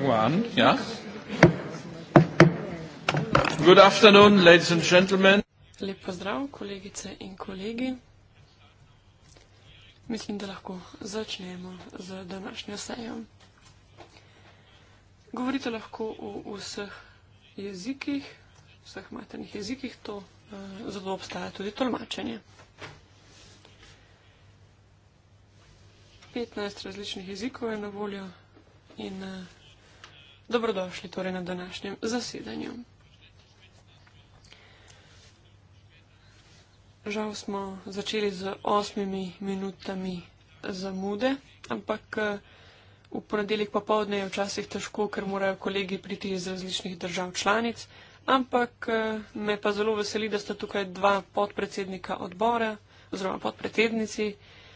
fangen wir an. Ja. Good afternoon, ladies and gentlemen. Lep pozdrav, kolegice in kolegi. Mislim, da lahko začnemo z današnjo sejo. Govorite lahko o vseh jezikih, vseh maternih jezikih, to, eh, zato obstaja tudi tolmačenje. 15 različnih jezikov je na voljo in eh, Dobrodošli torej na današnjem zasedanju. Žal smo začeli z osmimi minutami zamude, ampak eh, v ponedeljek popovdne je včasih težko, ker morajo kolegi priti iz različnih držav članic, ampak eh, me pa zelo veseli, da sta tukaj dva podpredsednika odbora oziroma podpredsednici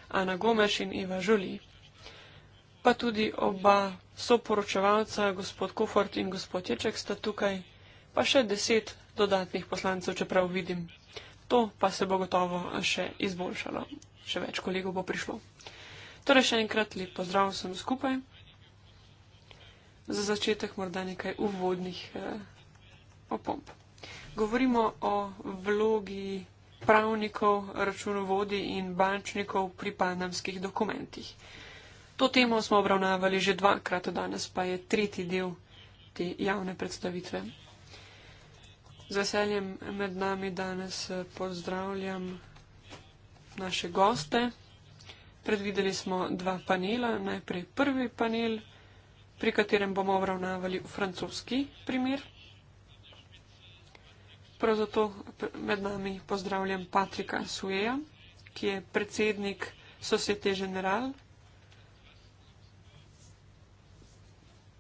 Ana Gomeš in Iva Žuli pa tudi oba soporočevalca, gospod Kofort in gospod Ječek sta tukaj, pa še deset dodatnih poslancev, čeprav vidim. To pa se bo gotovo še izboljšalo, še več kolegov bo prišlo. Torej še enkrat lep pozdrav vsem skupaj. Za začetek morda nekaj uvodnih eh, opomp. Govorimo o vlogi pravnikov, računovodi in bančnikov pri panamskih dokumentih. Eh, To temo smo obravnavali že dvakrat, danes pa je tretji del te javne predstavitve. Z veseljem med nami danes eh, pozdravljam naše goste. Predvideli smo dva panela. Najprej prvi panel, pri katerem bomo obravnavali francoski primer. Prav zato med nami pozdravljam Patrika Sueja, ki je predsednik Societe General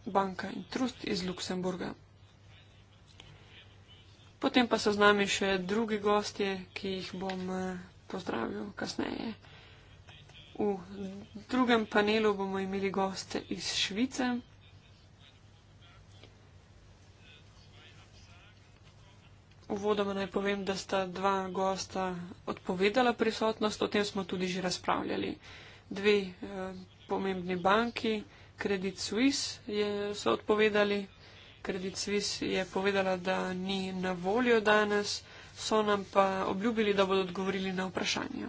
Banka in Trust iz Luksemburga. Potem pa so z nami še drugi gostje, ki jih bom eh, pozdravil kasneje. V drugem panelu bomo imeli goste iz Švice. Uvodoma naj povem, da sta dva gosta odpovedala prisotnost, o tem smo tudi že razpravljali. Dve eh, pomembni banki. Credit Suisse je, so odpovedali. Credit Suisse je povedala, da ni na voljo danes, so nam pa obljubili, da bodo odgovorili na vprašanje.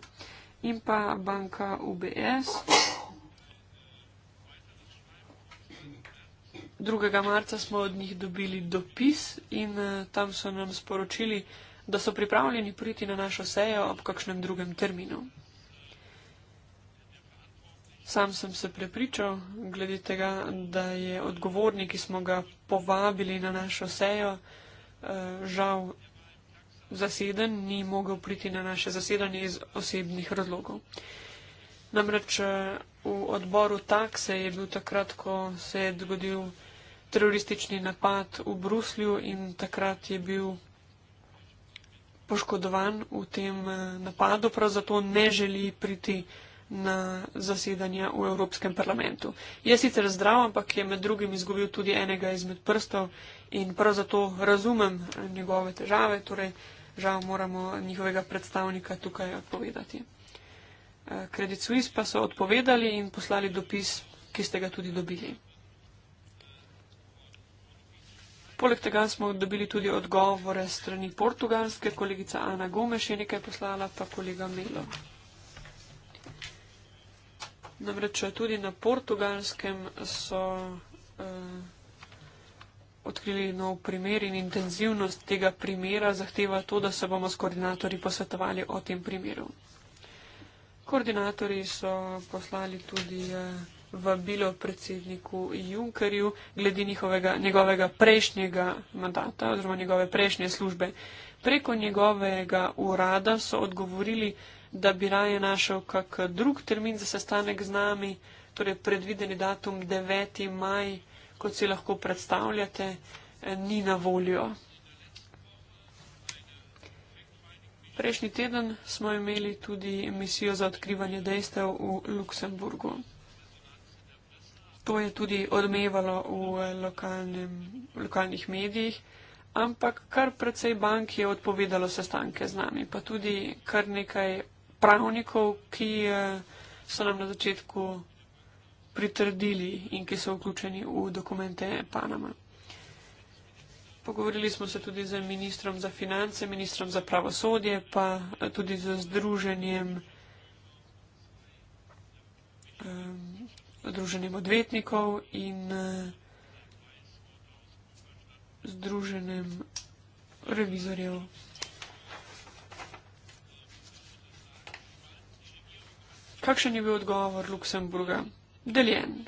In pa banka UBS 2. marca smo od njih dobili dopis in eh, tam so nam sporočili, da so pripravljeni priti na našo sejo ob kakšnem drugem terminu. Sam sem se prepričal glede tega, da je odgovorni, ki smo ga povabili na našo sejo, eh, žal zaseden, ni mogel priti na naše zasedanje iz osebnih razlogov. Namreč eh, v odboru takse je bil takrat, ko se je zgodil teroristični napad v Bruslju in takrat je bil poškodovan v tem eh, napadu, prav zato ne želi priti na zasedanje v Evropskem parlamentu. Je sicer zdrav, ampak je med drugim izgubil tudi enega izmed prstov in prav zato razumem njegove težave, torej žal moramo njihovega predstavnika tukaj odpovedati. Eh, Credit Suisse pa so odpovedali in poslali dopis, ki ste ga tudi dobili. Poleg tega smo dobili tudi odgovore strani portugalske, kolegica Ana Gomes je nekaj poslala, pa kolega Melo. Namreč eh, tudi na portugalskem so eh, odkrili nov primer in intenzivnost tega primera zahteva to, da se bomo s koordinatorji posvetovali o tem primeru. Koordinatorji so poslali tudi eh, vabilo predsedniku Junkerju glede njihovega, njegovega prejšnjega mandata oziroma njegove prejšnje službe. Preko njegovega urada so odgovorili, da bi raje našel kak drug termin za sestanek z nami, torej predvideni datum 9. maj, kot si lahko predstavljate, eh, ni na voljo. Prejšnji teden smo imeli tudi misijo za odkrivanje dejstev v Luksemburgu. To je tudi odmevalo v, eh, lokalnem, v lokalnih medijih, ampak kar precej bank je odpovedalo sestanke z nami, pa tudi kar nekaj pravnikov, ki eh, so nam na začetku pritrdili in ki so vključeni v dokumente Panama. Pogovorili smo se tudi z ministrom za finance, ministrom za pravosodje, pa eh, tudi z združenjem, eh, združenjem odvetnikov in združenjem revizorjev. kakšen je bil odgovor Luksemburga? Deljen.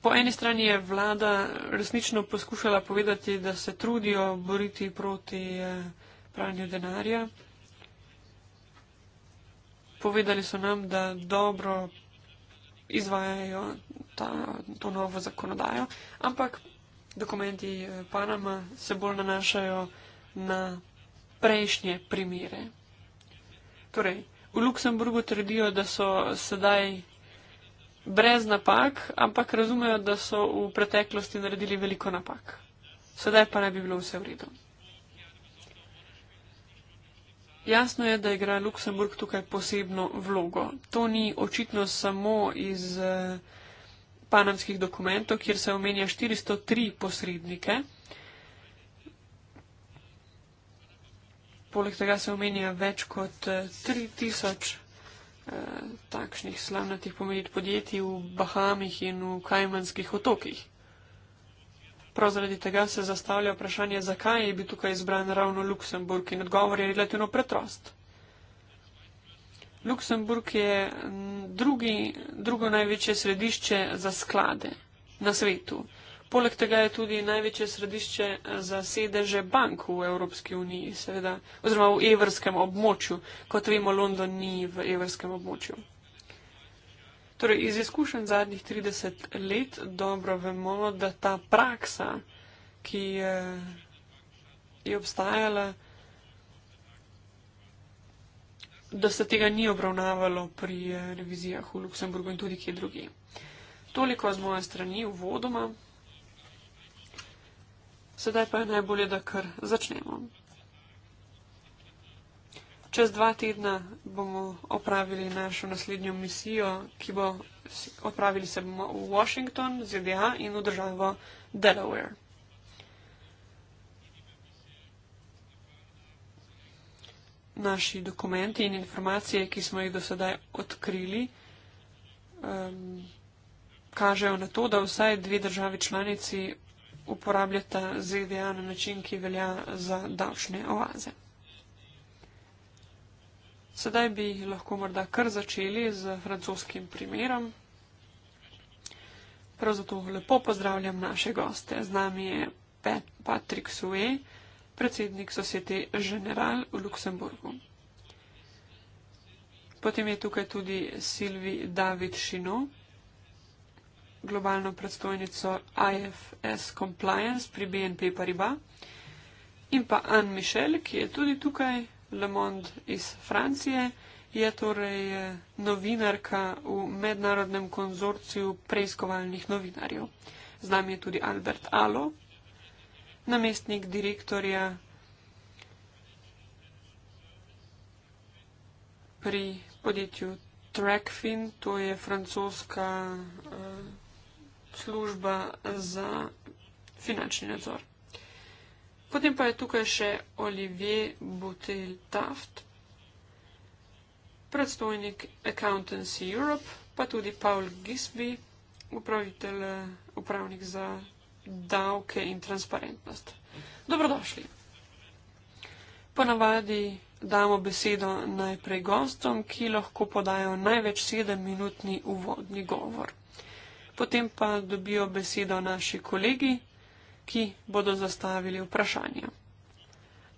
Po eni strani je vlada resnično poskušala povedati, da se trudijo boriti proti eh, pranju denarja. Povedali so nam, da dobro izvajajo ta, to novo zakonodajo, ampak dokumenti eh, Panama se bolj nanašajo na prejšnje primere. Torej, V Luksemburgu trdijo, da so sedaj brez napak, ampak razumejo, da so v preteklosti naredili veliko napak. Sedaj pa naj bi bilo vse v redu. Jasno je, da igra Luksemburg tukaj posebno vlogo. To ni očitno samo iz eh, panamskih dokumentov, kjer se omenja 403 posrednike. Poleg tega se omenja več kot 3000 eh, eh, takšnih slavnatih pomenit podjetij v Bahamih in v Kajmanskih otokih. Prav zaradi tega se zastavlja vprašanje, zakaj je bil tukaj izbran ravno Luksemburg in odgovor je relativno pretrost. Luksemburg je drugi, drugo največje središče za sklade na svetu. Poleg tega je tudi največje središče eh, za sedeže bank v Evropski uniji, seveda, oziroma v evrskem območju. Kot vemo, London ni v evrskem območju. Torej, iz izkušenj zadnjih 30 let dobro vemo, da ta praksa, ki je, je obstajala, da se tega ni obravnavalo pri eh, revizijah v Luksemburgu in tudi kje drugi. Toliko z moje strani uvodoma. Sedaj pa je najbolje, da kar začnemo. Čez dva tedna bomo opravili našo naslednjo misijo, ki bo odpravili se bomo v Washington, ZDA in v državo Delaware. Naši dokumenti in informacije, ki smo jih do sedaj odkrili, um, kažejo na to, da vsaj dve državi članici uporabljata ZDA na način, ki velja za davčne oaze. Sedaj bi lahko morda kar začeli z francoskim primerom. Prav zato lepo pozdravljam naše goste. Z nami je Patrick Sue, predsednik Societe General v Luksemburgu. Potem je tukaj tudi Sylvie David Chinot, globalno predstojnico IFS Compliance pri BNP Paribas in pa Anne Michel, ki je tudi tukaj, Le Monde iz Francije, je torej eh, novinarka v mednarodnem konzorciju preiskovalnih novinarjev. Z nami je tudi Albert Alo, namestnik direktorja pri podjetju Trackfin, to je francoska. Uh, služba za finančni nadzor. Potem pa je tukaj še Olivier Boutel Taft, predstojnik Accountancy Europe, pa tudi Paul Gisby, upravitelj, upravnik za davke in transparentnost. Dobrodošli. Ponavadi damo besedo najprej gostom, ki lahko podajo največ sedemminutni uvodni govor potem pa dobijo besedo naši kolegi, ki bodo zastavili vprašanje.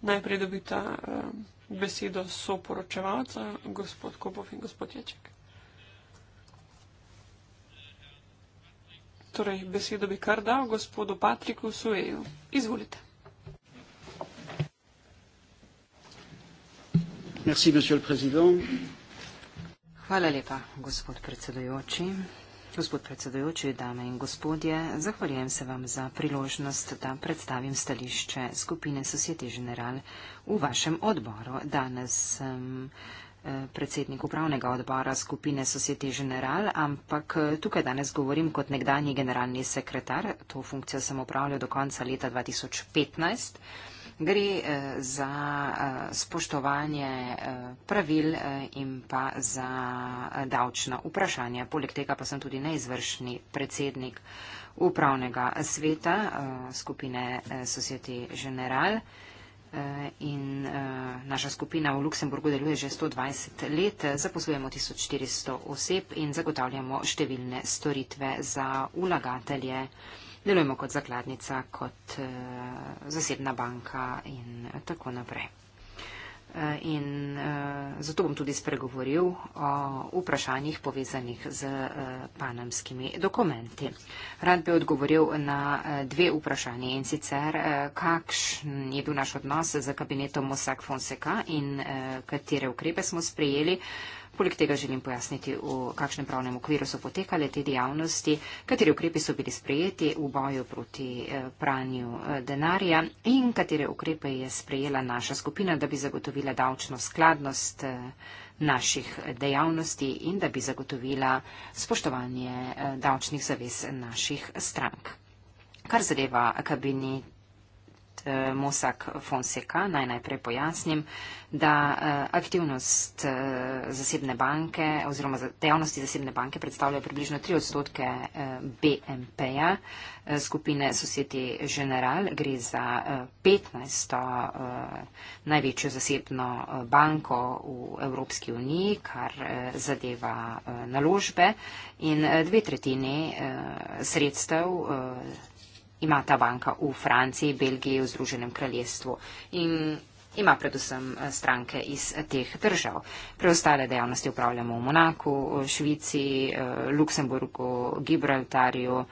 Najprej dobita eh, besedo soporočevalca, gospod Kopov in gospod Ječek. Torej, besedo bi kar dal gospodu Patriku Sueju. Izvolite. Merci, Hvala lepa, gospod predsedujoči. Gospod predsedujoči, dame in gospodje, zahvaljujem se vam za priložnost, da predstavim stališče skupine Societe General v vašem odboru. Danes sem eh, predsednik upravnega odbora skupine Societe General, ampak eh, tukaj danes govorim kot nekdani generalni sekretar. To funkcijo sem upravljal do konca leta 2015 gre eh, za eh, spoštovanje eh, pravil in pa za davčna vprašanja. Poleg tega pa sem tudi neizvršni predsednik upravnega sveta skupine Societe General. In naša skupina v Luksemburgu deluje že 120 let, zaposlujemo 1400 oseb in zagotavljamo številne storitve za ulagatelje delujemo kot zakladnica, kot uh, zasebna banka in tako naprej. Uh, in uh, zato bom tudi spregovoril o vprašanjih povezanih z uh, panamskimi dokumenti. Rad bi odgovoril na uh, dve vprašanje in sicer, uh, kakšen je bil naš odnos z kabinetom Mossack Fonseca in uh, katere ukrepe smo sprejeli. Uh, Poleg tega želim pojasniti, v kakšnem pravnem okviru so potekale te dejavnosti, kateri ukrepi so bili sprejeti v boju proti eh, pranju eh, denarja in katere ukrepe je sprejela naša skupina, da bi zagotovila davčno skladnost eh, naših dejavnosti in da bi zagotovila spoštovanje davčnih zavez naših strank. Kar zadeva kabinet Eh, Mosak Fonseca. Naj najprej pojasnim, da eh, aktivnost eh, zasebne banke oziroma dejavnosti zasebne banke predstavljajo približno 3 odstotke BNP-ja skupine Societe General. Gre za 15. največjo zasebno banko v Evropski uniji, kar zadeva naložbe in dve tretjini sredstev ima ta banka v Franciji, Belgiji, v Združenem kraljestvu in ima predvsem eh, stranke iz eh, teh držav. Preostale dejavnosti upravljamo v Monaku, v Švici, eh, Luksemburgu, Gibraltarju,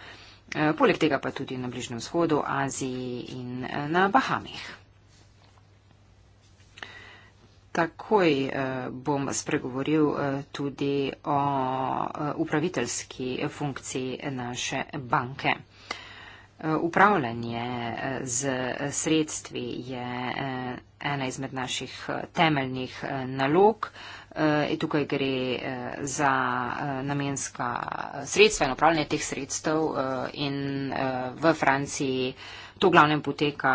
poleg tega pa tudi na Bližnem vzhodu, Aziji in na Bahamih. Takoj bom spregovoril tudi o upraviteljski funkciji naše banke. Eh, upravljanje eh, z sredstvi je eh, ena izmed naših temeljnih nalog. Tukaj gre za namenska sredstva in upravljanje teh sredstev in v Franciji to glavnem poteka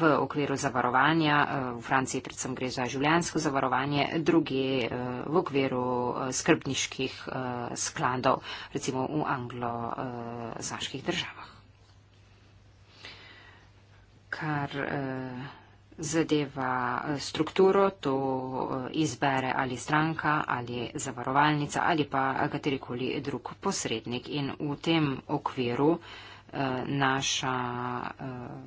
v okviru zavarovanja. V Franciji predvsem gre za življansko zavarovanje, drugi v okviru skrbniških skladov, recimo v anglo-saških državah kar eh, zadeva eh, strukturo, to eh, izbere ali stranka ali zavarovalnica ali pa katerikoli drug posrednik. In v tem okviru naša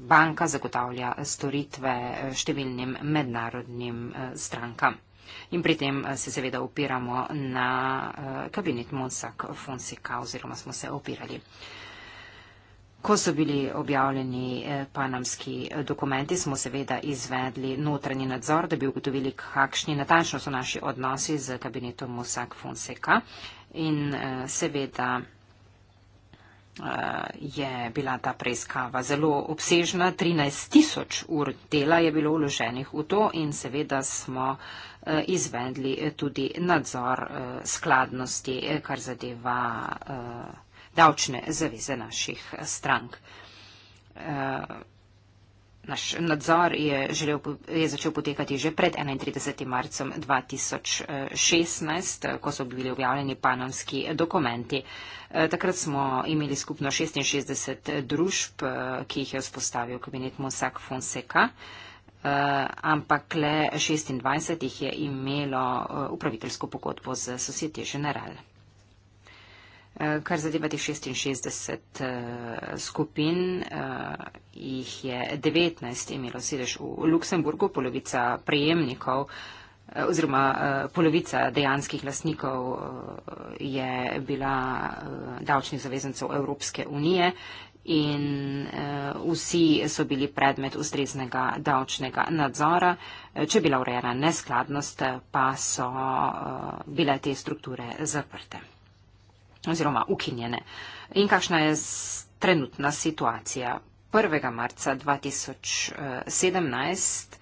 banka zagotavlja storitve številnim mednarodnim strankam. In pri tem se seveda upiramo na kabinet Monsak Fonseca oziroma smo se opirali. Ko so bili objavljeni eh, panamski eh, dokumenti, smo seveda izvedli notranji nadzor, da bi ugotovili, kakšni natančno so naši odnosi z kabinetom Mossack Fonseca. In eh, seveda je bila ta preiskava zelo obsežna. 13 tisoč ur dela je bilo vloženih v to in seveda smo izvedli tudi nadzor skladnosti, kar zadeva davčne zaveze naših eh, strank. Eh, naš nadzor je, želel, je začel potekati že pred 31. marcem 2016, eh, ko so bili objavljeni panamski dokumenti. Takrat smo imeli skupno 66 družb, ki jih je vzpostavil kabinet Mossack Fonseca, ampak le 26 jih je imelo upraviteljsko pogodbo z Societe Generale. Eh, kar zadeva tih eh, 66 skupin, eh, jih je 19 imelo sedež v Luksemburgu, polovica prejemnikov oziroma polovica dejanskih lastnikov je bila davčnih zavezancev Evropske unije in vsi so bili predmet ustreznega davčnega nadzora. Če je bila urejena neskladnost, pa so bile te strukture zaprte oziroma ukinjene. In kakšna je trenutna situacija? 1. marca 2017 eh,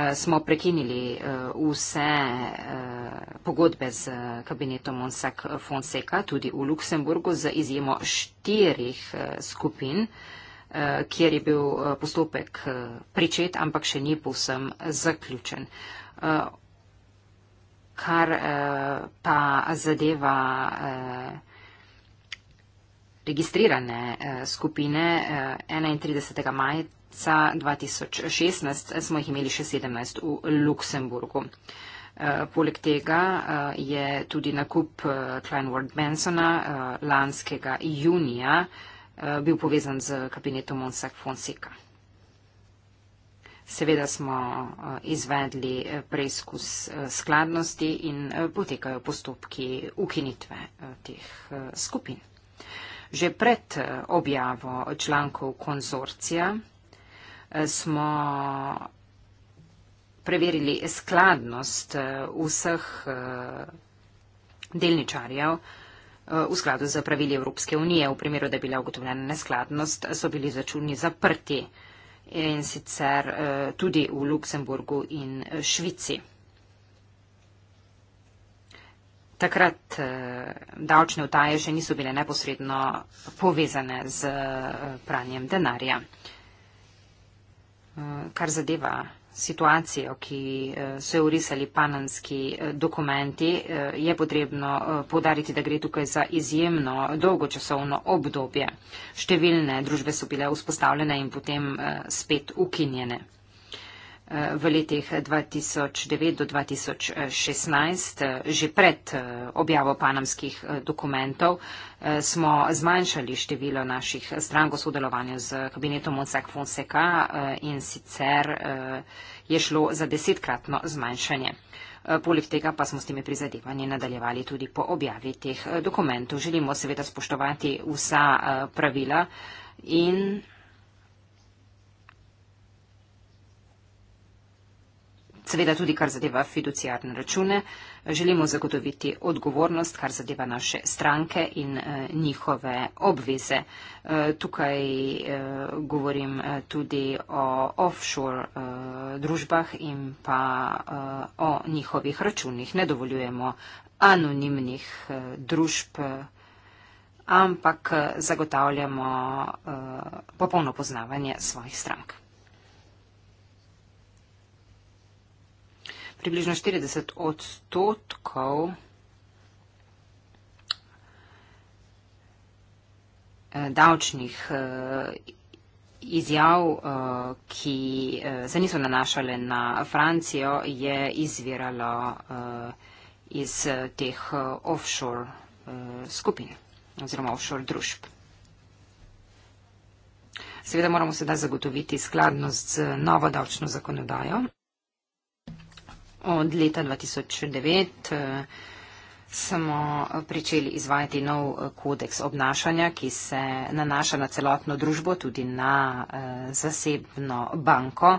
eh, smo prekinili eh, vse pogodbe z kabinetom Monsak Fonseca, tudi v Luksemburgu, z izjemo štirih skupin, kjer je bil postopek pričet, ampak še ni povsem zaključen. Kar pa zadeva registrirane eh, skupine 31. maja 2016 smo jih imeli še 17 v Luksemburgu. Eh, poleg tega eh, je tudi nakup Kleinward Bensona lanskega junija bil povezan z kabinetom Monsak Fonseca. Seveda smo izvedli preizkus skladnosti in potekajo postopki ukinitve teh skupin. Že pred eh, objavo člankov konzorcija eh, smo preverili skladnost eh, vseh delničarjev v skladu za pravili Evropske unije. V primeru, da je bila ugotovljena neskladnost, so bili začuni zaprti in sicer tudi v Luksemburgu in Švici. Takrat eh, davčne vtaje še niso bile neposredno povezane z eh, pranjem denarja. Eh, kar zadeva situacijo, ki so jo urisali panamski dokumenti, je potrebno podariti, da gre tukaj za izjemno dolgočasovno obdobje. Številne družbe so bile vzpostavljene in potem spet ukinjene v letih 2009 eh, do 2016, eh, že pred eh, objavo panamskih dokumentov, smo zmanjšali število naših strank v sodelovanju z kabinetom Monsak Fonseca in sicer je šlo za desetkratno zmanjšanje. Poleg tega pa smo s temi prizadevanji nadaljevali tudi po objavi teh dokumentov. Želimo seveda spoštovati vsa pravila in. seveda tudi kar zadeva fiduciarne račune. Želimo zagotoviti odgovornost, kar zadeva naše stranke in eh, njihove obveze. Eh, tukaj eh, govorim eh, tudi o offshore eh, družbah in pa eh, o njihovih računih. Ne dovoljujemo anonimnih eh, družb, eh, ampak eh, zagotavljamo eh, popolno poznavanje svojih strank. približno 40 odstotkov eh, davčnih eh, izjav, eh, ki se niso nanašale na Francijo, je izviralo iz teh offshore skupin oziroma offshore družb. Seveda moramo sedaj zagotoviti skladnost z novo davčno zakonodajo od leta 2009. Eh, smo pričeli izvajati nov eh, kodeks obnašanja, ki se nanaša na celotno družbo, tudi na eh, zasebno banko.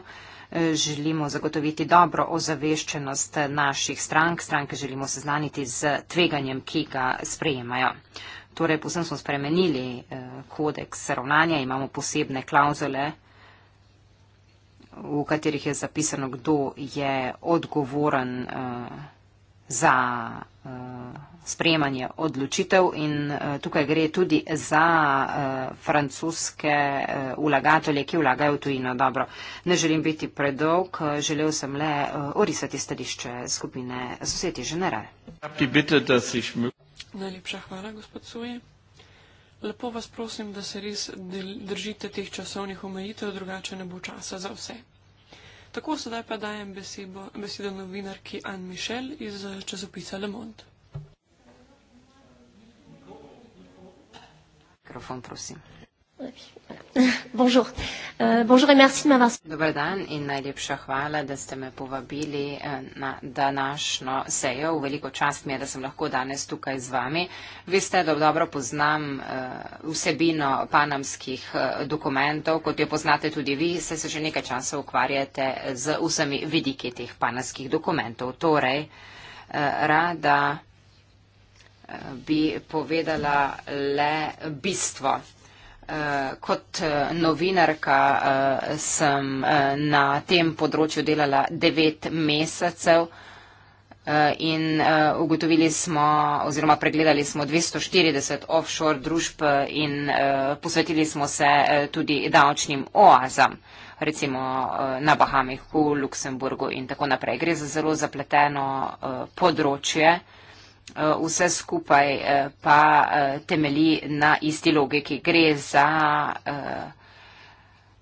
Želimo zagotoviti dobro ozaveščenost naših strank. Stranke želimo seznaniti z tveganjem, ki ga sprejemajo. Torej, posebno smo spremenili kodeks ravnanja, imamo posebne klauzule v katerih je zapisano, kdo je odgovoren uh, za uh, sprejemanje odločitev. In uh, tukaj gre tudi za uh, francoske uh, ulagatelje, ki vlagajo tujino. Dobro, ne želim biti predolg, uh, želel sem le uh, orisati stališče skupine Sosjeti General. Najlepša hvala, gospod Suje. Lepo vas prosim, da se res držite teh časovnih omejitev, drugače ne bo časa za vse. Tako sedaj pa dajem besedo, besedo novinarki Anne Mišel iz eh, časopisa Le Monde. Mikrofon, prosim. Bonjour. Uh, bonjour et merci de m'avoir... Dobar dan in najlepša hvala, da ste me povabili eh, na današnjo sejo. V veliko čast mi je, da sem lahko danes tukaj z vami. Vi ste, da dobro poznam uh, vsebino panamskih uh, dokumentov, kot jo poznate tudi vi, se se že nekaj časa ukvarjate z vsemi vidiki teh panamskih dokumentov. Torej, uh, rada bi povedala le bistvo Uh, kot eh, novinarka uh, sem uh, na tem področju delala devet mesecev uh, in uh, ugotovili smo oziroma pregledali smo 240 offshore družb in uh, posvetili smo se uh, tudi davčnim oazam, recimo uh, na Bahamih, v Luksemburgu in tako naprej. Gre za zelo zapleteno uh, področje. Uh, Eh, vse skupaj eh, pa eh, temelji na isti logiki. Gre za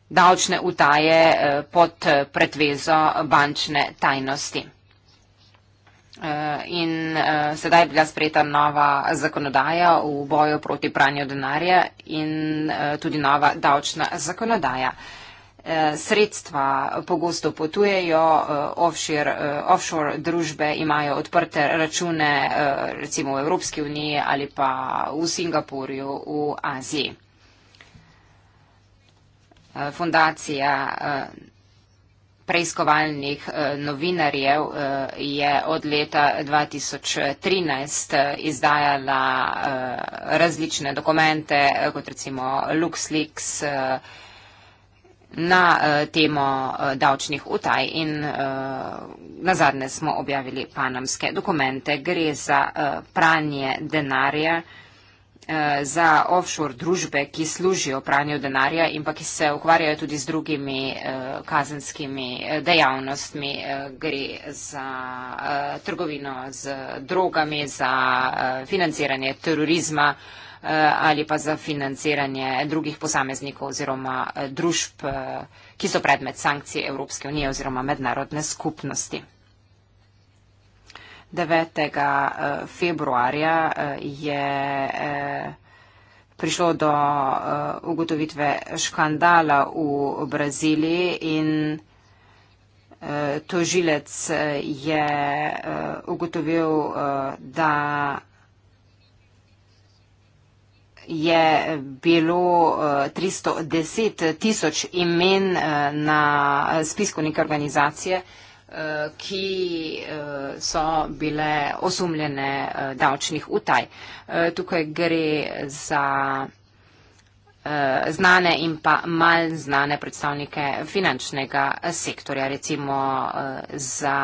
davčne utaje pod pretvezo bančne tajnosti. In sedaj je bila sprejeta nova zakonodaja v boju proti pranju denarja in tudi nova davčna zakonodaja. Eh, sredstva pogosto potujejo, eh, offshore, eh, offshore družbe imajo odprte račune recimo v Evropski uniji ali pa v Singapurju v Aziji. Fundacija preiskovalnih novinarjev je od leta 2013 izdajala različne dokumente, kot recimo LuxLeaks, na uh, temo uh, davčnih utaj in uh, na zadnje smo objavili panamske dokumente. Gre za uh, pranje denarja, uh, za offshore družbe, ki služijo pranju denarja in pa ki se ukvarjajo tudi z drugimi uh, kazenskimi dejavnostmi. Uh, gre za uh, trgovino z drogami, za uh, financiranje terorizma. Uh, Eh, ali pa za financiranje drugih posameznikov oziroma eh, družb, eh, ki so predmet sankcij Evropske unije oziroma mednarodne skupnosti. 9. februarja je prišlo do ugotovitve škandala v Braziliji in tožilec je ugotovil, da je bilo 310 eh, tisoč imen eh, na spisku neke organizacije, eh, ki so bile osumljene davčnih utaj. Tukaj gre za znane in pa manj znane predstavnike finančnega sektorja, recimo za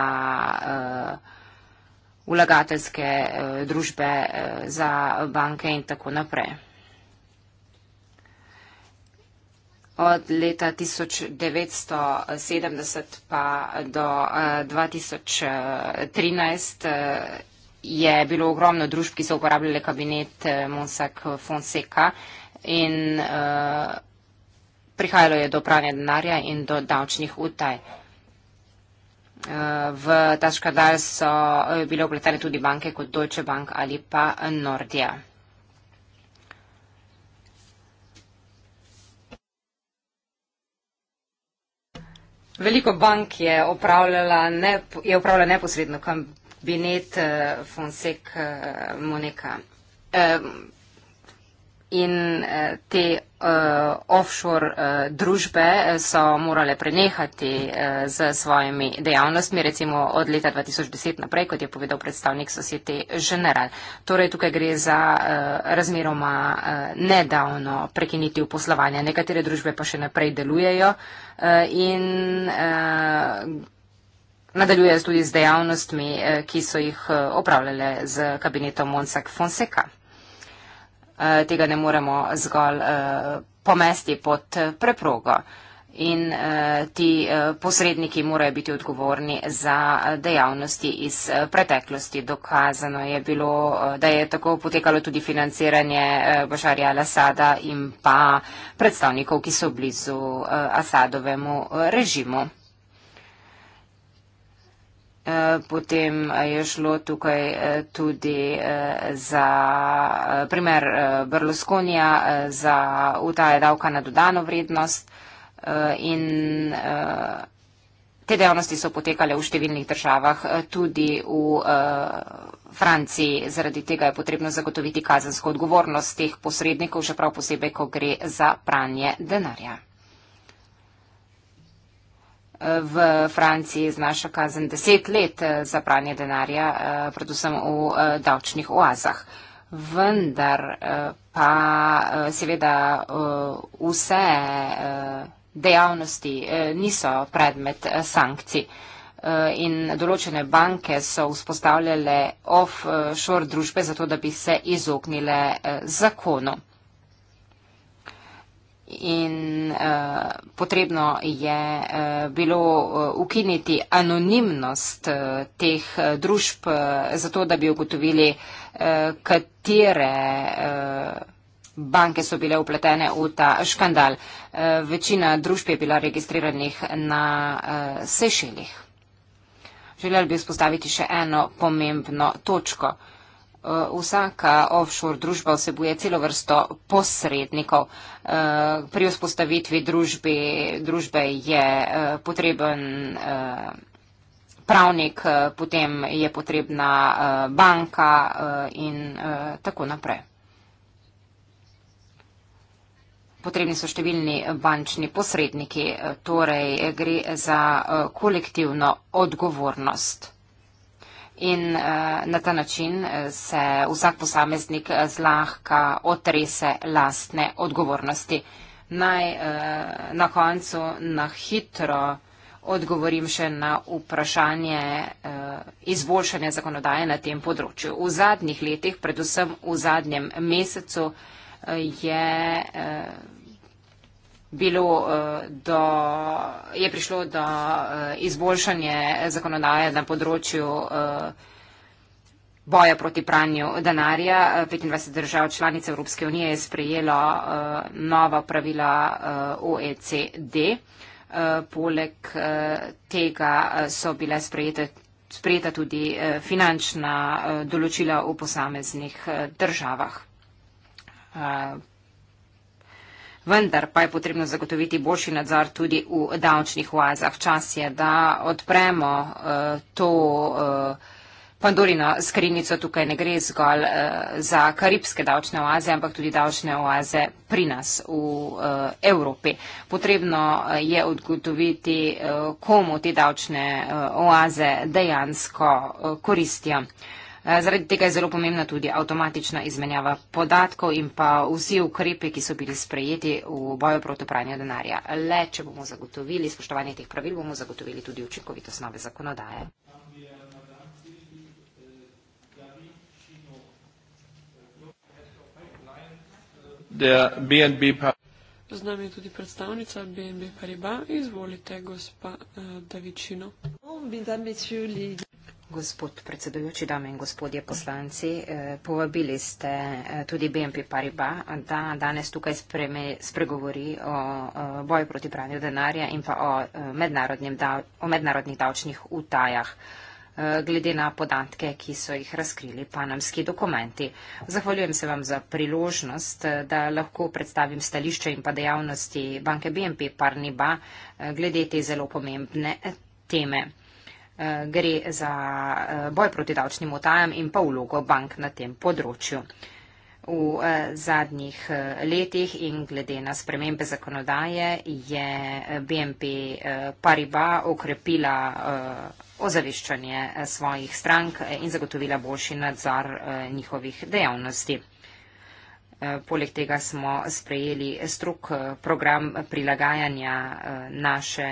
vlagateljske družbe, za banke in tako naprej. od leta 1970 pa do 2013 eh, eh, eh, je bilo ogromno družb, ki so uporabljale kabinet Monsak Fonseca in prihajalo je do pranja denarja in do davčnih utaj. V ta škadal so bile upletene tudi banke kot Deutsche Bank ali pa Nordia. Veliko bank je upravljala, ne, je upravljala neposredno kabinet eh, Fonsek eh, Moneka. Eh, in eh, te uh, offshore uh, družbe so morale prenehati uh, z svojimi dejavnostmi, recimo od leta 2010 naprej, kot je povedal predstavnik Societe General. Torej tukaj gre za uh, razmeroma uh, nedavno prekiniti uposlovanje. Nekatere družbe pa še naprej delujejo uh, in. Uh, Nadaljuje tudi z dejavnostmi, ki so jih opravljale z kabinetom Monsak Fonseca. Eh, tega ne moremo zgolj eh, pomesti pod eh, preprogo. In ti posredniki morajo biti odgovorni za dejavnosti iz preteklosti. Dokazano je bilo, da je tako potekalo tudi financiranje Bašarja Al-Asada in pa predstavnikov, ki so blizu Asadovemu režimu. Eh, potem eh, je šlo tukaj eh, tudi za primer Berlusconija, za utaje davka na dodano vrednost in te dejavnosti so potekale v številnih državah, tudi v Franciji. Zaradi tega je potrebno zagotoviti kazensko odgovornost teh posrednikov, še prav posebej, ko gre za pranje denarja v Franciji znaša kazen deset let eh, za pranje denarja, eh, predvsem v eh, davčnih oazah. Vendar pa seveda vse dejavnosti niso predmet sankcij. In določene banke so vzpostavljale offshore družbe zato, da bi se izognile zakonu in uh, potrebno je uh, bilo eh, ukiniti anonimnost uh, teh uh, družb, uh, zato da bi ugotovili, uh, katere. Uh, Banke so bile upletene v ta škandal. Večina družb je bila registriranih na Sešeljih. Želel bi izpostaviti še eno pomembno točko. Eh, vsaka offshore družba vsebuje celo vrsto posrednikov. Eh, pri vzpostavitvi družbi, družbe je eh, potreben pravnik, potem je potrebna banka in tako naprej. Potrebni so številni bančni posredniki, torej gre za kolektivno odgovornost in uh, na ta način eh, se vsak posameznik eh, zlahka otrese lastne odgovornosti. Naj uh, na koncu na hitro odgovorim še na vprašanje uh, izboljšanja zakonodaje na tem področju. V zadnjih letih, predvsem v zadnjem mesecu, uh, je. Uh, bilo, eh, do, je prišlo do eh, izboljšanja zakonodaje na področju eh, boja proti pranju denarja. 25 držav članic Evropske unije je sprejelo nova pravila OECD. Poleg tega so bile sprejete sprejeta tudi finančna določila v posameznih državah vendar pa je potrebno zagotoviti boljši nadzor tudi v davčnih oazah. Čas je, da odpremo uh, to uh, pandorino skrinico. Tukaj ne gre zgolj uh, za karibske davčne oaze, ampak tudi davčne oaze pri nas v uh, Evropi. Potrebno je odgotoviti, uh, komu te davčne uh, oaze dejansko uh, koristijo. Eh, zaradi tega je zelo pomembna tudi avtomatična izmenjava podatkov in pa vsi ukrepe, ki so bili sprejeti v boju proti pranju denarja. Le, če bomo zagotovili spoštovanje teh pravil, bomo zagotovili tudi učinkovitost nove zakonodaje. Z nami je tudi predstavnica BNB Pariba. Izvolite, gospa eh, Davičino. Oh, Gospod predsedujoči, dame in gospodje poslanci, eh, povabili ste eh, tudi BNP Pariba, da danes tukaj spreme, spregovori o boju proti pranju denarja in pa o, eh, o mednarodnih davčnih utajah glede na podatke, ki so jih razkrili panamski dokumenti. Zahvaljujem se vam za priložnost, da lahko predstavim stališče in pa dejavnosti banke BNP Parniba glede te zelo pomembne teme. Eh, gre za eh, boj proti davčnim utajam in pa vlogo bank na tem področju. V eh, zadnjih letih in glede na spremembe zakonodaje je BNP Paribas okrepila ozaveščanje svojih strank in zagotovila boljši nadzor njihovih dejavnosti. Poleg tega smo sprejeli strok program prilagajanja naše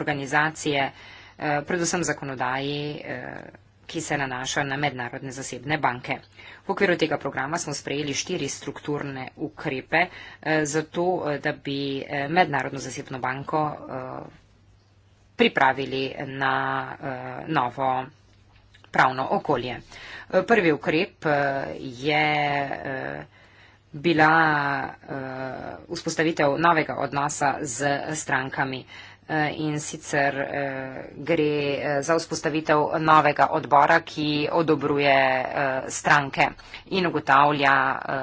organizacije Eh, predvsem zakonodaji, eh, ki se nanaša na mednarodne zasebne banke. V okviru tega programa smo sprejeli štiri strukturne ukrepe, eh, zato da bi mednarodno zasebno banko pripravili na novo pravno okolje. Prvi ukrep je bila uh, vzpostavitev novega odnosa z strankami. Uh, Eh, in sicer eh, gre eh, za vzpostavitev novega odbora, ki odobruje stranke in ugotavlja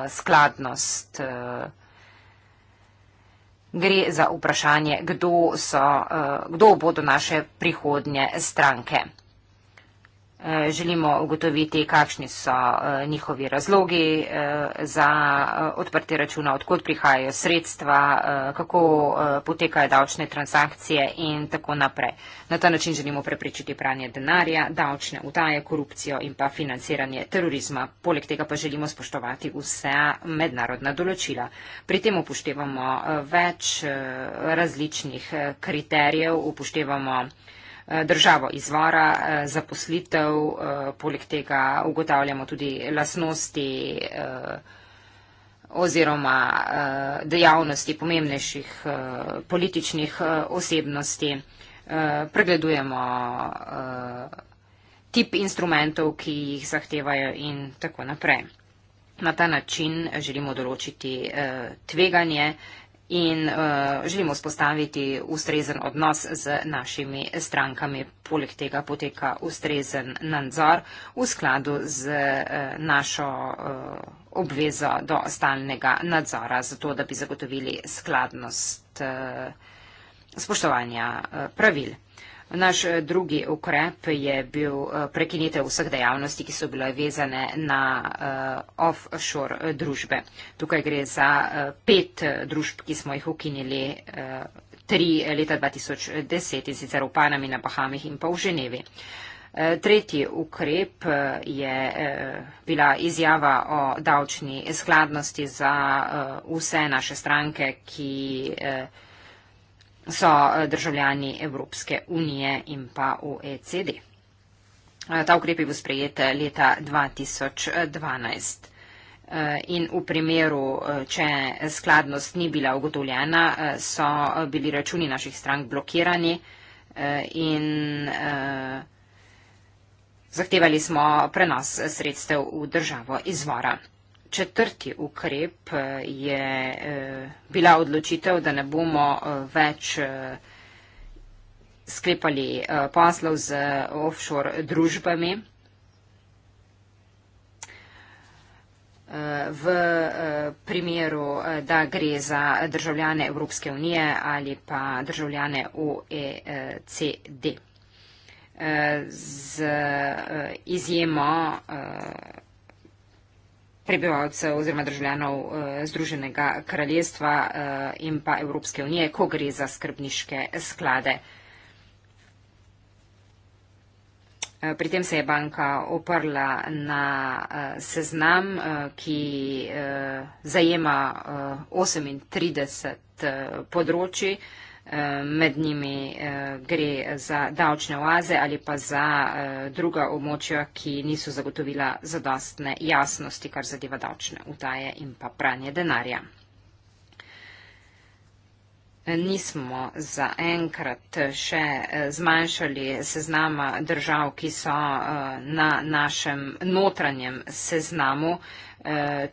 skladnost. Gre za vprašanje, kdo, so, kdo bodo naše prihodnje stranke. Eh, želimo ugotoviti, kakšni so eh, njihovi razlogi eh, za odprti računa, odkot prihajajo sredstva, kako potekajo davčne transakcije in tako naprej. Na ta način želimo preprečiti pranje denarja, davčne utaje, korupcijo in pa financiranje terorizma. Poleg tega pa želimo spoštovati vse mednarodna določila. Pri tem upoštevamo več različnih kriterijev, upoštevamo Eh, državo izvora, eh, zaposlitev, eh, poleg tega ugotavljamo tudi lasnosti oziroma dejavnosti pomembnejših političnih osebnosti. Pregledujemo tip instrumentov, ki jih zahtevajo in tako naprej. Na ta način želimo določiti tveganje, in uh, želimo spostaviti ustrezen odnos z našimi strankami. Poleg tega poteka ustrezen nadzor v skladu z uh, našo uh, obvezo do stalnega nadzora, zato da bi zagotovili skladnost uh, spoštovanja uh, pravil. Naš eh, drugi ukrep je bil eh, prekinitev vseh dejavnosti, ki so bile vezane na uh, offshore družbe. Tukaj gre za uh, pet družb, ki smo jih ukinili uh, tri leta 2010 in sicer v Panami, na Bahamih in pa v Ženevi. Tretji ukrep je bila izjava o davčni skladnosti za vse naše stranke, ki so eh, državljani Evropske unije in pa OECD. Eh, ta ukrep je bil sprejet eh, leta 2012. In v primeru, če skladnost ni bila ugotovljena, so bili računi naših strank blokirani in zahtevali smo prenos sredstev v državo izvora. Četrti ukrep eh, je eh, bila odločitev, da ne bomo eh, več sklepali poslov z offshore družbami. V primeru, da gre za državljane Evropske unije ali pa državljane OECD. Z izjemo prebivalcev oziroma državljanov eh, Združenega kraljestva eh, in pa Evropske unije, ko gre za skrbniške sklade. Eh, pri tem se je banka oprla na seznam, ki zajema 38 področji, med njimi eh, gre za davčne oaze ali pa za eh, druga območja, ki niso zagotovila zadostne jasnosti, kar zadeva davčne utaje in pa pranje denarja. Nismo za enkrat še eh, zmanjšali seznama držav, ki so na našem notranjem seznamu,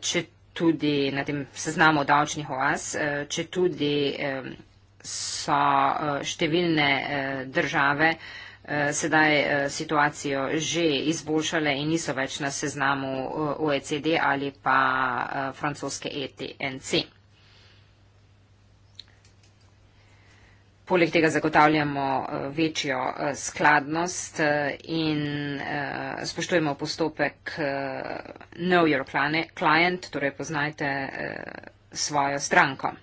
če tudi na tem seznamu davčnih oaz, če tudi so eh, številne eh, države eh, sedaj situacijo že izboljšale in niso več na seznamu OECD ali pa francoske ETNC. Poleg tega zagotavljamo večjo skladnost in spoštujemo postopek Know Your Client, torej poznajte svojo stranko.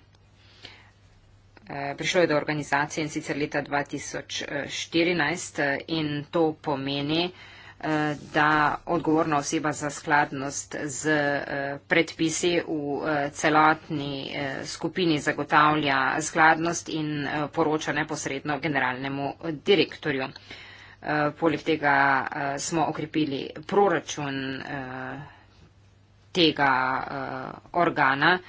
Eh, prišlo je do organizacije in sicer leta 2014 eh, in to pomeni, eh, da odgovorna oseba za skladnost z predpisi v celotni skupini zagotavlja skladnost in poroča neposredno generalnemu direktorju. Poleg tega smo okrepili proračun tega organa,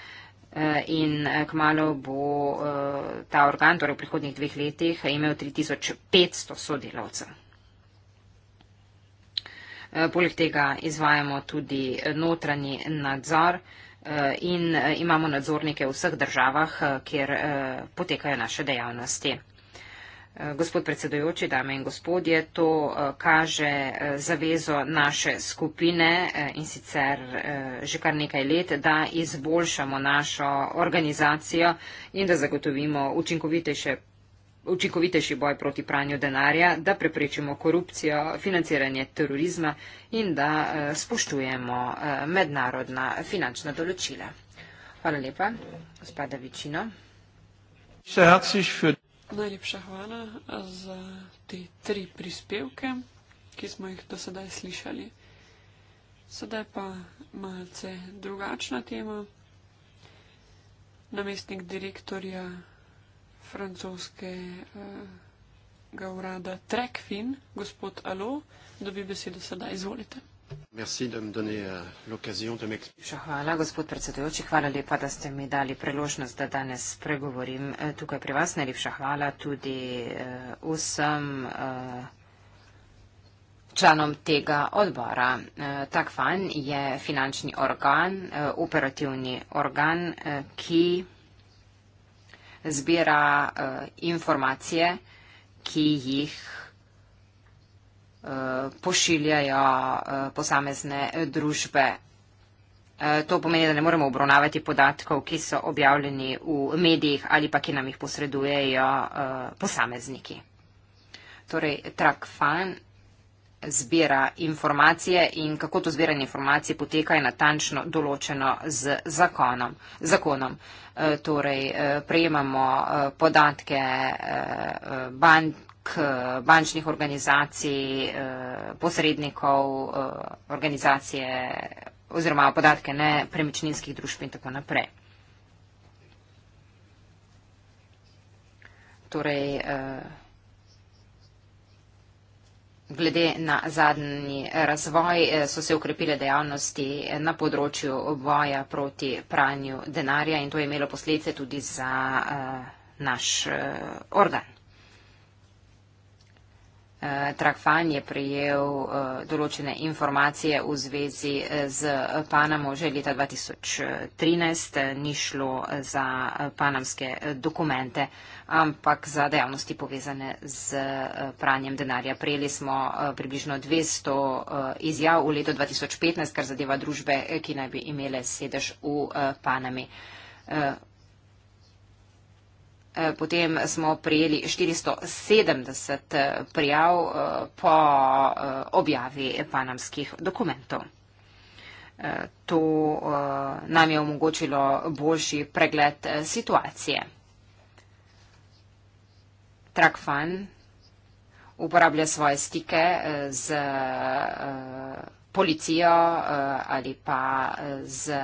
Eh, in eh, kmalo bo eh, ta organ, torej v prihodnjih dveh letih, imel 3500 sodelavcev. Poleg tega izvajamo tudi notranji nadzor in imamo nadzornike v vseh državah, kjer potekajo naše dejavnosti. Eh, gospod predsedujoči, dame in gospodje, to eh, kaže eh, zavezo naše skupine in sicer že kar nekaj let, da izboljšamo našo organizacijo in da zagotovimo učinkovitejše učinkovitejši boj proti pranju denarja, da preprečimo korupcijo, financiranje terorizma in da spoštujemo mednarodna finančna določila. Hvala lepa, gospoda Večino. Najlepša hvala eh, za te tri prispevke, ki smo jih do sedaj slišali. Sedaj pa malce drugačna tema. Namestnik direktorja francoskega uh, urada Trekfin, gospod Alo, dobi besedo sedaj. Izvolite. Euh, hvala, gospod predsedujoči. Hvala lepa, da ste mi dali priložnost, da danes pregovorim eh, tukaj pri vas. Najlepša hvala tudi eh, vsem eh, članom tega odbora. Tak fan je finančni organ, operativni organ, ki zbira informacije, ki jih pošiljajo eh, posamezne družbe. Eh, to pomeni, da ne moremo obravnavati podatkov, ki so objavljeni v medijih ali pa ki nam jih posredujejo eh, posamezniki. Torej, TrackFan zbira informacije in kako to zbiranje informacij poteka je natančno določeno z zakonom. zakonom. Torej, prejemamo podatke bank, bank, bančnih organizacij, eh, posrednikov, eh, organizacije oziroma podatke nepremičninskih družb in tako naprej. Torej, eh, glede na zadnji razvoj so se ukrepile dejavnosti na področju boja proti pranju denarja in to je imelo posledce tudi za naš organ. Trakfan je prijel eh, določene informacije v zvezi eh, z Panamo že leta 2013. Ni šlo eh, za panamske dokumente, ampak za dejavnosti povezane z pranjem denarja. Prijeli smo približno 200 izjav v letu 2015, kar zadeva družbe, ki naj bi imele sedež v Panami. Eh, potem smo prijeli 470 eh, prijav eh, po objavi panamskih dokumentov. To nam je omogočilo boljši pregled situacije. TrackFan uporablja svoje stike z policijo ali pa z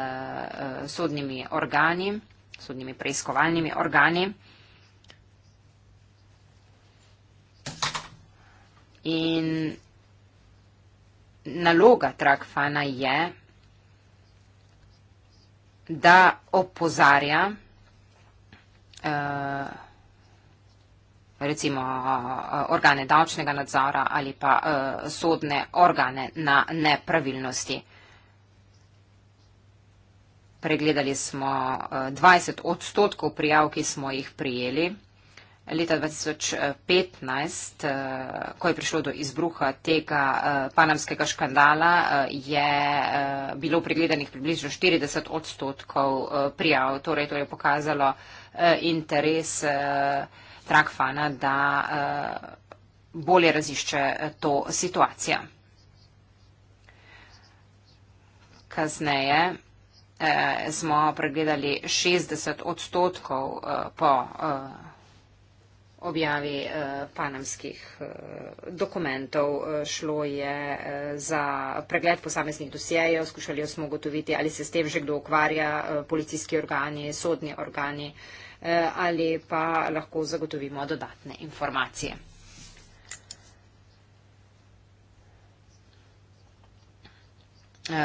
sodnimi organi, sodnimi preiskovalnimi organi. In naloga trakfana je, da opozarja eh, recimo eh, organe davčnega nadzora ali pa eh, sodne organe na nepravilnosti. Pregledali smo 20 odstotkov prijav, ki smo jih prijeli leta 2015, eh, ko je prišlo do izbruha tega eh, panamskega škandala, eh, je bilo pregledanih približno 40 odstotkov prijav. Torej, to je pokazalo interes Trakfana, da bolje razišče to situacijo. Kasneje smo pregledali 60 odstotkov po objavi eh, panamskih eh, dokumentov. Eh, šlo je za pregled posameznih dosjejev, skušali smo ugotoviti, ali se s tem že kdo ukvarja, policijski organi, sodni organi, ali pa lahko zagotovimo dodatne informacije.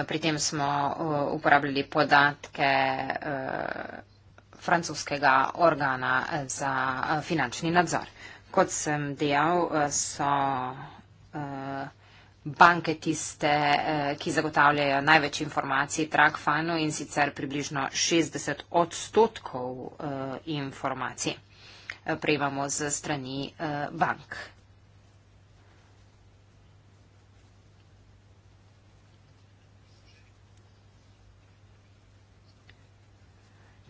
Pri tem smo uporabljali podatke francoskega organa za eh, finančni nadzor. Kot sem dejal, eh, so eh, banke tiste, ki zagotavljajo največ informacij TrackFunu in sicer približno 60 odstotkov informacij prejemamo z strani bank.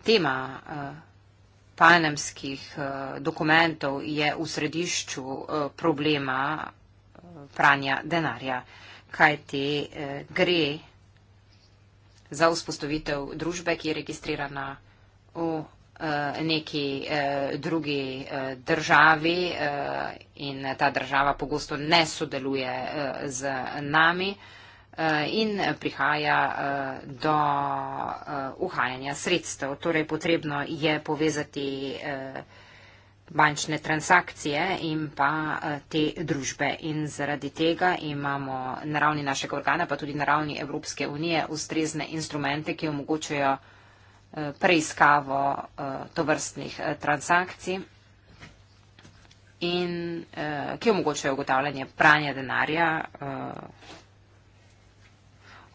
tema eh, panemskih eh, dokumentov je v središču eh, problema pranja denarja, kaj te gre za vzpostavitev družbe, ki je registrirana v neki drugi državi in ta država pogosto ne sodeluje z nami. Eh, in prihaja eh, do eh, uhajanja sredstev. Torej potrebno je povezati bančne transakcije in pa te družbe. In zaradi tega imamo na ravni našega organa, pa tudi na ravni Evropske unije, ustrezne instrumente, ki omogočajo preiskavo tovrstnih transakcij in ki omogočajo ugotavljanje pranja denarja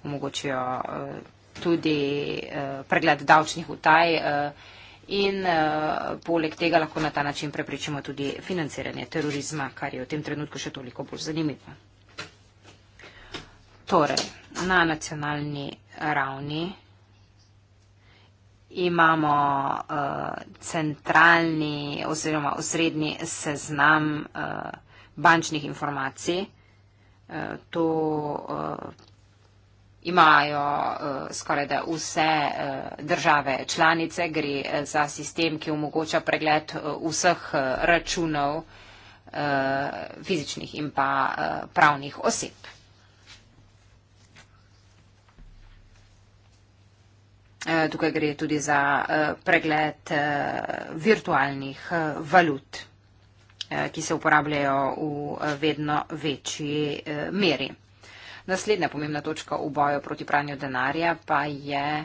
omogočijo eh, tudi eh, pregled davčnih utaj eh, in poleg tega lahko na ta način preprečimo tudi financiranje terorizma, kar je v tem trenutku še toliko bolj zanimivo. Torej, na nacionalni ravni imamo uh, centralni oziroma osrednji seznam uh, bančnih informacij. Uh, to uh, imajo uh, eh, skoraj da vse uh, države članice, gre eh, za sistem, ki omogoča pregled uh, vseh uh, računov uh, fizičnih in pa uh, pravnih oseb. Uh, tukaj gre tudi za uh, pregled uh, virtualnih uh, valut, uh, ki se uporabljajo v uh, vedno večji uh, meri. Naslednja pomembna točka v boju proti pranju denarja pa je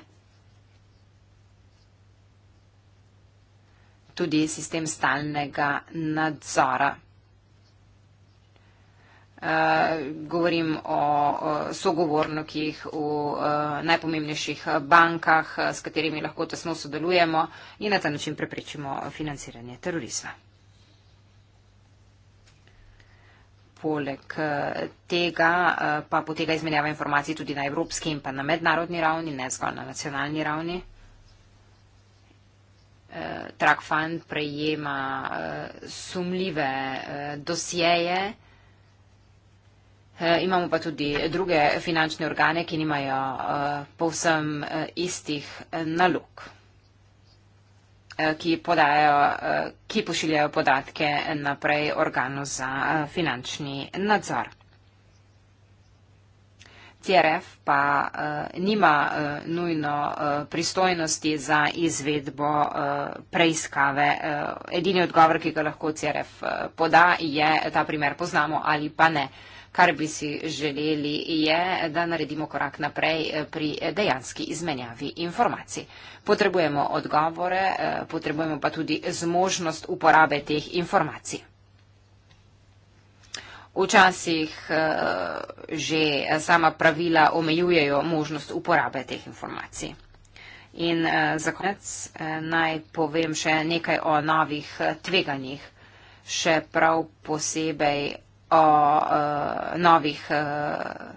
tudi sistem stalnega nadzora. Uh, govorim o uh, sogovornikih v uh, najpomembnejših bankah, uh, s katerimi lahko tesno sodelujemo in na ta način preprečimo financiranje terorizma. poleg eh, tega eh, pa poteka izmenjava informacij tudi na evropski in pa na mednarodni ravni, ne zgolj na nacionalni ravni. Eh, TrackFund prejema sumljive dosjeje. Imamo pa tudi druge finančne organe, ki nimajo povsem istih nalog. Eh, ki, podajo, eh, ki pošiljajo podatke naprej organu za eh, finančni nadzor. CRF pa uh, nima uh, nujno uh, pristojnosti za izvedbo uh, preiskave. Uh, edini odgovor, ki ga lahko CRF uh, poda, je ta primer poznamo ali pa ne. Uh, kar bi si želeli, je, da naredimo korak naprej eh, pri dejanski izmenjavi informacij. Potrebujemo odgovore, eh, potrebujemo pa tudi zmožnost uporabe teh informacij. Včasih eh, že sama pravila omejujejo možnost uporabe teh informacij. In za konec naj povem še nekaj o novih tveganjih, še prav posebej o uh, novih uh,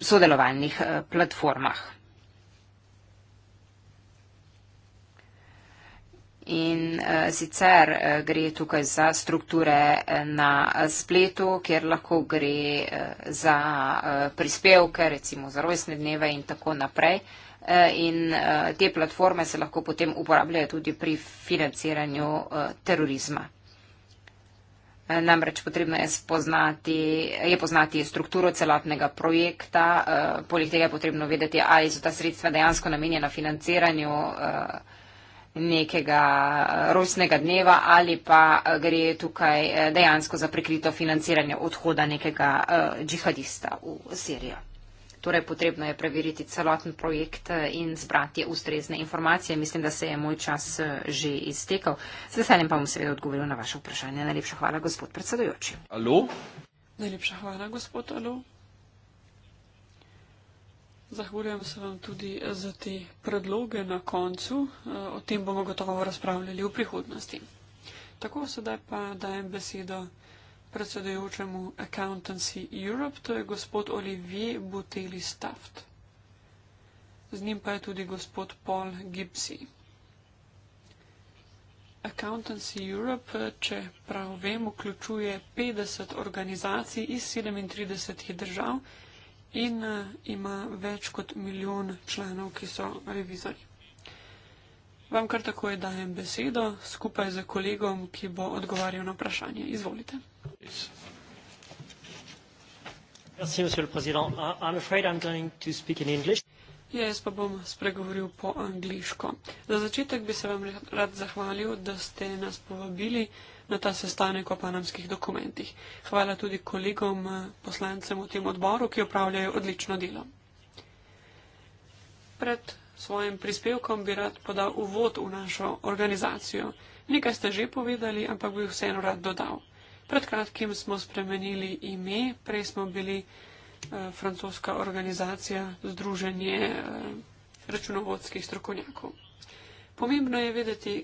sodelovalnih uh, platformah. In uh, sicer uh, gre tukaj za strukture na uh, spletu, kjer lahko gre uh, za uh, prispevke, recimo za rojstne dneve in tako naprej. In te platforme se lahko potem uporabljajo tudi pri financiranju terorizma. Namreč potrebno je, spoznati, je poznati strukturo celotnega projekta, eh, poleg tega je potrebno vedeti, ali so ta sredstva dejansko namenjena financiranju eh, nekega eh, rojstnega dneva ali pa gre tukaj dejansko za prikrito financiranje odhoda nekega džihadista v Sirijo. Torej, potrebno je preveriti celoten projekt eh, in zbrati ustrezne informacije. Mislim, da se je moj čas eh, že iztekel. Z veseljem pa bom seveda odgovoril na vaše vprašanje. Najlepša hvala, gospod predsedujoči. Alo? Najlepša hvala, gospod Alo. Zahvaljujem se vam tudi eh, za te predloge na koncu. O tem bomo gotovo razpravljali v prihodnosti. Tako sedaj pa dajem besedo predsedujočemu Accountancy Europe, to je gospod Olivier Boutelli-Staft. Z njim pa je tudi gospod Paul Gibsy. Accountancy Europe, če prav vem, vključuje 50 organizacij iz 37 držav in eh, ima več kot milijon članov, ki so revizori. Vam kar takoj dajem besedo skupaj z kolegom, ki bo odgovarjal na vprašanje. Izvolite. Jaz pa bom spregovoril po angliško. Za začetek bi se vam rad zahvalil, da ste nas povabili na ta sestanek o panamskih dokumentih. Hvala tudi kolegom poslancem v tem odboru, ki opravljajo odlično delo. Pred svojim prispevkom bi rad podal uvod v našo organizacijo. Nekaj ste že povedali, ampak bi vseeno rad dodal. Pred kratkim smo spremenili ime, prej smo bili eh, francoska organizacija Združenje eh, računovodskih strokovnjakov. Pomembno je vedeti,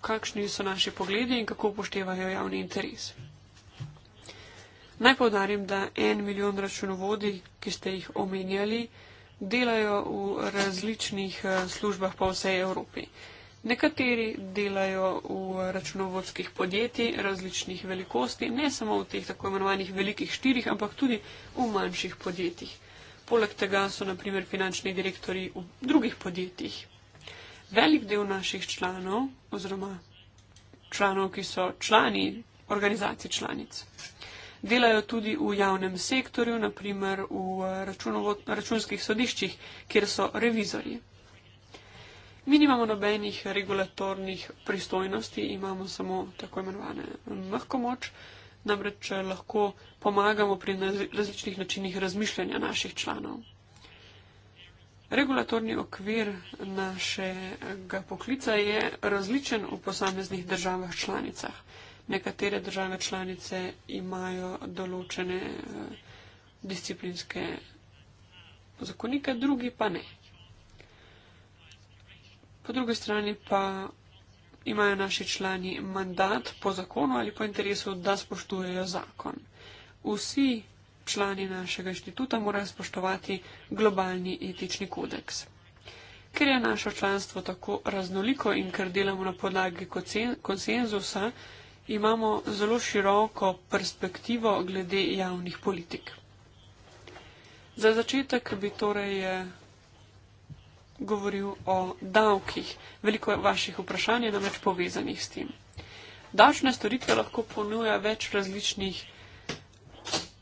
kakšni so naši pogledi in kako upoštevajo javni interes. Naj povdarim, da en milijon računovodij, ki ste jih omenjali, delajo v različnih eh, službah po vsej Evropi. Nekateri delajo v računovodskih podjetij različnih velikosti, ne samo v teh tako imenovanih velikih štirih, ampak tudi v manjših podjetjih. Poleg tega so naprimer finančni direktori v drugih podjetjih. Velik del naših članov oziroma članov, ki so člani organizacij članic delajo tudi v javnem sektorju, naprimer v računskih sodiščih, kjer so revizori. Mi nimamo nobenih regulatornih pristojnosti, imamo samo tako imenovane mehko moč, namreč eh, lahko pomagamo pri različnih načinih razmišljanja naših članov. Regulatorni okvir našega poklica je različen v posameznih državah članicah nekatere države članice imajo določene eh, disciplinske zakonike, drugi pa ne. Po drugi strani pa imajo naši člani mandat po zakonu ali po interesu, da spoštujejo zakon. Vsi člani našega inštituta morajo spoštovati globalni etični kodeks. Ker je naše članstvo tako raznoliko in ker delamo na podlagi konsenzusa, konsen imamo zelo široko perspektivo glede javnih politik. Za začetek bi torej eh, govoril o davkih. Veliko vaših vprašanj je namreč povezanih s tem. Davčne storitve lahko ponuja več različnih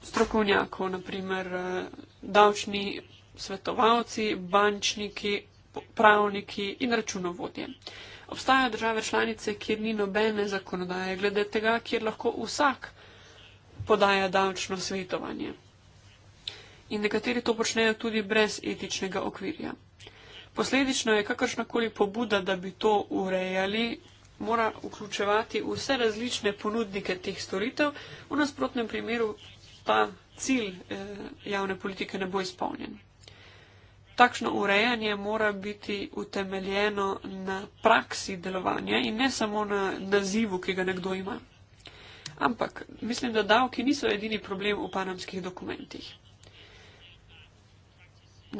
strokovnjakov, naprimer eh, davčni svetovalci, bančniki, pravniki in računovodje obstajajo države članice, kjer ni nobene zakonodaje, glede tega, kjer lahko vsak podaja davčno svetovanje. In nekateri to počnejo tudi brez etičnega okvirja. Posledično je kakršnakoli pobuda, da bi to urejali, mora vključevati vse različne ponudnike teh storitev, v nasprotnem primeru pa cilj eh, javne politike ne bo izpolnjen takšno urejanje mora biti utemeljeno na praksi delovanja in ne samo na nazivu, ki ga nekdo ima. Ampak mislim, da davki niso edini problem v panamskih dokumentih.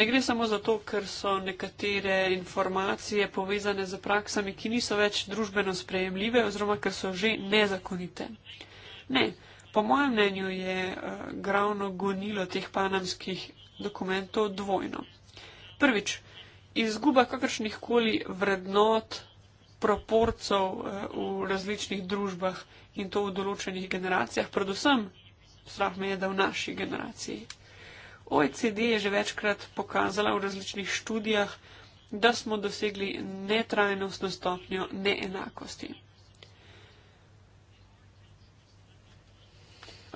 Ne gre samo zato, ker so nekatere informacije povezane z praksami, ki niso več družbeno sprejemljive oziroma ker so že nezakonite. Ne, po mojem mnenju je uh, eh, glavno gonilo teh panamskih dokumentov dvojno prvič, izguba kakršnih koli vrednot, proporcov eh, v različnih družbah in to v določenih generacijah, predvsem strah me je, da v naši generaciji. OECD je že večkrat pokazala v različnih študijah, da smo dosegli netrajnostno stopnjo neenakosti.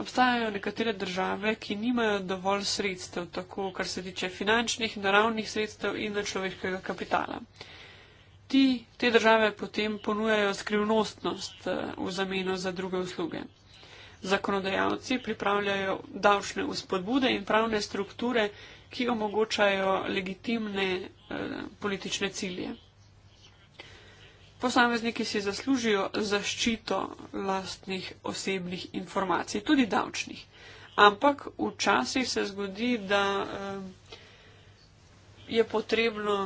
Obstajajo nekatere države, ki nimajo dovolj sredstev, tako kar se tiče finančnih, naravnih sredstev in človeškega kapitala. Ti, te države potem ponujajo skrivnostnost eh, v zameno za druge usluge. Zakonodajalci pripravljajo davčne uspodbude in pravne strukture, ki omogočajo legitimne eh, politične cilje posamezniki si zaslužijo zaščito lastnih osebnih informacij, tudi davčnih. Ampak včasih se zgodi, da eh, je potrebno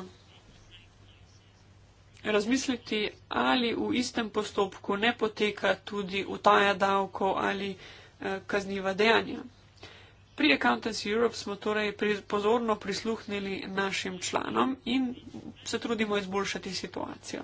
razmisliti, ali v istem postopku ne poteka tudi utaja davkov ali eh, kazniva dejanja. Pri Accountants Europe smo torej pozorno prisluhnili našim članom in se trudimo izboljšati situacijo.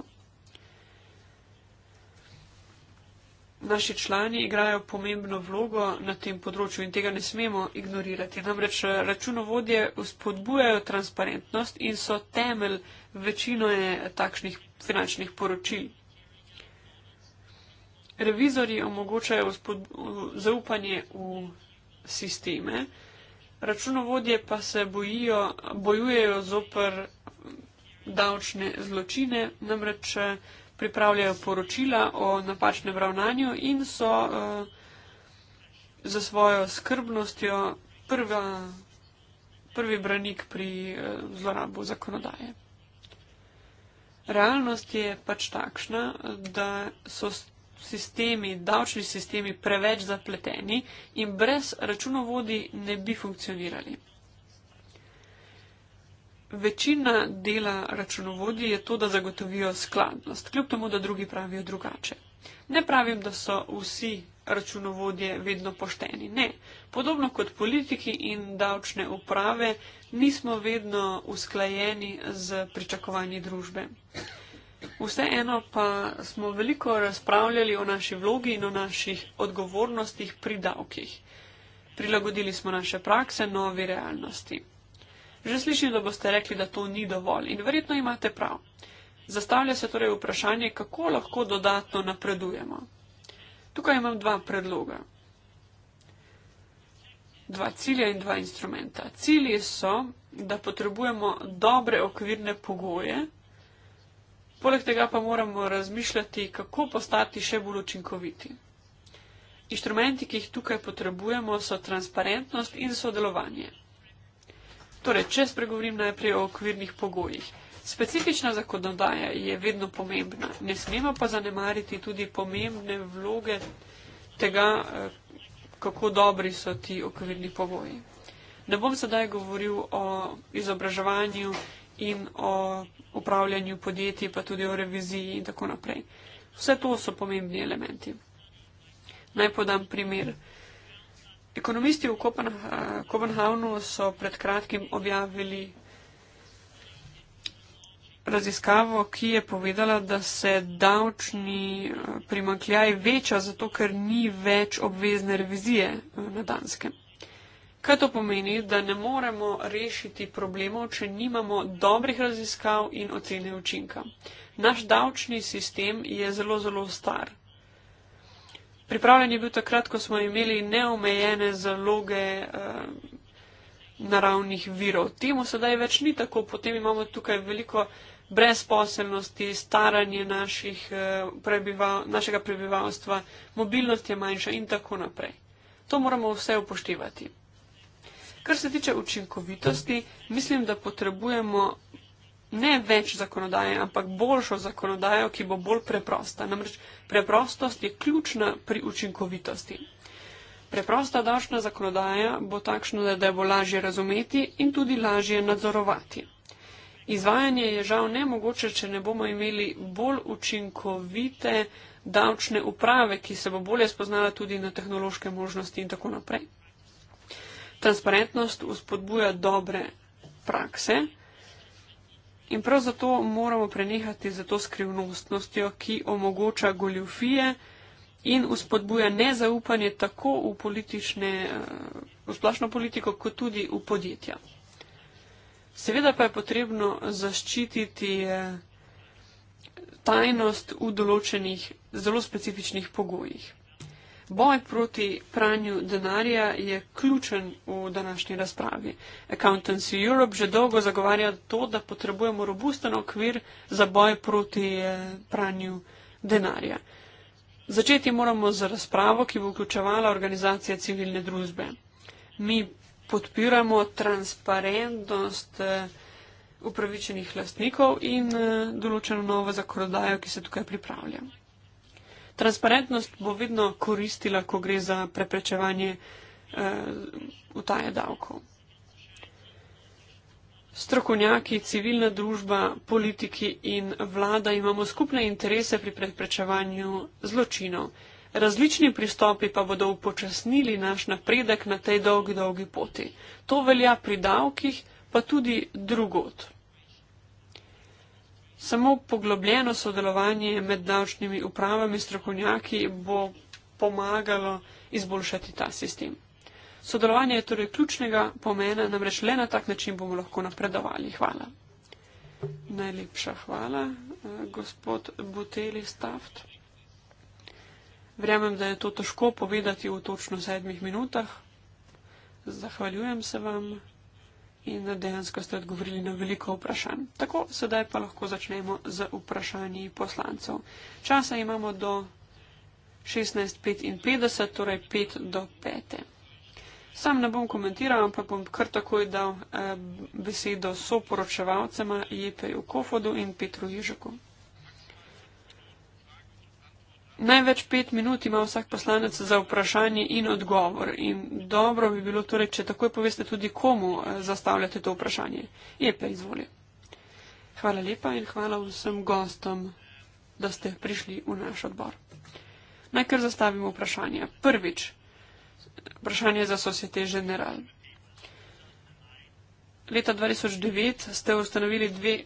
naši člani igrajo pomembno vlogo na tem področju in tega ne smemo ignorirati. Namreč eh, računovodje spodbujajo transparentnost in so temelj večinoje takšnih finančnih poročil. Revizori omogočajo zaupanje v sisteme, računovodje pa se bojijo, bojujejo zoper davčne zločine, namreč eh, pripravljajo poročila o napačnem ravnanju in so eh, za svojo skrbnostjo prva, prvi branik pri eh, zlorabu zakonodaje. Realnost je pač takšna, da so sistemi, davčni sistemi preveč zapleteni in brez računovodi ne bi funkcionirali večina dela računovodij je to, da zagotovijo skladnost, kljub temu, da drugi pravijo drugače. Ne pravim, da so vsi računovodje vedno pošteni. Ne. Podobno kot politiki in davčne uprave, nismo vedno usklajeni z pričakovanji družbe. Vseeno pa smo veliko razpravljali o naši vlogi in o naših odgovornostih pri davkih. Prilagodili smo naše prakse novi realnosti. Že slišim, da boste rekli, da to ni dovolj in verjetno imate prav. Zastavlja se torej vprašanje, kako lahko dodatno napredujemo. Tukaj imam dva predloga. Dva cilja in dva instrumenta. Cilji so, da potrebujemo dobre okvirne pogoje, poleg tega pa moramo razmišljati, kako postati še bolj učinkoviti. Inštrumenti, ki jih tukaj potrebujemo, so transparentnost in sodelovanje. Torej, če spregovorim najprej o okvirnih pogojih. Specifična zakonodaja je vedno pomembna, ne smemo pa zanemariti tudi pomembne vloge tega, eh, kako dobri so ti okvirni pogoji. Ne bom sedaj govoril o izobraževanju in o upravljanju podjetij, pa tudi o reviziji in tako naprej. Vse to so pomembni elementi. Naj podam primer. Ekonomisti v eh, Kopenhavnu so pred kratkim objavili raziskavo, ki je povedala, da se davčni eh, primankljaj veča, zato ker ni več obvezne revizije eh, na Danskem. Kaj to pomeni, da ne moremo rešiti problemov, če nimamo dobrih raziskav in ocene učinka? Naš davčni sistem je zelo, zelo star. Pripravljen je bil takrat, ko smo imeli neomejene zaloge uh, naravnih virov. Temu sedaj več ni tako, potem imamo tukaj veliko brezposelnosti, staranje naših, uh, prebival, našega prebivalstva, mobilnost je manjša in tako naprej. To moramo vse upoštevati. Kar se tiče učinkovitosti, mislim, da potrebujemo ne več zakonodaje, ampak boljšo zakonodajo, ki bo bolj preprosta. Namreč preprostost je ključna pri učinkovitosti. Preprosta davčna zakonodaja bo takšna, da jo bo lažje razumeti in tudi lažje nadzorovati. Izvajanje je žal nemogoče, če ne bomo imeli bolj učinkovite davčne uprave, ki se bo bolje spoznala tudi na tehnološke možnosti in tako naprej. Transparentnost uspodbuja dobre prakse. In prav zato moramo prenehati z to skrivnostnostjo, ki omogoča goljufije in uspodbuja nezaupanje tako v, eh, v splošno politiko, kot tudi v podjetja. Seveda pa je potrebno zaščititi eh, tajnost v določenih zelo specifičnih pogojih. Boj proti pranju denarja je ključen v današnji razpravi. Accountancy Europe že dolgo zagovarja to, da potrebujemo robusten okvir za boj proti eh, pranju denarja. Začeti moramo z razpravo, ki bo vključevala organizacije civilne družbe. Mi podpiramo transparentnost eh, upravičenih lastnikov in eh, določeno novo zakonodajo, ki se tukaj pripravlja transparentnost bo vedno koristila, ko gre za preprečevanje eh, utaje davkov. Strokovnjaki, civilna družba, politiki in vlada imamo skupne interese pri preprečevanju zločinov. Različni pristopi pa bodo upočasnili naš napredek na tej dolgi, dolgi poti. To velja pri davkih, pa tudi drugot. Samo poglobljeno sodelovanje med davčnimi upravami in strokovnjaki bo pomagalo izboljšati ta sistem. Sodelovanje je torej ključnega pomena, namreč le na tak način bomo lahko napredovali. Hvala. Najlepša hvala, eh, gospod Buteli Staft. Verjamem, da je to težko povedati v točno sedmih minutah. Zahvaljujem se vam in dejansko ste odgovorili na veliko vprašanj. Tako, sedaj pa lahko začnemo z vprašanji poslancev. Časa imamo do 16.55, torej 5 do 5. Sam ne bom komentiral, ampak bom kar takoj dal eh, besedo soporočevalcema Jepeju Kofodu in Petru Ježeku. Največ pet minut ima vsak poslanec za vprašanje in odgovor. In dobro bi bilo torej, če takoj poveste tudi, komu eh, zastavljate to vprašanje. Epe, izvoli. Hvala lepa in hvala vsem gostom, da ste prišli v naš odbor. Najkar zastavimo vprašanje. Prvič, vprašanje za sosjete general. Leta 2009 ste ustanovili dve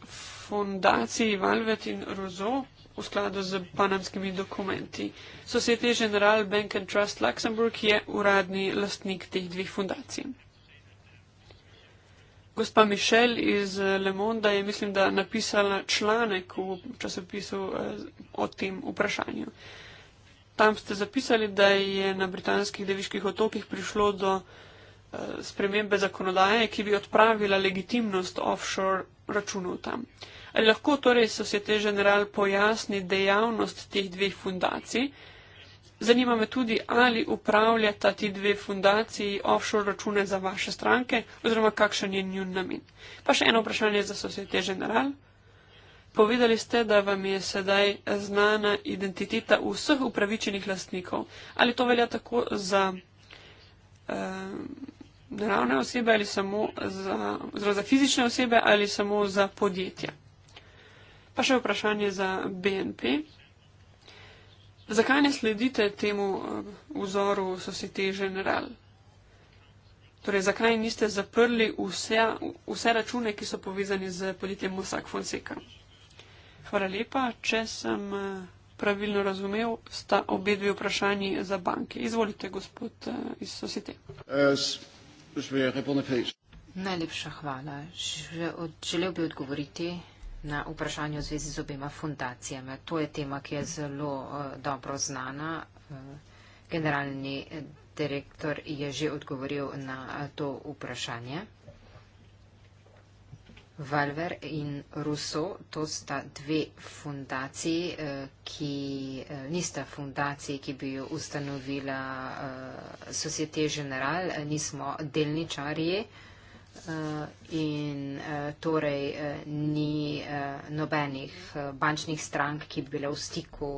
fondaciji Valvet in Rozo v skladu z panamskimi dokumenti. Societe General Bank and Trust Luxemburg je uradni lastnik teh dveh fundacij. Gospa Mišel iz Le Monde je, mislim, da napisala članek v časopisu eh, o tem vprašanju. Tam ste zapisali, da je na britanskih deviških otokih prišlo do eh, spremembe zakonodaje, ki bi odpravila legitimnost offshore računov tam. Lahko torej so se te general pojasni dejavnost teh dveh fundacij. Zanima me tudi, ali upravljata ti dve fundaciji offshore račune za vaše stranke, oziroma kakšen je njun namen. Pa še eno vprašanje za societe general. Povedali ste, da vam je sedaj znana identiteta vseh upravičenih lastnikov. Ali to velja tako za eh, naravne eh, osebe, ali samo za, za fizične osebe, ali samo za podjetja? Pa še vprašanje za BNP. Zakaj ne sledite temu eh, vzoru Societe General? Torej, zakaj niste zaprli vse, vse račune, ki so povezani z podjetjem Mossack Fonseca? Hvala lepa. Če sem eh, pravilno razumel, sta obe dve vprašanji za banke. Izvolite, gospod eh, iz Societe. Najlepša hvala. Želel bi odgovoriti na vprašanju v zvezi z obima fundacijama. To je tema, ki je zelo eh, dobro znana. Eh, generalni eh, direktor je že odgovoril na to vprašanje. Valver in Rousseau, to sta dve fundaciji, ki nista fundaciji, ki bi jo ustanovila Societe General, nismo delničarji. Eh, in eh, torej eh, ni nobenih bančnih strank, ki bi bile v stiku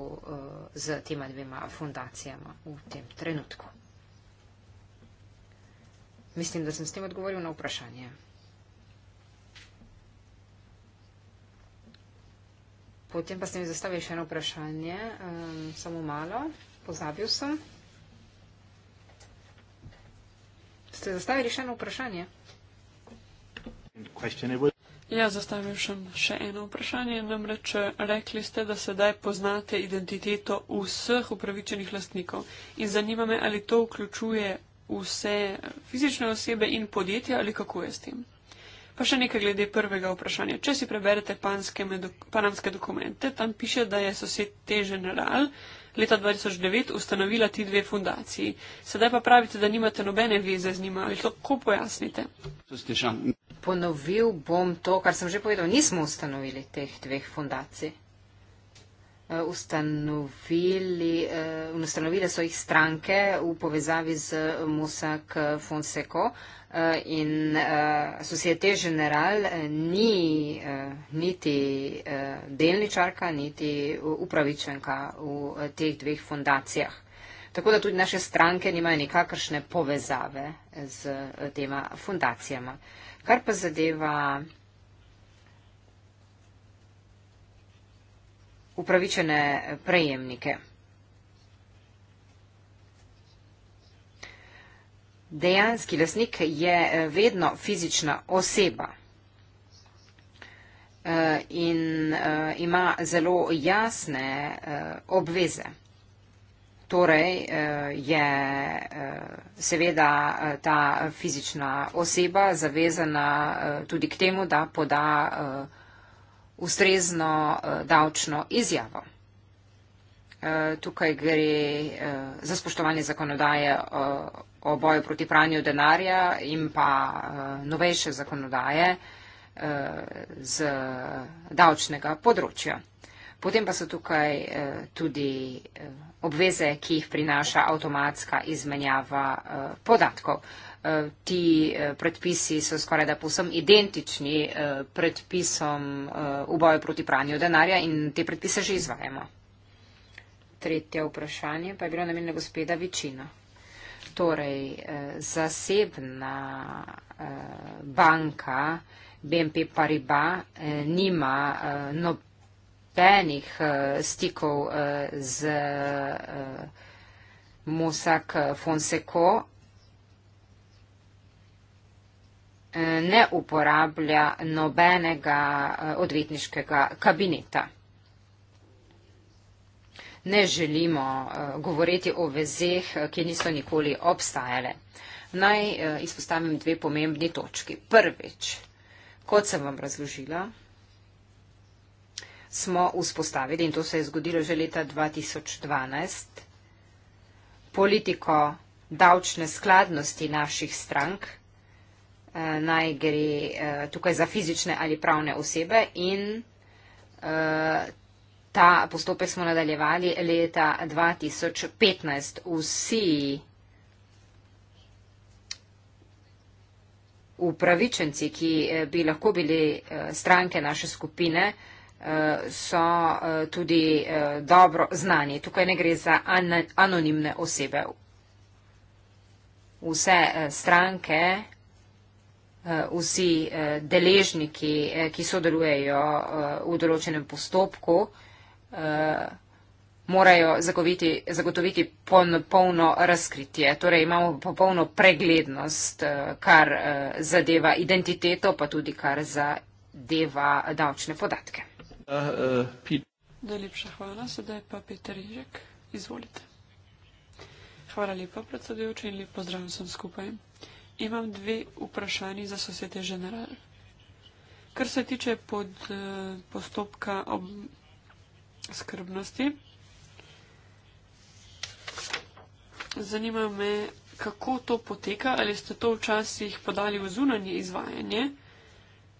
z tema dvema fundacijama v tem trenutku. Mislim, da sem s tem odgovoril na vprašanje. Potem pa ste mi zastavili še eno vprašanje, um, samo malo, pozabil sem. Ste zastavili še eno vprašanje? Ja, zastavim še eno vprašanje. Namreč rekli ste, da sedaj poznate identiteto vseh upravičenih lastnikov. In zanima me, ali to vključuje vse fizične osebe in podjetja ali kako je s tem. Pa še nekaj glede prvega vprašanja. Če si preberete panamske dokumente, tam piše, da je sosed te general leta 2009 ustanovila ti dve fundaciji. Sedaj pa pravite, da nimate nobene veze z njima. Ali to lahko pojasnite? To ste šan ponovil bom to, kar sem že povedal. Nismo ustanovili teh dveh fundacij. E, ustanovili, e, ustanovile so jih stranke v povezavi z Musak Fonseko e, in Societe General ni niti delničarka, niti upravičenka v teh dveh fundacijah. Tako da tudi naše stranke nimajo nikakršne povezave z tema fundacijama. Uh, Kar pa zadeva upravičene prejemnike. Dejanski lasnik je eh, vedno fizična oseba eh, in eh, ima zelo jasne obveze. Torej eh, je eh, seveda eh, ta fizična oseba zavezana tudi k temu, da poda ustrezno davčno izjavo. Tukaj gre za spoštovanje zakonodaje o boju proti pranju denarja in pa novejše zakonodaje z davčnega področja. Potem pa so tukaj eh, tudi eh, obveze, ki jih prinaša avtomatska izmenjava eh, podatkov. Ti predpisi so skoraj da povsem identični predpisom v boju proti pranju denarja in te predpise že izvajamo. Tretje vprašanje pa je bilo namenjeno gospeda Večina. Torej, zasebna banka BNP Paribas nima nob nobenih uh, stikov uh, z uh, eh, Mosak Fonseko. ne uporablja nobenega odvetniškega kabineta. Ne želimo govoriti o vezeh, ki niso nikoli obstajale. Naj izpostavim dve pomembni točki. Prvič, kot sem vam razložila, smo vzpostavili, in to se je zgodilo že leta 2012, politiko davčne skladnosti naših strank, eh, naj gre eh, tukaj za fizične ali pravne osebe in eh, ta postopek smo nadaljevali leta 2015. Vsi upravičenci, ki bi lahko bili stranke naše skupine, Eh, so eh, tudi eh, dobro znani. Tukaj ne gre za anonimne osebe. Vse stranke, vsi deležniki, ki sodelujejo v določenem postopku, morajo zagoviti, zagotoviti pon, polno razkritje. Torej imamo popolno preglednost, kar zadeva identiteto, pa tudi kar zadeva davčne podatke. Najlepša hvala. Sedaj pa Peter Ježek. Izvolite. Hvala lepa, predsedujoči, in lep pozdrav vsem skupaj. Imam dve vprašanji za sosede general. Kar se tiče pod, uh, postopka ob skrbnosti, zanima me, kako to poteka, ali ste to včasih podali v zunanje izvajanje.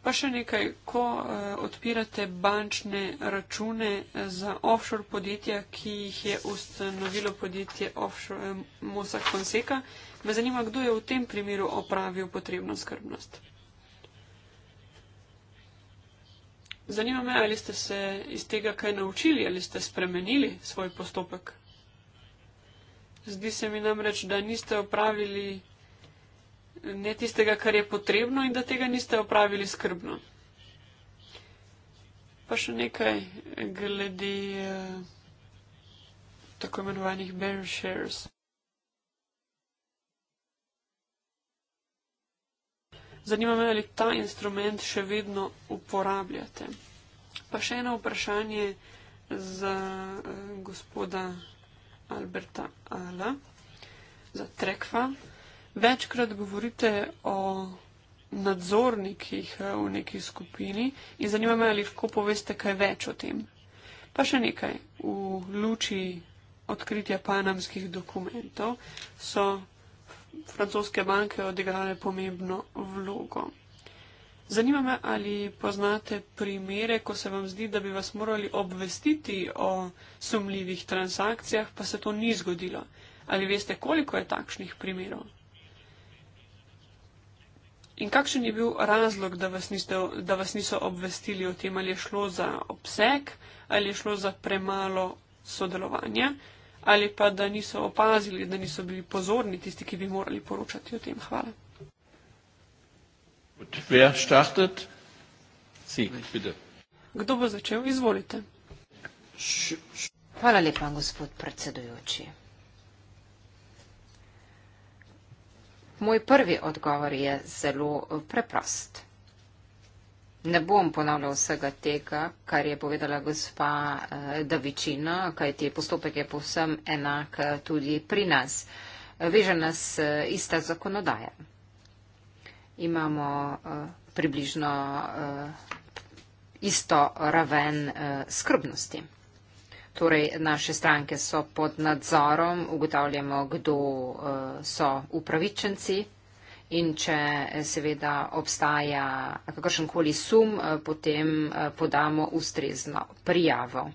Pa še nekaj, ko eh, odpirate bančne račune eh, za offshore podjetja, ki jih je ustanovilo podjetje offshore eh, Mossack Fonseca, me zanima, kdo je v tem primeru opravil potrebno skrbnost. Zanima me, ali ste se iz tega kaj naučili, ali ste spremenili svoj postopek. Zdi se mi namreč, da niste opravili ne tistega, kar je potrebno in da tega niste opravili skrbno. Pa še nekaj glede uh, tako imenovanih bear shares. Zanima me, ali ta instrument še vedno uporabljate. Pa še eno vprašanje za uh, gospoda Alberta Ala, za Trekva. Večkrat govorite o nadzornikih eh, v neki skupini in zanima me, ali lahko poveste kaj več o tem. Pa še nekaj. V luči odkritja panamskih dokumentov so francoske banke odigrale pomembno vlogo. Zanima me, ali poznate primere, ko se vam zdi, da bi vas morali obvestiti o sumljivih transakcijah, pa se to ni zgodilo. Ali veste, koliko je takšnih primerov? In kakšen je bil razlog, da vas, niste, da vas niso obvestili o tem, ali je šlo za obseg, ali je šlo za premalo sodelovanja, ali pa da niso opazili, da niso bili pozorni tisti, ki bi morali poročati o tem? Hvala. Kdo bo začel? Izvolite. Hvala lepa, gospod predsedujoči. Moj prvi odgovor je zelo eh, preprost. Ne bom ponavljal vsega tega, kar je povedala gospa eh, Davičina, kajti postopek je povsem enak eh, tudi pri nas. Veže nas ista zakonodaja. Imamo približno isto raven skrbnosti. Torej, naše stranke so pod nadzorom, ugotavljamo, kdo eh, so upravičenci in če eh, seveda obstaja kakršenkoli sum, eh, potem podamo ustrezno prijavo.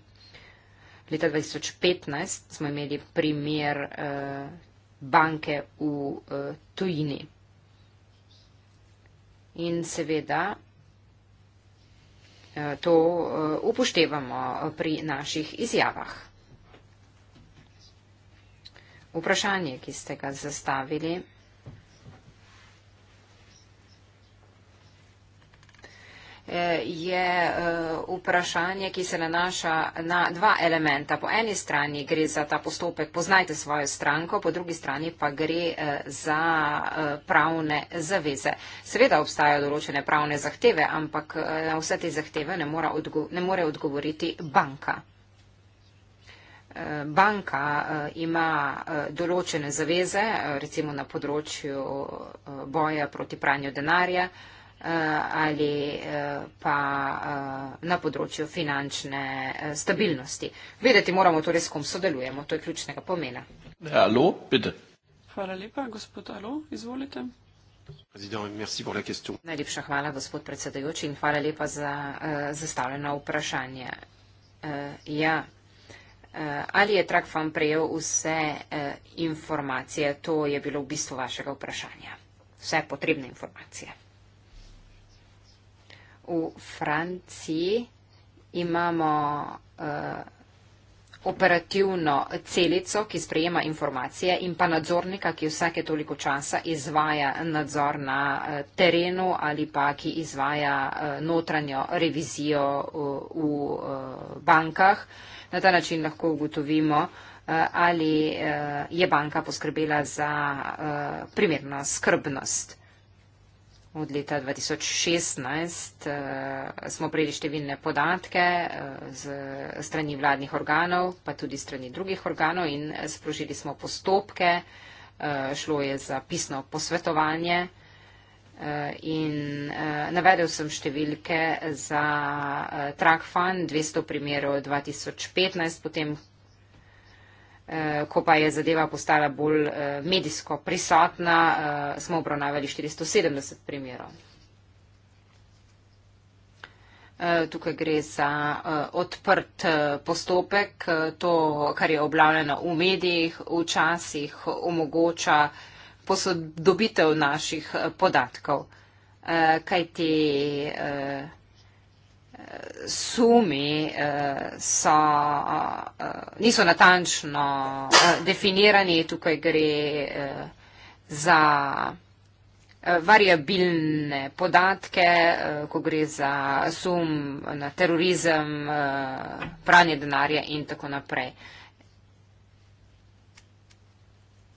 Leta 2015 smo imeli primer banke v tujini. In seveda to eh, upoštevamo pri naših izjavah. Vprašanje, ki ste ga zastavili. Eh, je eh, vprašanje, ki se nanaša na dva elementa. Po eni strani gre za ta postopek poznajte svojo stranko, po drugi strani pa gre eh, za pravne zaveze. Seveda obstajajo določene pravne zahteve, ampak na vse te zahteve ne, odgo ne more odgovoriti banka. Banka ima določene zaveze, recimo na področju boja proti pranju denarja, Eh, ali eh, pa eh, na področju finančne stabilnosti. Vedeti moramo torej, s kom sodelujemo, to je ključnega pomena. Ja, alo, hvala lepa, gospod Alo, izvolite. Najlepša hvala, gospod predsedajoči, in hvala lepa za uh, zastavljeno vprašanje. Uh, ja. uh, ali je Trakfam prejel vse uh, informacije? To je bilo v bistvu vašega vprašanja. Vse potrebne informacije v Franciji imamo uh, operativno celico, ki sprejema informacije in pa nadzornika, ki vsake toliko časa izvaja nadzor na uh, terenu ali pa ki izvaja uh, notranjo revizijo uh, v uh, bankah. Na ta način lahko ugotovimo, uh, ali uh, je banka poskrbela za uh, primernost skrbnost od leta 2016 eh, smo prejeli številne podatke eh, z strani vladnih organov, pa tudi strani drugih organov in sprožili smo postopke, eh, šlo je za pisno posvetovanje in navedel sem številke za TrackFund 200 primerov 2015, potem Eh, ko pa je zadeva postala bolj eh, medijsko prisotna, eh, smo obravnavali 470 primerov. Tukaj gre za odprt postopek. To, kar je objavljeno v medijih, včasih omogoča posodobitev naših podatkov. Kaj ti sumi eh, so, eh, niso natančno eh, definirani, tukaj gre za variabilne podatke, ko gre za sum na terorizem, pranje denarja in tako naprej.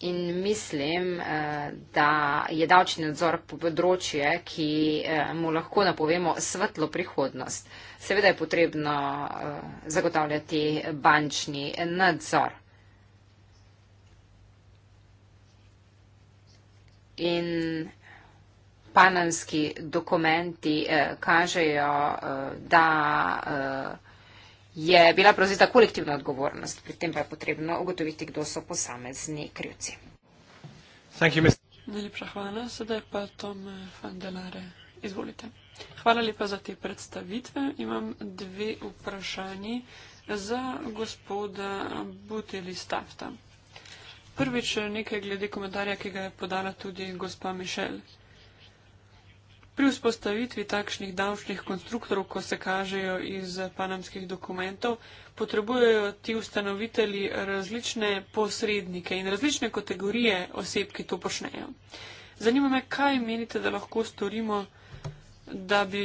In mislim, eh, da je davčni nadzor področje, ki eh, mu lahko napovemo svetlo prihodnost. Seveda je potrebno eh, zagotavljati bančni nadzor. In panamski dokumenti kažejo, da je bila prevzeta kolektivna odgovornost. Pri tem pa je potrebno ugotoviti, kdo so posamezni krivci. Najlepša hvala. Sedaj pa Tom Fandelare. Izvolite. Hvala lepa za te predstavitve. Imam dve vprašanji za gospoda Buteli Stafta. Prvič nekaj glede komentarja, ki ga je podala tudi gospa Mišel pri vzpostavitvi takšnih davčnih konstruktorov, ko se kažejo iz panamskih dokumentov, potrebujejo ti ustanovitelji različne posrednike in različne kategorije oseb, ki to počnejo. Zanima me, kaj menite, da lahko storimo, da bi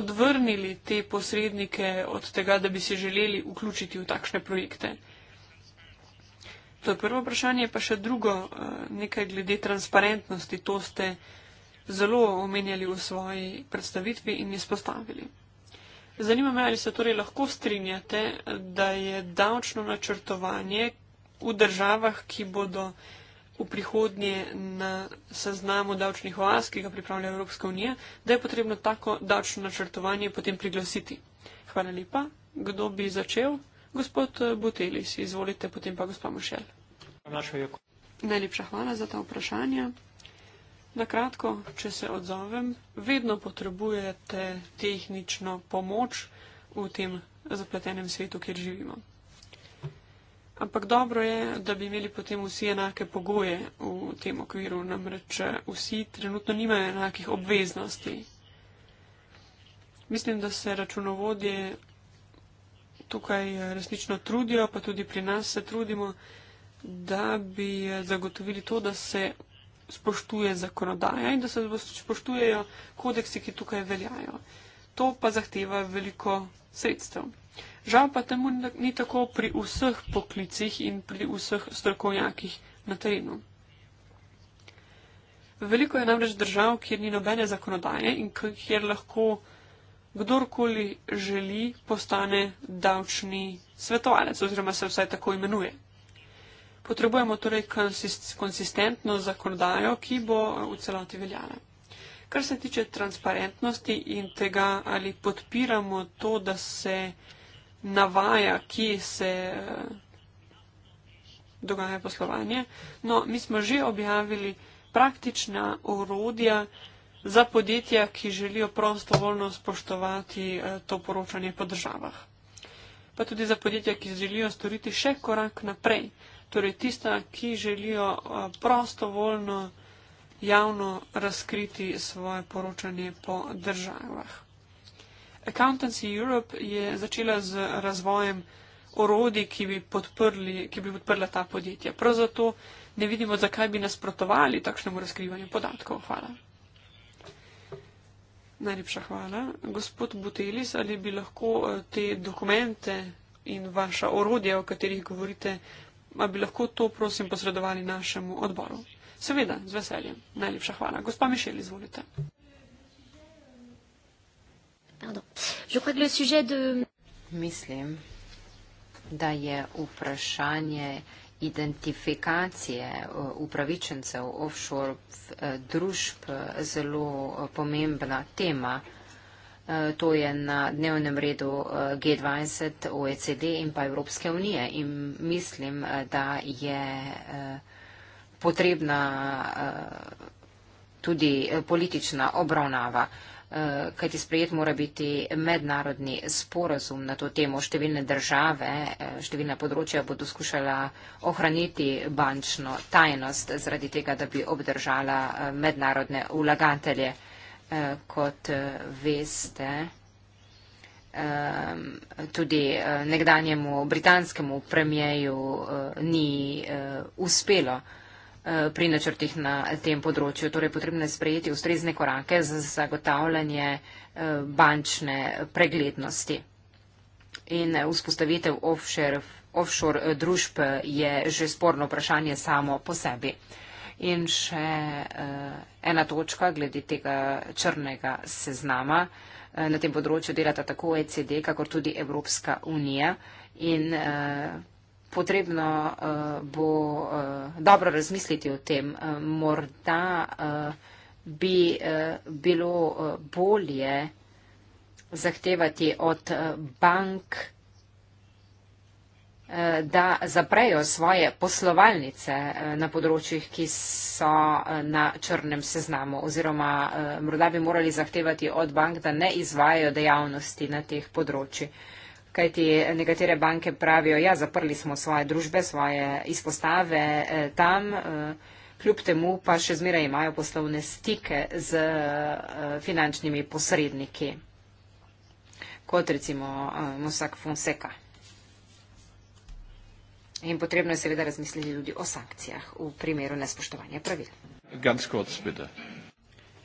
odvrnili te posrednike od tega, da bi se želeli vključiti v takšne projekte. To je prvo vprašanje, pa še drugo, eh, nekaj glede transparentnosti. To ste zelo omenjali v svoji predstavitvi in izpostavili. Zanima me, ali se torej lahko strinjate, da je davčno načrtovanje v državah, ki bodo v prihodnje na seznamu davčnih oaz, ki ga pripravlja Evropska unija, da je potrebno tako davčno načrtovanje potem priglasiti. Hvala lepa. Kdo bi začel? Gospod Butelis, izvolite, potem pa gospod Mošel. Najlepša hvala za ta vprašanja. Na kratko, če se odzovem, vedno potrebujete tehnično pomoč v tem zapletenem svetu, kjer živimo. Ampak dobro je, da bi imeli potem vsi enake pogoje v tem okviru, namreč eh, vsi trenutno nimajo enakih obveznosti. Mislim, da se računovodje tukaj eh, resnično trudijo, pa tudi pri nas se trudimo, da bi eh, zagotovili to, da se spoštuje zakonodaja in da se spoštujejo kodeksi, ki tukaj veljajo. To pa zahteva veliko sredstev. Žal pa temu ni tako pri vseh poklicih in pri vseh strokovnjakih na terenu. Veliko je namreč držav, kjer ni nobene zakonodaje in kjer lahko kdorkoli želi postane davčni svetovalec oziroma se vsaj tako imenuje. Potrebujemo torej konsistentno zakonodajo, ki bo v celoti veljala. Kar se tiče transparentnosti in tega, ali podpiramo to, da se navaja, ki se eh, dogaja poslovanje, no, mi smo že objavili praktična orodja za podjetja, ki želijo prostovoljno spoštovati eh, to poročanje po državah pa tudi za podjetja, ki želijo storiti še korak naprej. Torej tista, ki želijo prostovoljno javno razkriti svoje poročanje po državah. Accountancy Europe je začela z razvojem orodi, ki bi, podprli, ki bi podprla ta podjetja. Prav zato ne vidimo, zakaj bi nasprotovali takšnemu razkrivanju podatkov. Hvala. Najlepša hvala. Gospod Butelis, ali bi lahko eh, te dokumente in vaša orodja, o katerih govorite, ali bi lahko to, prosim, posredovali našemu odboru? Seveda, z veseljem. Najlepša hvala. Gospa Mišel, izvolite. Mislim, da je vprašanje identifikacije eh, upravičencev offshore eh, družb eh, zelo pomembna tema. To je na dnevnem redu G20, OECD in pa Evropske unije in mislim, da je potrebna tudi politična obravnava. Eh, kajti sprejet mora biti mednarodni sporazum na to temo. Številne države, eh, številna področja bodo skušala ohraniti bančno tajnost zaradi tega, da bi obdržala eh, mednarodne vlagatelje. Kot veste, tudi nekdanjemu britanskemu premijeju ni uspelo Eh, pri načrtih na tem področju. Torej, potrebno je sprejeti ustrezne korake za zagotavljanje eh, bančne preglednosti. In vzpostavitev offshore, offshore eh, družb je že sporno vprašanje samo po sebi. In še ena točka glede tega črnega seznama. Na tem področju delata tako ECD, kakor tudi Evropska unija. In potrebno uh, bo uh, dobro razmisliti o tem. Uh, morda uh, bi uh, bilo uh, bolje zahtevati od uh, bank, uh, da zaprejo svoje poslovalnice uh, na področjih, ki so uh, na črnem seznamu oziroma uh, morda bi morali zahtevati od bank, da ne izvajajo dejavnosti na teh področjih. Uh, kajti nekatere banke pravijo, ja, zaprli smo svoje družbe, svoje izpostave eh, tam, eh, kljub temu pa še zmeraj imajo poslovne stike z eh, finančnimi posredniki, kot recimo Mossack Fonseca. In potrebno je seveda razmisliti tudi o sankcijah v primeru nespoštovanja pravil.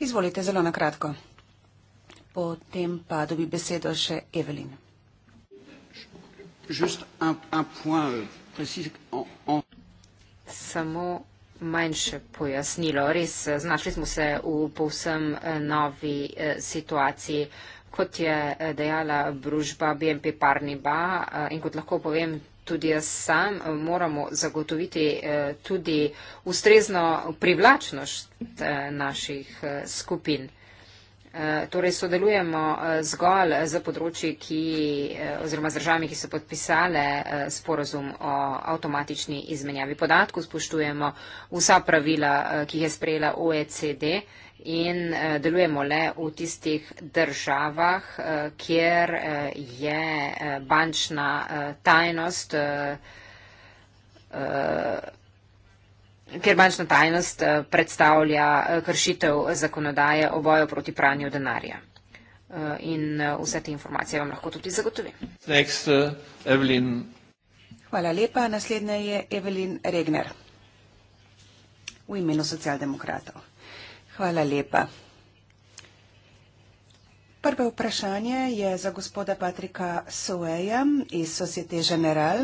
Izvolite zelo na kratko. Potem pa dobi besedo še Evelin juste un, un point euh, précis en, en... Samo manjše pojasnilo. Res, eh, znašli smo se v povsem eh, novi eh, situaciji. Kot je dejala družba BNP Parniba in kot lahko povem tudi jaz sam, moramo zagotoviti tudi ustrezno privlačnost naših skupin. Eh, torej sodelujemo eh, zgolj eh, z področji, ki, oziroma z državami, ki so podpisale sporozum o avtomatični izmenjavi podatkov, spoštujemo vsa pravila, ki jih je sprejela OECD in delujemo le v tistih državah, kjer je bančna tajnost. Ker bančna tajnost eh, predstavlja eh, kršitev zakonodaje o boju proti pranju denarja. Eh, in vse te informacije vam lahko tudi zagotovim. Next, uh, Evelyn. Hvala lepa. Naslednja je Evelin Regner v imenu socialdemokratov. Hvala lepa. Prvo vprašanje je za gospoda Patrika Soeja iz Societe General.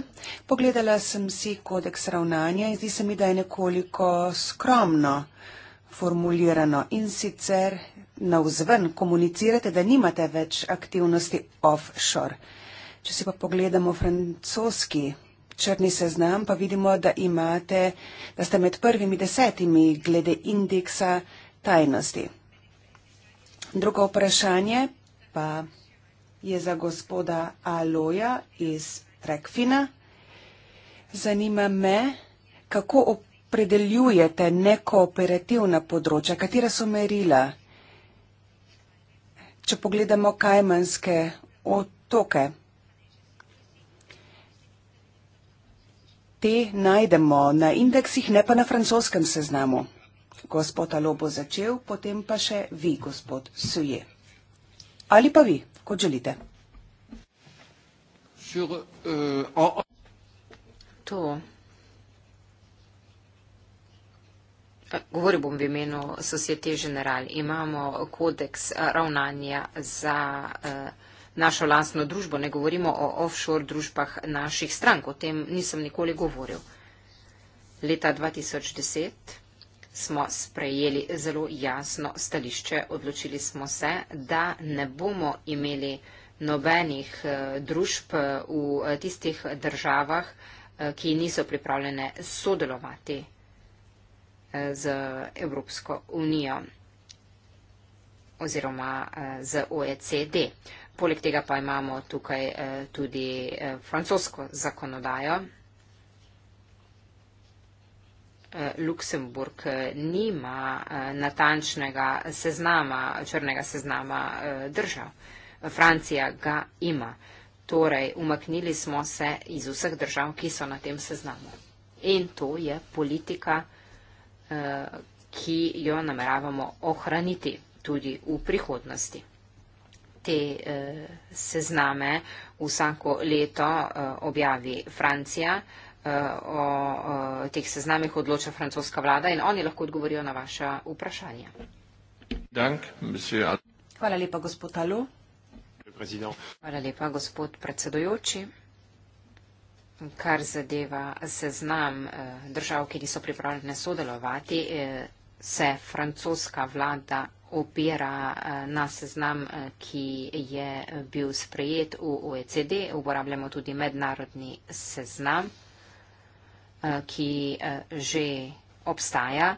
Pogledala sem si kodeks ravnanja in zdi se mi, da je nekoliko skromno formulirano in sicer na vzven komunicirate, da nimate več aktivnosti offshore. Če si pa pogledamo francoski črni seznam, pa vidimo, da imate, da ste med prvimi desetimi glede indeksa tajnosti. Drugo vprašanje pa je za gospoda Aloja iz Rekfina. Zanima me, kako opredeljujete nekooperativna področja, katera so merila, če pogledamo Kajmanske otoke. Te najdemo na indeksih, ne pa na francoskem seznamu gospod Alo bo začel, potem pa še vi, gospod Suje. Ali pa vi, kot želite. Sur, uh, en... To. Eh, govoril bom v imenu Societe General. Imamo kodeks ravnanja za uh, našo lastno družbo. Ne govorimo o offshore družbah naših strank. O tem nisem nikoli govoril. Leta 2010 smo sprejeli zelo jasno stališče. Odločili smo se, da ne bomo imeli nobenih eh, družb eh, v eh, tistih državah, ki niso pripravljene sodelovati z Evropsko unijo oziroma z OECD. Poleg tega pa imamo tukaj tudi francosko zakonodajo, Eh, Luksemburg eh, nima eh, natančnega seznama, črnega seznama držav. Francija ga ima. Torej, umaknili smo se iz vseh držav, ki so na tem seznamu. In to je politika, ki jo nameravamo ohraniti tudi v prihodnosti. Te eh, sezname vsako leto eh, objavi Francija, Eh, o eh, teh seznamih odloča francoska vlada in oni lahko odgovorijo na vaše vprašanje. Hvala lepa, gospod Alu. Hvala lepa, gospod predsedujoči. Kar zadeva seznam eh, držav, ki niso pripravljene sodelovati, se francoska vlada opira na seznam, ki je bil sprejet v OECD, uporabljamo tudi mednarodni seznam. Eh, ki eh, že obstaja.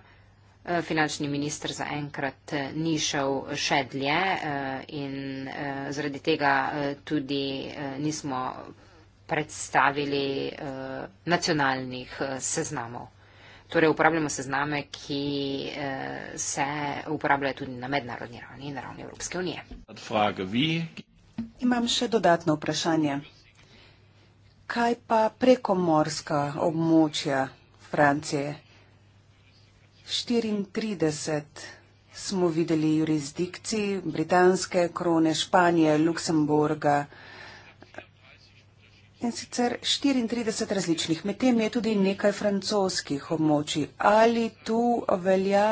Eh, finančni minister zaenkrat ni šel še dlje in zaradi tega tudi nismo predstavili nacionalnih seznamov. Torej uporabljamo sezname, ki se uporabljajo tudi na mednarodni ravni in na ravni Evropske unije. Imam še dodatno vprašanje kaj pa prekomorska območja Francije? 34 smo videli jurisdikcij britanske krone, Španije, Luksemburga in sicer 34 različnih. Medtem je tudi nekaj francoskih območij. Ali tu velja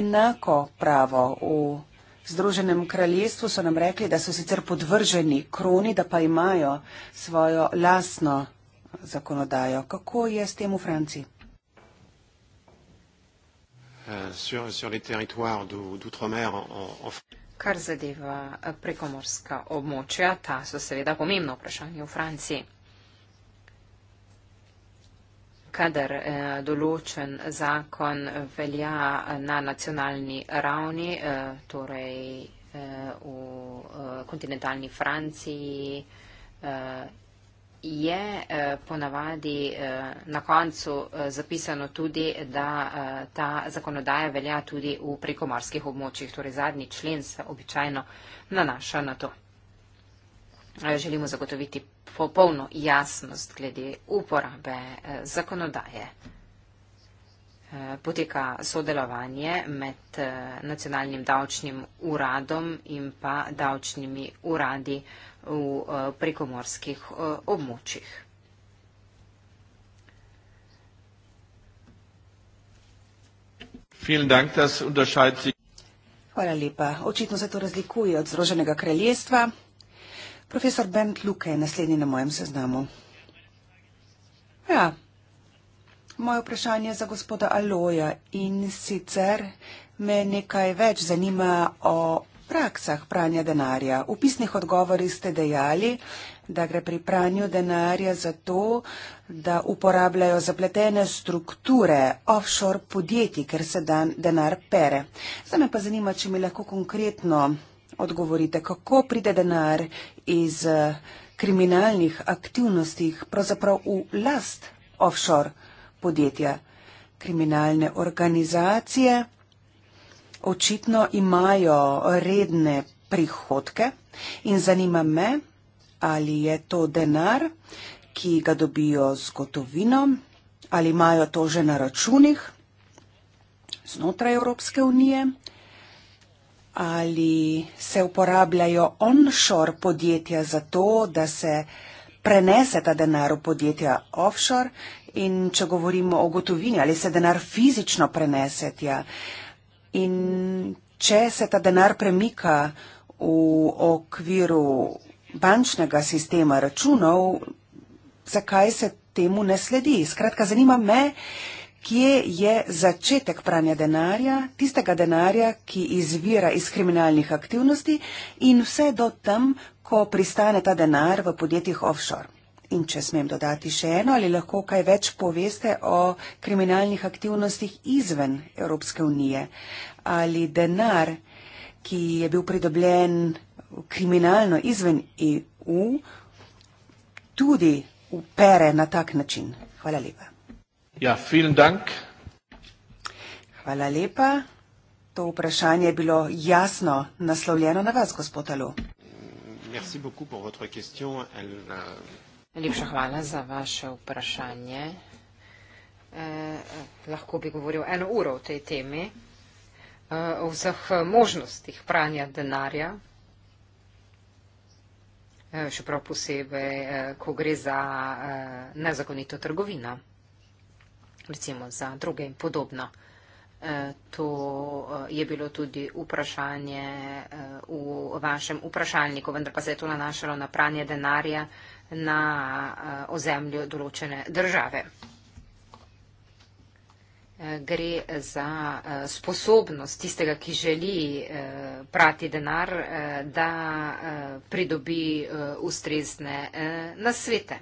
enako pravo v Združenem kraljestvu so nam rekli, da so sicer podvrženi kroni, da pa imajo svojo lasno zakonodajo. Kako je s tem v Franciji? Euh, Kar zadeva eh, prekomorska območja, ta so seveda pomembno vprašanje v Franciji kadar eh, določen zakon velja na nacionalni ravni, eh, torej eh, v kontinentalni Franciji, je ponavadi na koncu zapisano tudi, da ta zakonodaja velja tudi v prekomorskih območjih, torej zadnji člen se običajno nanaša na to. Eh, želimo zagotoviti popolno jasnost glede uporabe eh, zakonodaje. Eh, poteka sodelovanje med nacionalnim davčnim uradom in pa davčnimi uradi v prekomorskih območjih. Hvala lepa. Očitno se to razlikuje od Združenega kraljestva. Profesor Bent Luke je naslednji na mojem seznamu. Ja, moje vprašanje je za gospoda Aloja in sicer me nekaj več zanima o praksah pranja denarja. V pisnih odgovorih ste dejali, da gre pri pranju denarja za to, da uporabljajo zapletene strukture offshore podjetij, ker se dan denar pere. Zdaj me pa zanima, če mi lahko konkretno odgovorite, kako pride denar iz eh, kriminalnih aktivnosti pravzaprav v last offshore podjetja. Kriminalne organizacije očitno imajo redne prihodke in zanima me, ali je to denar, ki ga dobijo z gotovino, ali imajo to že na računih znotraj Evropske unije ali se uporabljajo onshore podjetja za to, da se prenese ta denar v podjetja offshore in če govorimo o gotovini, ali se denar fizično prenese tja in če se ta denar premika v okviru bančnega sistema računov, zakaj se temu ne sledi. Skratka, zanima me, uh, kje je začetek pranja denarja, tistega denarja, ki izvira iz kriminalnih aktivnosti in vse do tam, ko pristane ta denar v podjetjih offshore. In če smem dodati še eno, ali lahko kaj več poveste o kriminalnih aktivnostih izven Evropske unije? Ali denar, ki je bil pridobljen kriminalno izven EU, tudi upere na tak način? Hvala lepa. Ja, vielen Dank. Hvala lepa. To vprašanje je bilo jasno naslovljeno na vas, gospod Alu. Merci beaucoup pour votre question. Euh, Najlepša hvala za vaše vprašanje. Eh, lahko bi govoril eno uro o tej temi, eh, o vseh možnostih pranja denarja, eh, še prav posebej, eh, ko gre za eh, nezakonito trgovino recimo za druge in podobno. E, to e, je bilo tudi vprašanje e, v vašem vprašalniku, vendar pa se je to nanašalo na pranje denarja na ozemlju določene države. Gre za sposobnost tistega, ki želi prati denar, da pridobi ustrezne nasvete.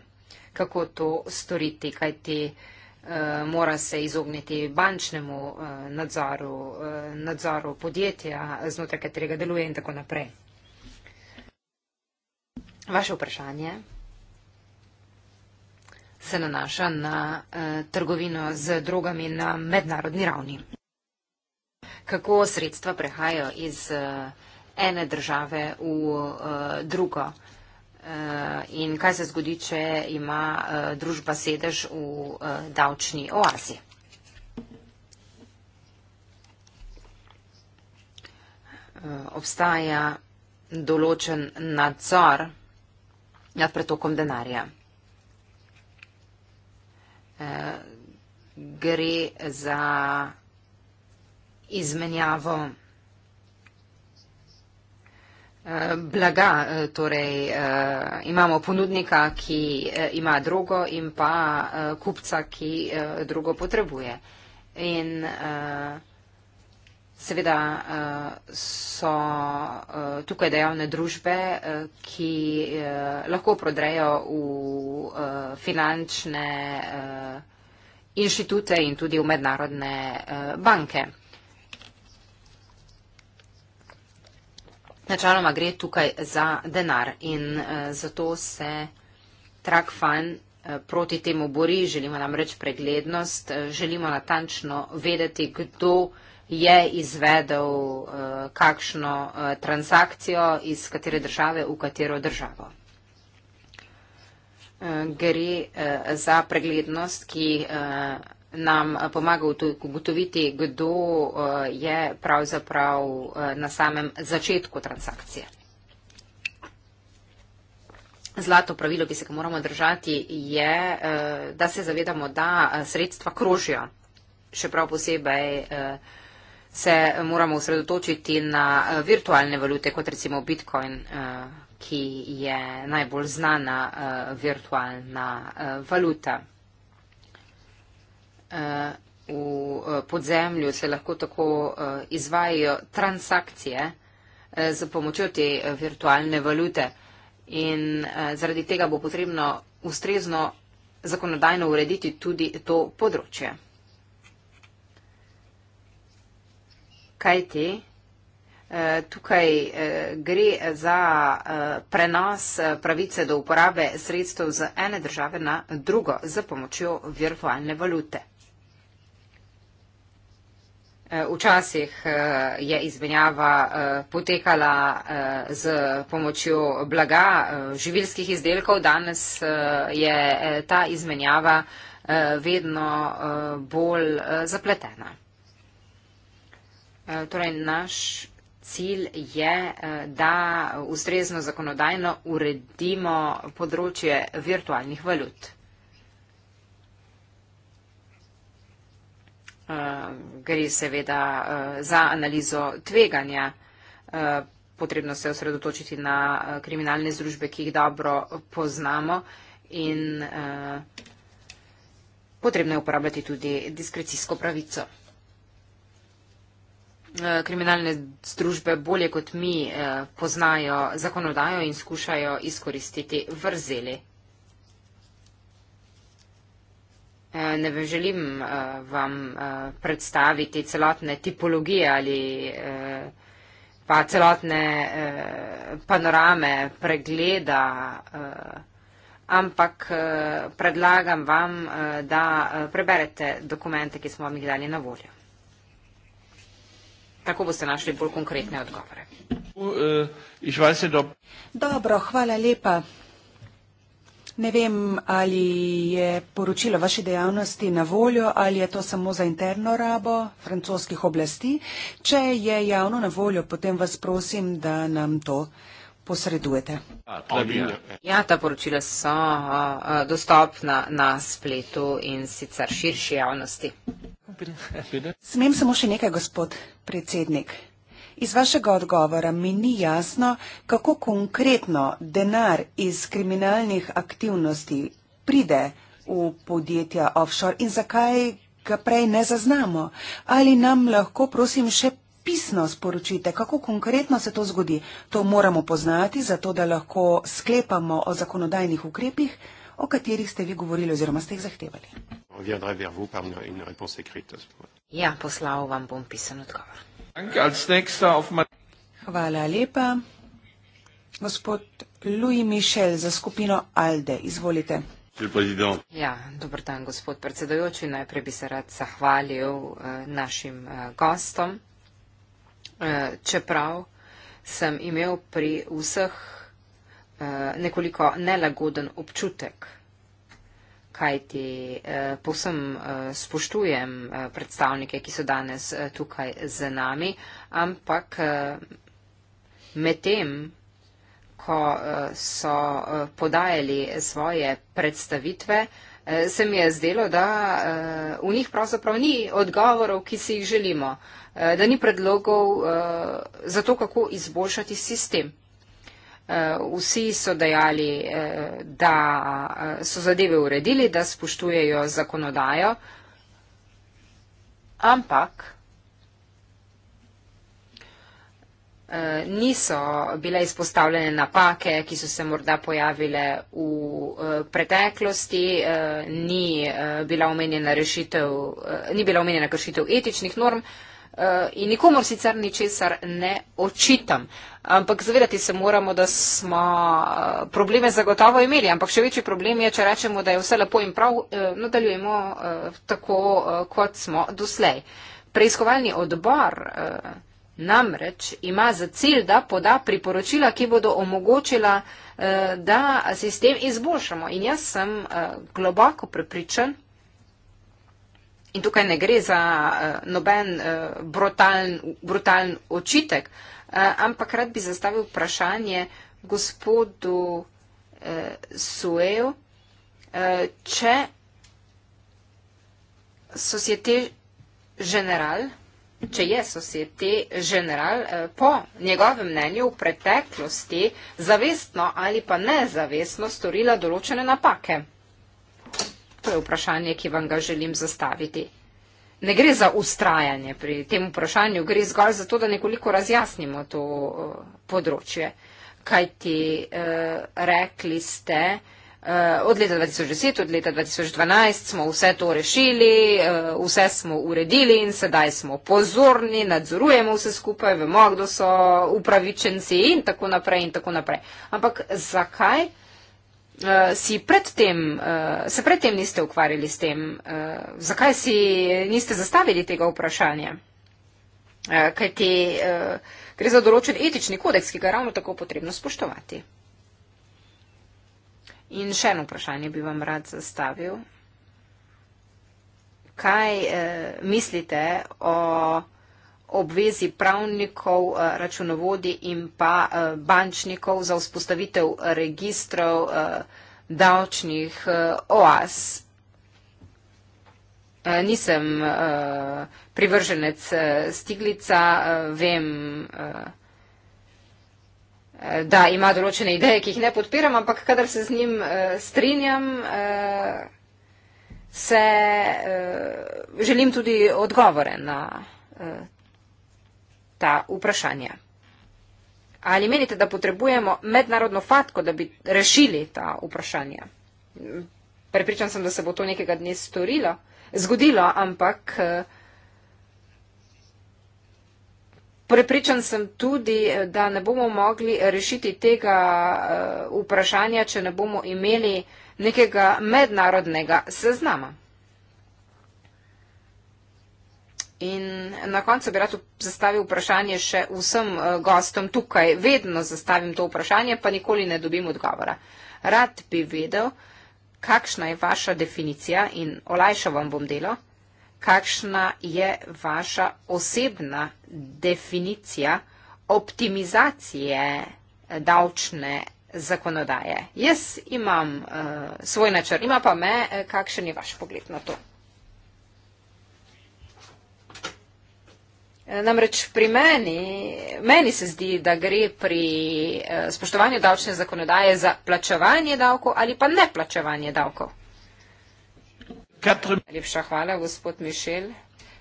Kako to storiti, kaj ti. Te Eh, mora se izogniti bančnemu eh, nadzoru, eh, nadzoru podjetja, znotraj katerega deluje in tako naprej. Vaše vprašanje se nanaša na trgovino z drogami na mednarodni ravni. Kako sredstva prehajajo iz ene države v drugo? Eh, in kaj se zgodi, če ima eh, družba sedež v eh, davčni oazi. Obstaja določen nadzor nad pretokom denarja. Gre za izmenjavo blaga, eh, torej eh, imamo ponudnika, ki eh, ima drogo in pa kupca, ki drogo potrebuje. In seveda so tukaj dejavne družbe, ki lahko prodrejo v finančne inštitute in tudi v mednarodne banke. načeloma gre tukaj za denar in uh, zato se TrackFan uh, eh, proti temu bori, želimo nam reči preglednost, uh, želimo natančno vedeti, kdo je izvedel uh, kakšno uh, transakcijo iz katere države v katero državo. Uh, gre uh, za preglednost, ki uh, nam eh, pomagal ugotoviti, kdo eh, je pravzaprav eh, na samem začetku transakcije. Zlato pravilo, ki se ga moramo držati, je, da se zavedamo, da sredstva krožijo. Še prav posebej se moramo usredotočiti na virtualne valute, kot recimo Bitcoin, ki je najbolj znana virtualna valuta v eh, podzemlju se lahko tako eh, izvajajo transakcije z eh, pomočjo te virtualne valute. In zaradi tega bo potrebno ustrezno zakonodajno urediti tudi to področje. Kaj ti? Tukaj gre za prenos pravice do uporabe sredstev z ene države na drugo z pomočjo virtualne valute. Eh, včasih eh, je izmenjava eh, potekala z pomočjo blaga živilskih izdelkov, danes je ta izmenjava vedno bolj zapletena. Torej, naš cilj je, da ustrezno zakonodajno uredimo področje virtualnih valut. Eh, gre seveda eh, za analizo tveganja. Eh, potrebno se je osredotočiti na kriminalne združbe, ki jih dobro poznamo in potrebno je uporabljati tudi diskrecijsko pravico. Kriminalne združbe bolje kot mi poznajo zakonodajo in skušajo izkoristiti vrzeli. Eh, ne želim eh, vam eh, predstaviti celotne tipologije ali pa celotne panorame pregleda, ampak predlagam vam, da preberete dokumente, ki smo vam jih dali na voljo. Tako boste našli bolj konkretne odgovore. Uh, Dobro, hvala lepa. Ne vem, ali je poročilo vaše dejavnosti na voljo ali je to samo za interno rabo francoskih oblasti. Če je javno na voljo, potem vas prosim, da nam to posredujete. Ja, ta poročila so dostopna na spletu in sicer širši javnosti. Smem samo še nekaj, gospod predsednik. Iz vašega odgovora mi ni jasno, kako konkretno denar iz kriminalnih aktivnosti pride v podjetja offshore in zakaj ga prej ne zaznamo. Ali nam lahko, prosim, še pisno sporočite, kako konkretno se to zgodi. To moramo poznati, zato da lahko sklepamo o zakonodajnih ukrepih, o katerih ste vi govorili oziroma ste jih zahtevali. Ja, poslal vam bom pisen odgovor. Hvala lepa. Gospod Louis Michel za skupino Alde. Izvolite. Ja, dobro dan, gospod predsedojoči. Najprej bi se rad zahvalil uh, našim uh, gostom. Uh, čeprav sem imel pri vseh uh, nekoliko nelagoden občutek, kajti eh, posem eh, spoštujem eh, predstavnike, ki so danes eh, tukaj z nami, ampak eh, medtem, ko eh, so eh, podajali svoje predstavitve, eh, se mi je zdelo, da eh, v njih pravzaprav ni odgovorov, ki si jih želimo, eh, da ni predlogov eh, za to, kako izboljšati sistem. Eh, vsi so dejali, eh, da eh, so zadeve uredili, da spoštujejo zakonodajo, ampak niso bile izpostavljene napake, ki so se morda pojavile v preteklosti, ni bila omenjena, rešitev, ni bila omenjena kršitev etičnih norm. Uh, in nikomor sicer ničesar ne očitam. Ampak zavedati se moramo, da smo eh, probleme zagotovo imeli, ampak še večji problem je, če rečemo, da je vse lepo in prav, eh, nadaljujemo tako, kot smo doslej. Preiskovalni odbor namreč ima za cilj, da poda priporočila, ki bodo omogočila, da sistem izboljšamo. In jaz sem globoko prepričan, In tukaj ne gre za uh, noben uh, brutalen brutaln očitek, uh, ampak rad bi zastavil vprašanje gospodu uh, Sueju, uh, če societe general, če je societe general uh, po njegovem mnenju v preteklosti zavestno ali pa nezavestno storila določene napake. To je vprašanje, ki vam ga želim zastaviti. Ne gre za ustrajanje pri tem vprašanju, gre zgolj za to, da nekoliko razjasnimo to uh, področje. Kaj ti uh, eh, rekli ste, uh, od leta 2010, od leta 2012 smo vse to rešili, uh, vse smo uredili in sedaj smo pozorni, nadzorujemo vse skupaj, vemo, kdo so upravičenci in tako naprej in tako naprej. Ampak zakaj? uh, si predtem, uh, se predtem niste ukvarjali s tem? Uh, zakaj si niste zastavili tega vprašanja? Uh, kaj ti uh, gre za določen etični kodeks, ki ga je ravno tako potrebno spoštovati? In še eno vprašanje bi vam rad zastavil. Kaj uh, mislite o obvezi pravnikov, eh, računovodi in pa eh, bančnikov za vzpostavitev registrov eh, davčnih oas. Nisem privrženec Stiglica, vem, da ima določene ideje, ki jih ne podpiram, ampak kadar se z njim strinjam, se želim tudi odgovore na ta vprašanja. Ali menite, da potrebujemo mednarodno fatko, da bi rešili ta vprašanja? Prepričan sem, da se bo to nekega dne storilo, zgodilo, ampak eh, prepričan sem tudi, eh, da ne bomo mogli rešiti tega eh, vprašanja, če ne bomo imeli nekega mednarodnega seznama. In na koncu bi rad zastavil vprašanje še vsem eh, gostom tukaj. Vedno zastavim to vprašanje, pa nikoli ne dobim odgovora. Rad bi vedel, kakšna je vaša definicija in olajša vam bom delo, kakšna je vaša osebna definicija optimizacije eh, davčne zakonodaje. Jaz imam uh, svoj načrt, ima pa me, kakšen je vaš pogled na to. Namreč pri meni, meni se zdi, da gre pri eh, spoštovanju davčne zakonodaje za plačevanje davkov ali pa ne plačevanje davkov. Lepša hvala, gospod Mišel.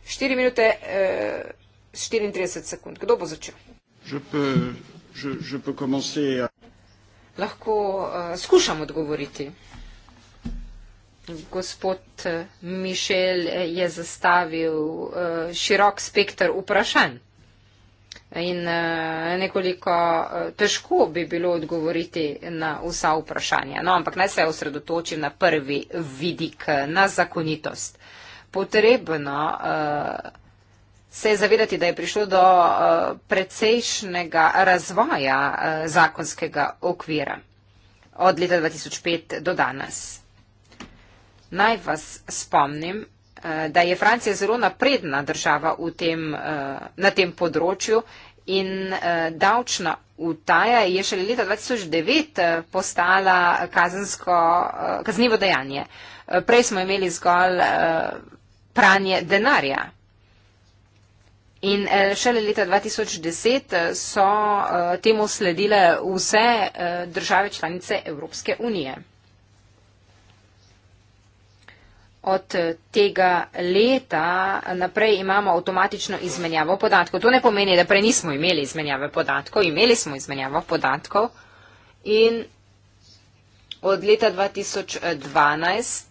4 minute eh, 34 sekund. Kdo bo začel? Je peux, je, je peux a... Lahko eh, skušam odgovoriti gospod eh, Mišel je zastavil eh, širok spektr vprašanj. In eh, nekoliko težko bi bilo odgovoriti na vsa vprašanja. No, ampak naj se osredotočim na prvi vidik, na zakonitost. Potrebno se je zavedati, da je prišlo do precejšnjega razvoja zakonskega okvira od leta 2005 do danes. Naj vas spomnim, eh, da je Francija zelo napredna država tem, eh, na tem področju in eh, davčna utaja je šele leta 2009 postala kazensko, kaznivo dejanje. Prej smo imeli zgolj pranje denarja. In šele leta 2010 so temu sledile vse države članice Evropske unije. od tega leta naprej imamo avtomatično izmenjavo podatkov. To ne pomeni, da prej nismo imeli izmenjave podatkov, imeli smo izmenjavo podatkov in od leta 2012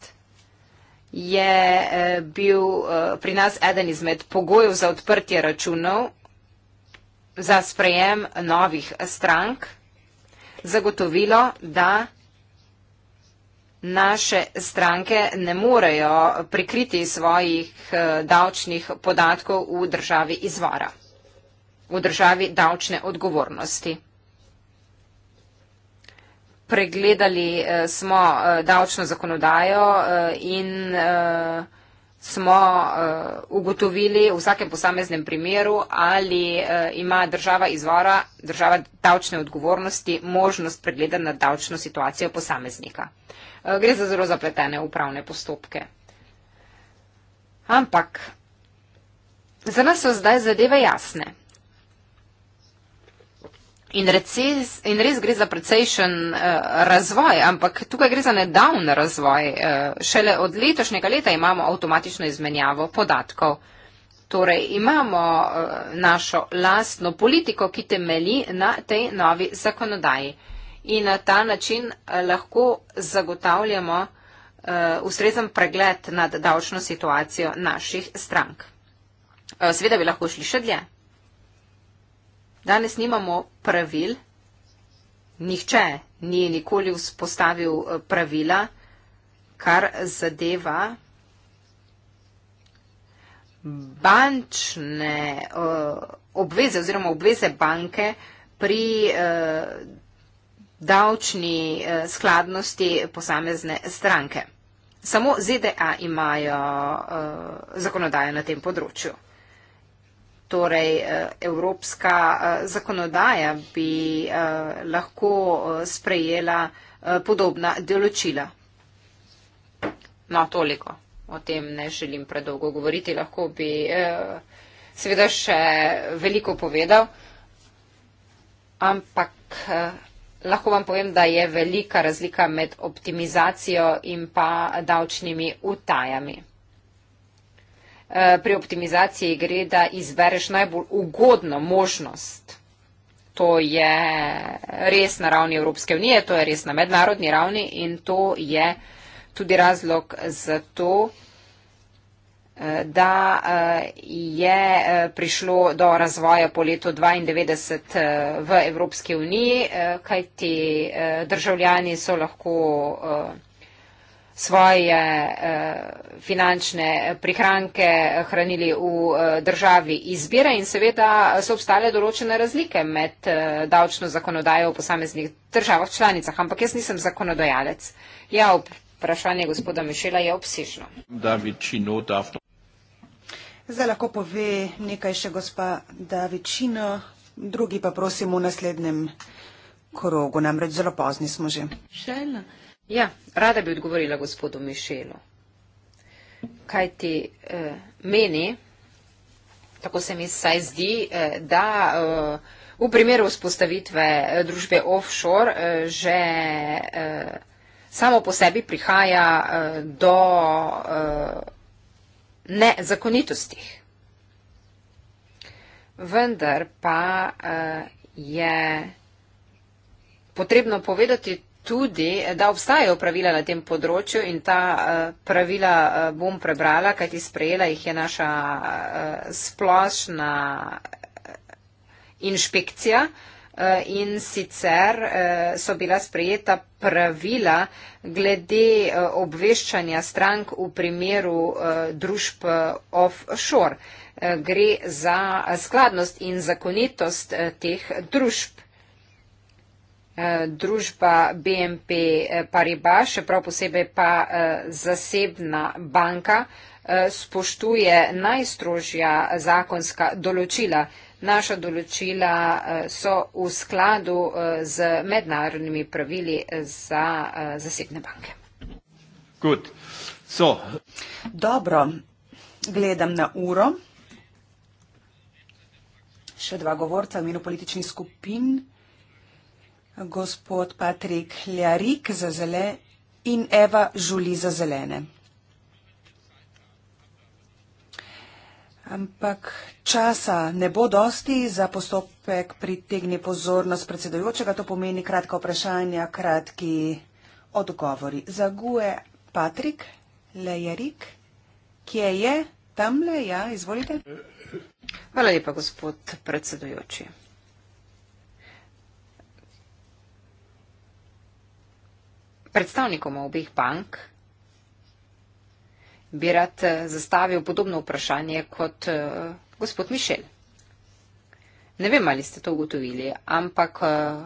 je eh, bil eh, pri nas eden izmed pogojev za odprtje računov za sprejem novih strank zagotovilo, da naše stranke ne morejo prikriti svojih eh, davčnih podatkov v državi izvora, v državi davčne odgovornosti. Pregledali eh, smo eh, davčno zakonodajo in smo ugotovili v vsakem posameznem primeru, ali ima država izvora, država davčne odgovornosti, možnost pregleda na davčno situacijo posameznika. Eh, gre za zelo zapletene upravne postopke. Ampak za nas so zdaj zadeve jasne. In, reces, in res gre za precejšen uh, razvoj, ampak tukaj gre za nedavn razvoj. Uh, šele od letošnjega leta imamo avtomatično izmenjavo podatkov. Torej imamo uh, našo lastno politiko, ki temelji na tej novi zakonodaji. Uh, in na ta način eh, lahko zagotavljamo eh, ustrezen pregled nad davčno situacijo naših strank. Eh, Sveda bi lahko šli še dlje. Danes nimamo pravil, nihče ni nikoli vzpostavil pravila, kar zadeva bančne obveze oziroma obveze banke pri davčni eh, skladnosti posamezne stranke. Samo ZDA imajo eh, zakonodajo na tem področju. Torej, eh, evropska zakonodaja bi lahko sprejela podobna določila. No, toliko. O tem ne želim predolgo govoriti. Lahko bi seveda še veliko povedal, ampak Lahko vam povem, da je velika razlika med optimizacijo in pa davčnimi utajami. E, pri optimizaciji gre, da izbereš najbolj ugodno možnost. To je res na ravni Evropske unije, to je res na mednarodni ravni in to je tudi razlog za to, da eh, je eh, prišlo do razvoja po letu 92 eh, v Evropski uniji, kajti državljani so lahko svoje finančne prihranke hranili v državi izbire in seveda so obstale določene razlike med davčno zakonodajo v posameznih državah članicah, ampak jaz nisem zakonodajalec. Ja, Vprašanje gospoda Mišela je obsežno. Zdaj lahko pove nekaj še gospa Davičino, drugi pa prosim v naslednjem krogu, namreč zelo pozni smo že. Šela. Ja, rada bi odgovorila gospodu Mišelu. Kaj ti eh, meni, tako se mi saj zdi, eh, da eh, v primeru vzpostavitve eh, družbe offshore eh, že. Eh, samo po sebi prihaja uh, do uh, eh, nezakonitosti. Vendar pa uh, je potrebno povedati tudi, da obstajajo pravila na tem področju in ta uh, pravila uh, bom prebrala, kajti sprejela jih je naša uh, splošna inšpekcija. Uh, Eh, in sicer eh, so bila sprejeta pravila glede eh, obveščanja strank v primeru družb offshore. Gre za skladnost in zakonitost teh družb. Družba BNP Paribas, še prav posebej pa zasebna banka, spoštuje najstrožja zakonska določila Naša določila eh, so v skladu eh, z mednarodnimi pravili eh, za zasebne banke. So. Dobro, gledam na uro. Še dva govorca v imenu političnih skupin. Gospod Patrik Ljarik za zele in Eva Žuli za zelene. Ampak časa ne bo dosti za postopek pritegni pozornost predsedojočega, to pomeni kratka vprašanja, kratki odgovori. Zaguje Patrik Lejerik, kje je? Tamle, ja, izvolite. Hvala lepa, gospod predsedojoči. Predstavnikom obeh bank bi rad eh, zastavil podobno vprašanje kot eh, gospod Mišel. Ne vem, ali ste to ugotovili, ampak eh,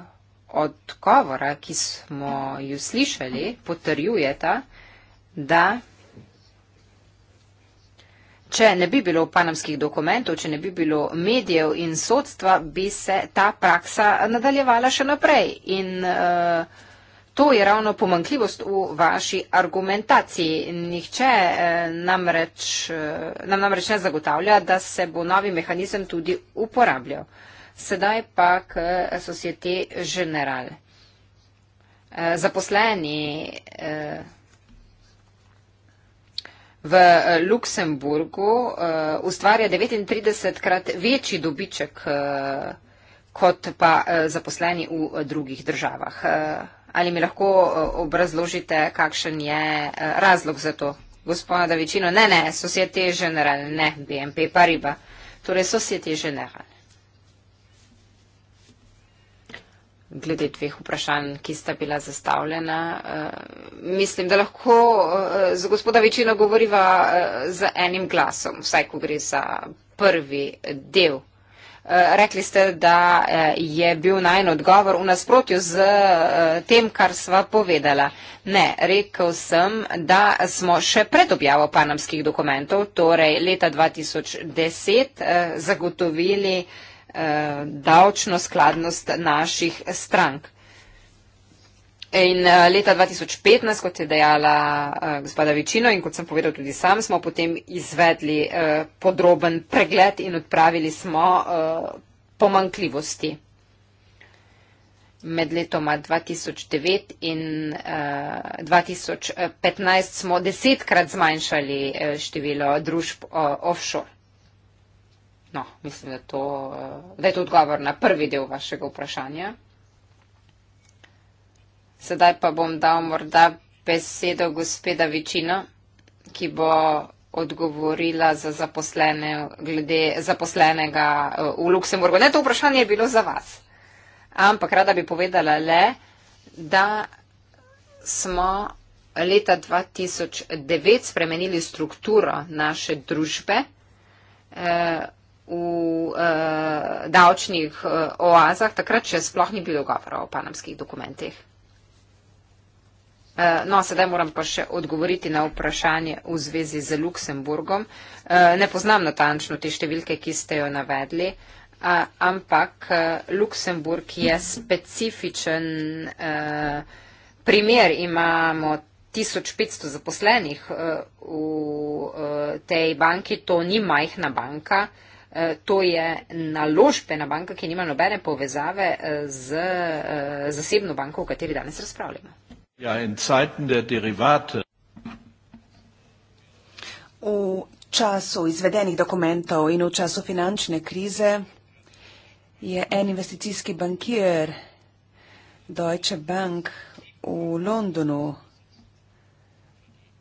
odgovora, ki smo jo slišali, potrjujeta, da če ne bi bilo panamskih dokumentov, če ne bi bilo medijev in sodstva, bi se ta praksa nadaljevala še naprej. In, uh, To je ravno pomankljivost v vaši argumentaciji. Nihče eh, namreč, eh, nam namreč ne zagotavlja, da se bo novi mehanizem tudi uporabljal. Sedaj pa k eh, societe general. Zaposleni v Luksemburgu ustvarja 39 krat večji dobiček kot pa zaposleni v drugih državah. Ali mi lahko eh, obrazložite, kakšen je eh, razlog za to? Gospoda, da večino, ne, ne, Societe Generale, ne, BNP Pariba. Torej, Societe Generale. Glede dveh vprašanj, ki sta bila zastavljena, eh, mislim, da lahko z gospoda večino govoriva z enim glasom, vsaj ko gre za prvi del. Eh, rekli ste, da eh, je bil najen odgovor v nasprotju z eh, tem, kar sva povedala. Ne, rekel sem, da smo še pred objavo panamskih dokumentov, torej leta 2010, zagotovili davčno skladnost naših strank. In eh, leta 2015, kot je dejala uh, gospoda Večino in kot sem povedal tudi sam, smo potem izvedli uh, podroben pregled in odpravili smo uh, pomankljivosti. Med letoma 2009 in uh, 2015 smo desetkrat zmanjšali uh, število družb uh, offshore. No, mislim, da, to, uh, da je to odgovor na prvi del vašega vprašanja. Sedaj pa bom dal morda besedo gospeda Večino, ki bo odgovorila za zaposlene, glede zaposlenega eh, v Luksemburgu. Ne, to vprašanje je bilo za vas. Ampak rada bi povedala le, da smo leta 2009 spremenili strukturo naše družbe eh, v eh, davčnih oazah, takrat še sploh ni bilo govora o panamskih dokumentih. Eh, no, sedaj moram pa še odgovoriti na vprašanje v zvezi z Luksemburgom. Eh, ne poznam natančno te številke, ki ste jo navedli, ampak eh, Luksemburg je specifičen primer. Imamo 1500 zaposlenih v tej banki, to ni majhna banka. To je naložbena banka, ki nima nobene povezave z zasebno banko, o kateri danes razpravljamo. Ja, in Zeiten der Derivate. V času izvedenih dokumentov in v času finančne krize je en investicijski bankir Deutsche Bank v Londonu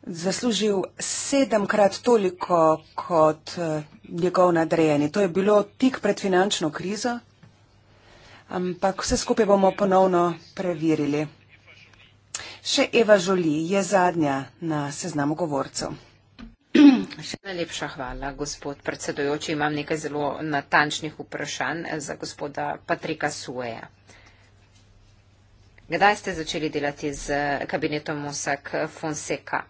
zaslužil sedemkrat toliko kot eh, njegov nadrejeni. To je bilo tik pred finančno krizo, ampak vse skupaj bomo ponovno preverili. Še Eva Žoli je zadnja na seznamu govorcev. Še najlepša hvala, gospod predsedojoči. Imam nekaj zelo natančnih vprašanj za gospoda Patrika Sueja. Kdaj ste začeli delati z kabinetom Mosak Fonseca?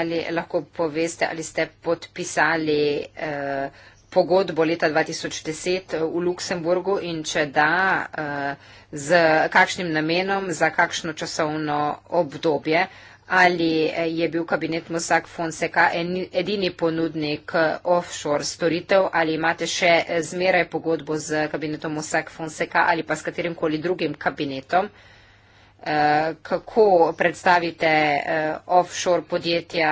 Ali lahko poveste, ali ste podpisali eh, pogodbo leta 2010 eh, v Luksemburgu in če da, eh, z kakšnim namenom, za kakšno časovno obdobje ali eh, je bil kabinet Mossack Fonseca edini ponudnik offshore storitev ali imate še zmeraj pogodbo z kabinetom Mossack Fonseca ali pa s katerim koli drugim kabinetom. Kako predstavite offshore podjetja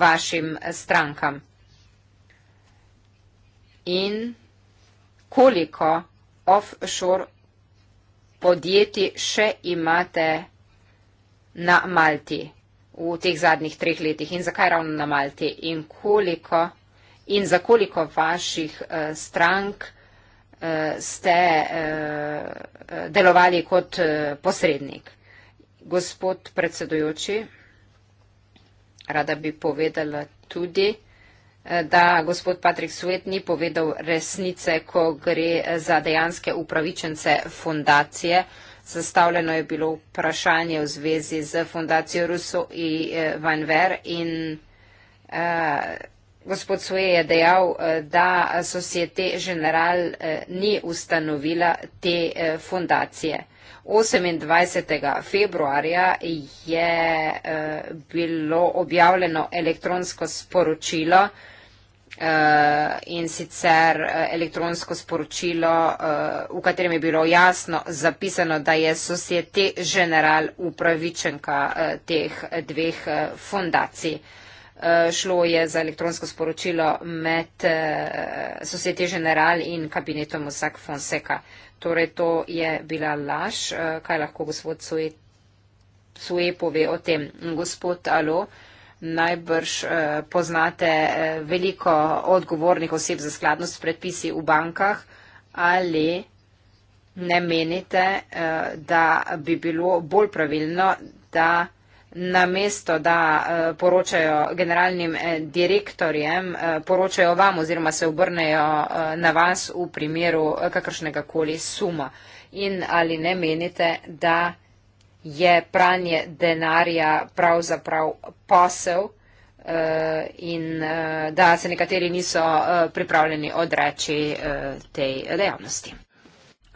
vašim strankam? in koliko offshore podjetij še imate na Malti v teh zadnjih treh letih in zakaj ravno na Malti in koliko in za koliko vaših uh, strank uh, ste uh, delovali kot uh, posrednik. Gospod predsedujoči, rada bi povedala tudi, Eh, da gospod Patrik Svet ni povedal resnice, ko gre eh, za dejanske upravičence fundacije. Zastavljeno je bilo vprašanje v zvezi z fundacijo Ruso in eh, Vanver in eh, gospod Svoje je dejal, da Societe General eh, ni ustanovila te eh, fundacije. 28. februarja je uh, bilo objavljeno elektronsko sporočilo uh, in sicer eh, elektronsko sporočilo, uh, v katerem je bilo jasno zapisano, da je sosjeti general upravičenka uh, teh dveh uh, fundacij. Uh, šlo je za elektronsko sporočilo med uh, sosjeti general in kabinetom vsak Fonseca. Torej, to je bila laž. Eh, kaj lahko gospod Sue, Sue pove o tem? Gospod Alo, najbrž eh, poznate eh, veliko odgovornih oseb za skladnost predpisi v bankah ali. Ne menite, da bi bilo bolj pravilno, da namesto da eh, poročajo generalnim eh, direktorjem, eh, poročajo vam oziroma se obrnejo na vas v primeru kakršnega koli suma. In ali ne menite, da je pranje denarja pravzaprav posel in da se nekateri niso pripravljeni odreči tej dejavnosti?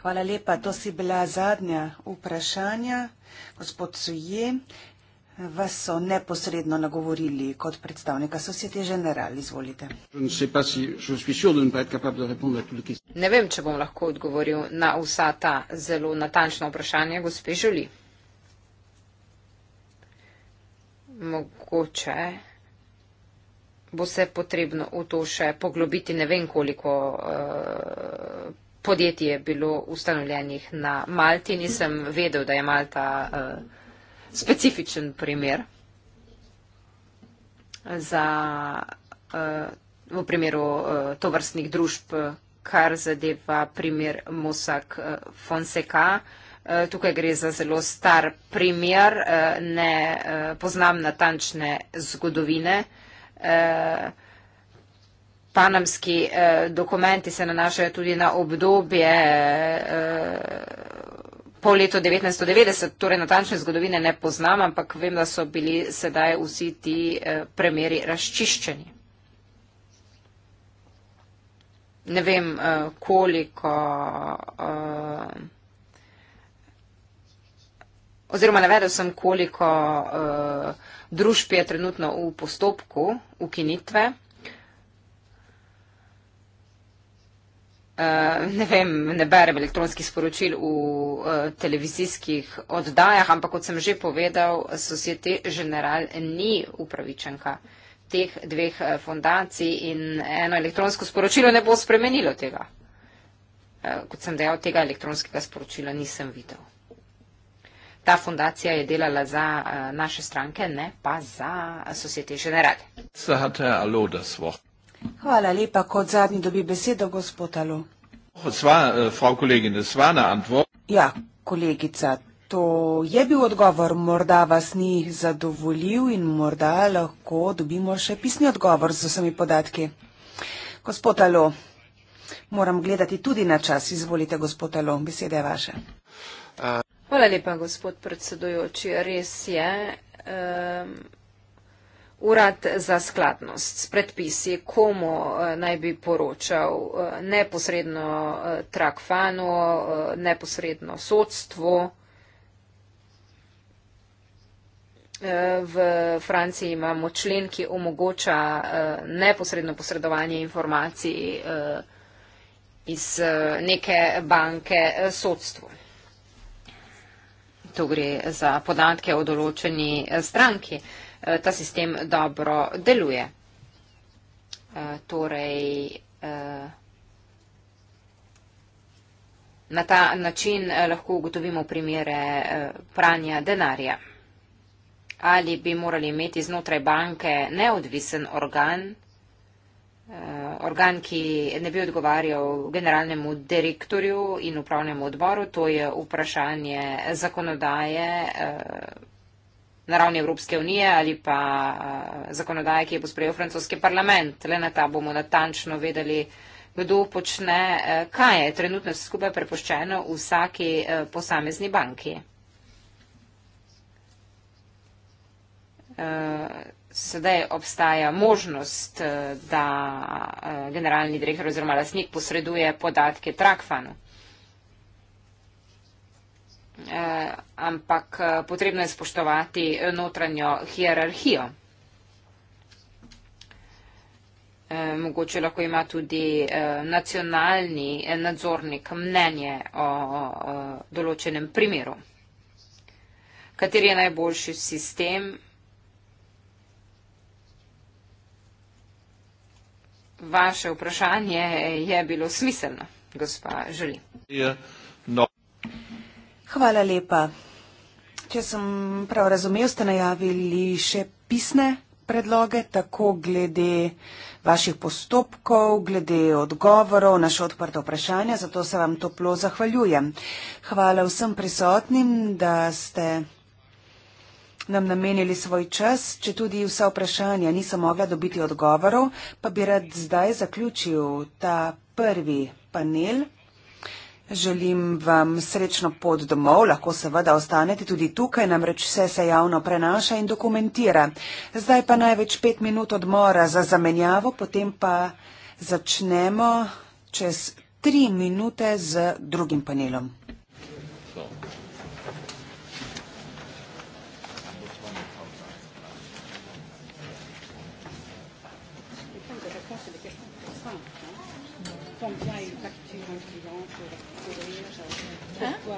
Hvala lepa. To si bila zadnja vprašanja, gospod Suje. Vas so neposredno nagovorili kot predstavnika Societe General, izvolite. Ne vem, če bom lahko odgovoril na vsa ta zelo natančna vprašanja, gospe Žuli. Mogoče bo se potrebno v to še poglobiti, ne vem koliko. Uh, eh, Podjetje je bilo ustanovljenih na Malti, nisem vedel, da je Malta. Uh specifičen primer za, eh, v primeru eh, tovrstnih družb, kar zadeva primer Mosak eh, Fonseca. Tukaj gre za zelo star primer, ne poznam natančne zgodovine. Panamski dokumenti se nanašajo tudi na obdobje po letu 1990, torej natančne zgodovine ne poznam, ampak vem, da so bili sedaj vsi ti eh, premeri razčiščeni. Ne vem, eh, koliko. Eh, oziroma, navedel sem, koliko uh, družb je trenutno v postopku ukinitve. Eh, ne vem, ne berem elektronskih sporočil v eh, televizijskih oddajah, ampak kot sem že povedal, Societe General ni upravičenka teh dveh eh, fundacij in eno elektronsko sporočilo ne bo spremenilo tega. Kot sem dejal, tega elektronskega sporočila nisem videl. Ta fundacija je delala za naše stranke, ne pa za Societe General. Sahate, alo, da smo. Hvala lepa. Kot zadnji dobi besedo gospod Alo. Äh, ja, kolegica, to je bil odgovor. Morda vas ni zadovoljil in morda lahko dobimo še pisni odgovor z vsemi podatki. Gospod Alo, moram gledati tudi na čas. Izvolite, gospod Alo, besede vaše. Hvala lepa, gospod predsedujoči. Res je. Um, Urad za skladnost s predpisi, komu eh, naj bi poročal eh, neposredno eh, trakfano, neposredno sodstvo. V Franciji imamo člen, ki omogoča neposredno posredovanje informacij iz neke banke sodstvu. Tu gre za podatke o določeni stranki. Eh, ta sistem dobro deluje. Eh, torej, eh, na ta način lahko ugotovimo primere pranja denarja. Ali bi morali imeti znotraj banke neodvisen organ, organ, ki ne bi odgovarjal generalnemu direktorju in upravnemu odboru, to je vprašanje zakonodaje na ravni Evropske unije ali pa eh, zakonodaje, ki je posprejel francoski parlament. Le na ta bomo natančno vedeli, kdo počne, eh, kaj je trenutno skupaj prepoščeno v vsaki eh, posamezni banki. Sedaj obstaja možnost, da generalni direktor oziroma lasnik posreduje podatke Trakfanu eh, ampak eh, potrebno je spoštovati notranjo hierarhijo. Eh, mogoče lahko ima tudi eh, nacionalni eh, nadzornik mnenje o, o, o določenem primeru. Kateri je najboljši sistem? Vaše vprašanje je bilo smiselno, gospa Želi. Yeah, no. Hvala lepa. Če sem prav razumel, ste najavili še pisne predloge, tako glede vaših postopkov, glede odgovorov na še odprta vprašanja, zato se vam toplo zahvaljujem. Hvala vsem prisotnim, da ste nam namenili svoj čas, če tudi vsa vprašanja nisem mogla dobiti odgovorov, pa bi rad zdaj zaključil ta prvi panel. Želim vam srečno pot domov, lahko seveda ostanete tudi tukaj, namreč vse se javno prenaša in dokumentira. Zdaj pa največ pet minut odmora za zamenjavo, potem pa začnemo čez tri minute z drugim panelom. So. Hvala.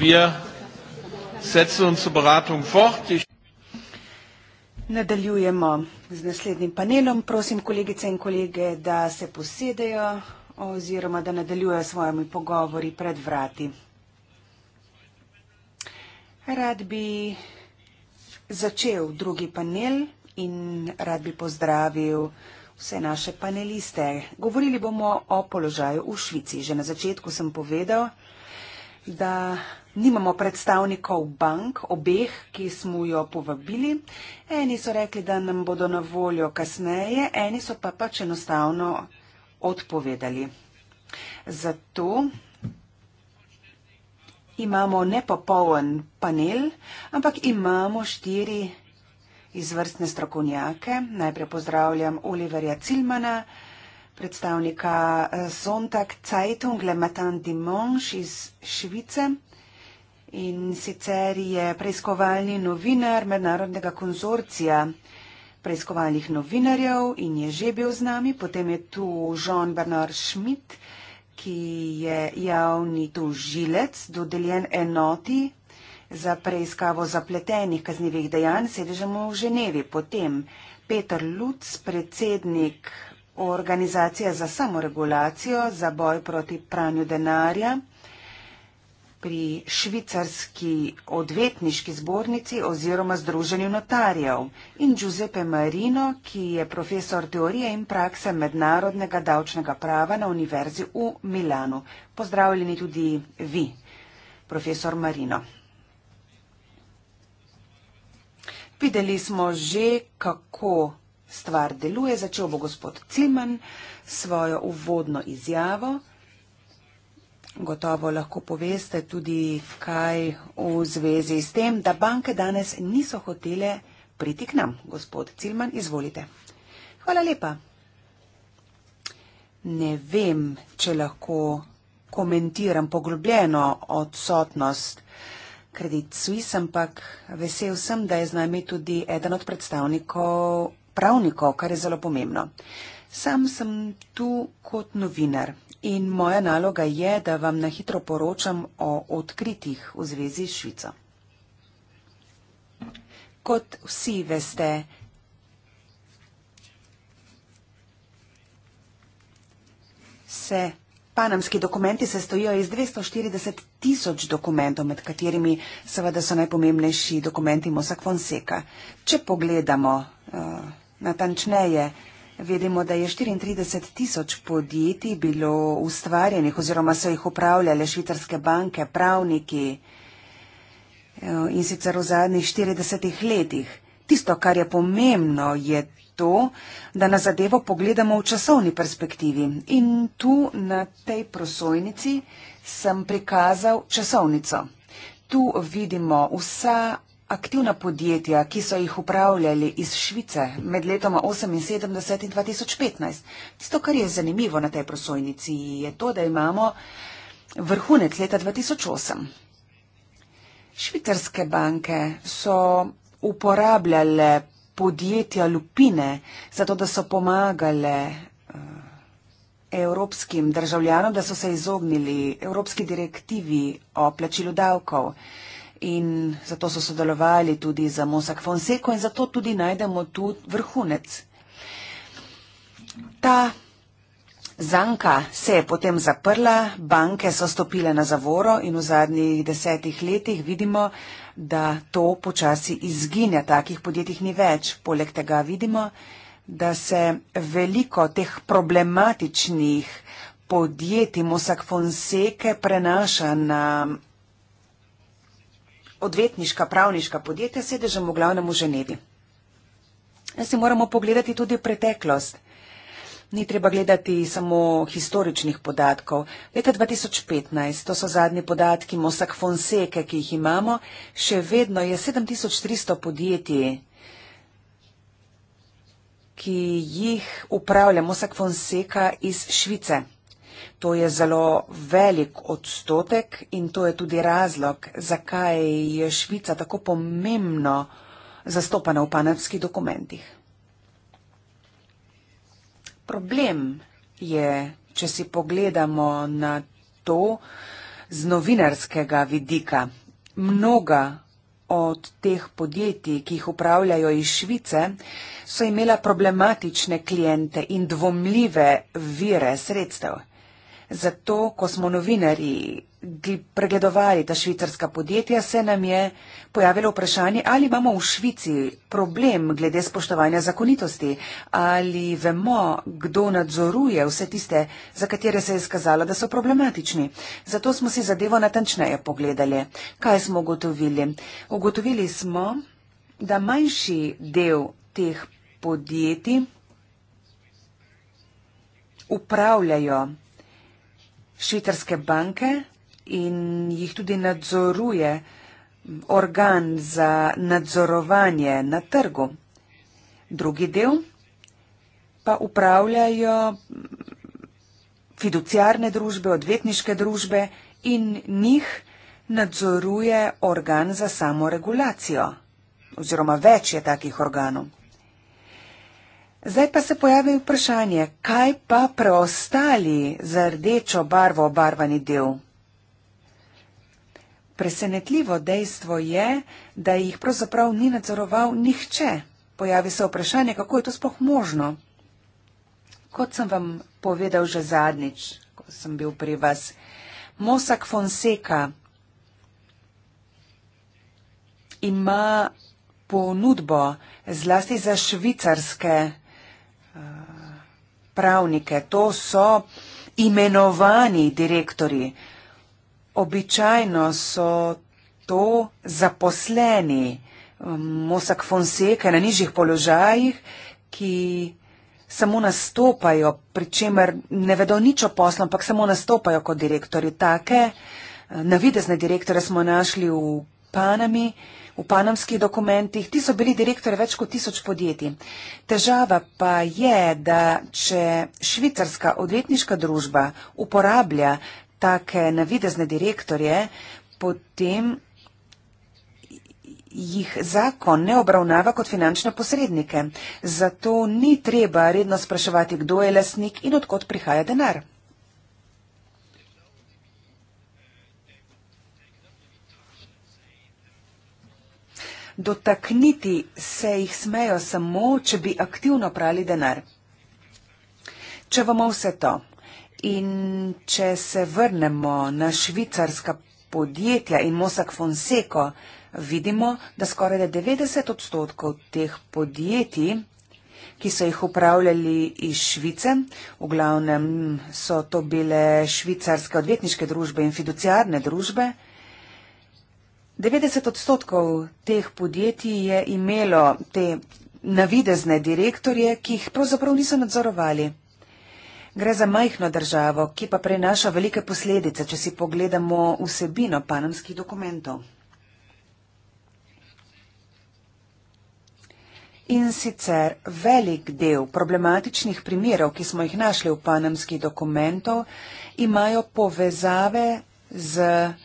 Wir setzen unsere Beratung fort. Ich Nadaljujemo z naslednjim panelom. Prosim kolegice in kolege, da se posedejo oziroma da nadaljujejo svojimi pogovori pred vrati. Rad bi začel drugi panel in rad bi pozdravil vse naše paneliste. Govorili bomo o položaju v Švici. Že na začetku sem povedal, da nimamo predstavnikov bank, obeh, ki smo jo povabili. Eni so rekli, da nam bodo na voljo kasneje, eni so pa pač enostavno odpovedali. Zato imamo nepopoln panel, ampak imamo štiri izvrstne strokovnjake. Najprej pozdravljam Oliverja Cilmana, predstavnika Sontag Zeitung Le Matin Dimanche iz Švice in sicer je preiskovalni novinar mednarodnega konzorcija preiskovalnih novinarjev in je že bil z nami. Potem je tu Jean Bernard Schmidt, ki je javni tožilec, dodeljen enoti za preiskavo zapletenih kaznjivih dejanj, sedežemo v Ženevi. Potem Peter Lutz, predsednik organizacije za samoregulacijo za boj proti pranju denarja pri švicarski odvetniški zbornici oziroma združenju notarjev in Giuseppe Marino, ki je profesor teorije in prakse mednarodnega davčnega prava na Univerzi v Milanu. Pozdravljeni tudi vi, profesor Marino. Videli smo že, kako stvar deluje. Začel bo gospod Cimen svojo uvodno izjavo. Gotovo lahko poveste tudi kaj v zvezi s tem, da banke danes niso hotele priti k nam. Gospod Cilman, izvolite. Hvala lepa. Ne vem, če lahko komentiram poglobljeno odsotnost Credit Suisse, ampak vesel sem, da je z nami tudi eden od predstavnikov pravnikov, kar je zelo pomembno. Sam sem tu kot novinar in moja naloga je, da vam na hitro poročam o odkritjih v zvezi s Švico. Kot vsi veste, se panamski dokumenti sestojijo iz 240 tisoč dokumentov, med katerimi seveda so najpomembnejši dokumenti Mosak Fonseca. Če pogledamo uh, natančneje, Vidimo, da je 34 tisoč podjetij bilo ustvarjenih oziroma so jih upravljale švicarske banke, pravniki eh, in sicer v zadnjih 40 letih. Tisto, kar je pomembno, je to, da na zadevo pogledamo v časovni perspektivi. In tu na tej prosojnici sem prikazal časovnico. Tu vidimo vsa Aktivna podjetja, ki so jih upravljali iz Švice med letoma 1978 in 2015. Tisto, kar je zanimivo na tej prosojnici, je to, da imamo vrhunec leta 2008. Švicarske banke so uporabljale podjetja lupine, zato da so pomagale eh, evropskim državljanom, da so se izognili evropski direktivi o plačilu davkov in zato so sodelovali tudi za Mosak Fonseko in zato tudi najdemo tu vrhunec. Ta zanka se je potem zaprla, banke so stopile na zavoro in v zadnjih desetih letih vidimo, da to počasi izginja, takih podjetij ni več. Poleg tega vidimo, da se veliko teh problematičnih podjetij Mosak Fonseke prenaša na odvetniška pravniška podjetja sedežem v glavnem v Ženevi. Si moramo pogledati tudi preteklost. Ni treba gledati samo historičnih podatkov. Leta 2015, to so zadnji podatki Mosak Fonseke, ki jih imamo, še vedno je 7300 podjetij, ki jih upravlja Mosak Fonseka iz Švice. To je zelo velik odstotek in to je tudi razlog, zakaj je Švica tako pomembno zastopana v panamskih dokumentih. Problem je, če si pogledamo na to z novinarskega vidika. Mnoga od teh podjetij, ki jih upravljajo iz Švice, so imela problematične klijente in dvomljive vire sredstev. Zato, ko smo novinari pregledovali ta švicarska podjetja, se nam je pojavilo vprašanje, ali imamo v Švici problem glede spoštovanja zakonitosti, ali vemo, kdo nadzoruje vse tiste, za katere se je skazalo, da so problematični. Zato smo si zadevo natančneje pogledali. Kaj smo ugotovili? Ugotovili smo, da manjši del teh podjetij upravljajo švicarske banke in jih tudi nadzoruje organ za nadzorovanje na trgu. Drugi del pa upravljajo fiduciarne družbe, odvetniške družbe in njih nadzoruje organ za samoregulacijo oziroma več je takih organov. Zdaj pa se pojavi vprašanje, kaj pa preostali za rdečo barvo obarvani del? Presenetljivo dejstvo je, da jih pravzaprav ni nadzoroval nihče. Pojavi se vprašanje, kako je to sploh možno. Kot sem vam povedal že zadnjič, ko sem bil pri vas, Mosak Fonseca ima ponudbo zlasti za švicarske pravnike, to so imenovani direktori. Običajno so to zaposleni Mosak Fonseke na nižjih položajih, ki samo nastopajo, pri čemer ne vedo nič o poslu, ampak samo nastopajo kot direktori. Take eh, navidezne direktore smo našli v Panami v panamskih dokumentih, ti so bili direktori več kot tisoč podjetij. Težava pa je, da če švicarska odvetniška družba uporablja take navidezne direktorje, potem jih zakon ne obravnava kot finančne posrednike. Zato ni treba redno spraševati, kdo je lasnik in odkot prihaja denar. dotakniti se jih smejo samo, če bi aktivno prali denar. Če vemo vse to in če se vrnemo na švicarska podjetja in Mosak Fonseko, vidimo, da skoraj 90 odstotkov teh podjetij, ki so jih upravljali iz Švice, v glavnem so to bile švicarske odvetniške družbe in fiduciarne družbe, 90 odstotkov teh podjetij je imelo te navidezne direktorje, ki jih pravzaprav niso nadzorovali. Gre za majhno državo, ki pa prenaša velike posledice, če si pogledamo vsebino panamskih dokumentov. In sicer velik del problematičnih primerov, ki smo jih našli v panamskih dokumentov, imajo povezave z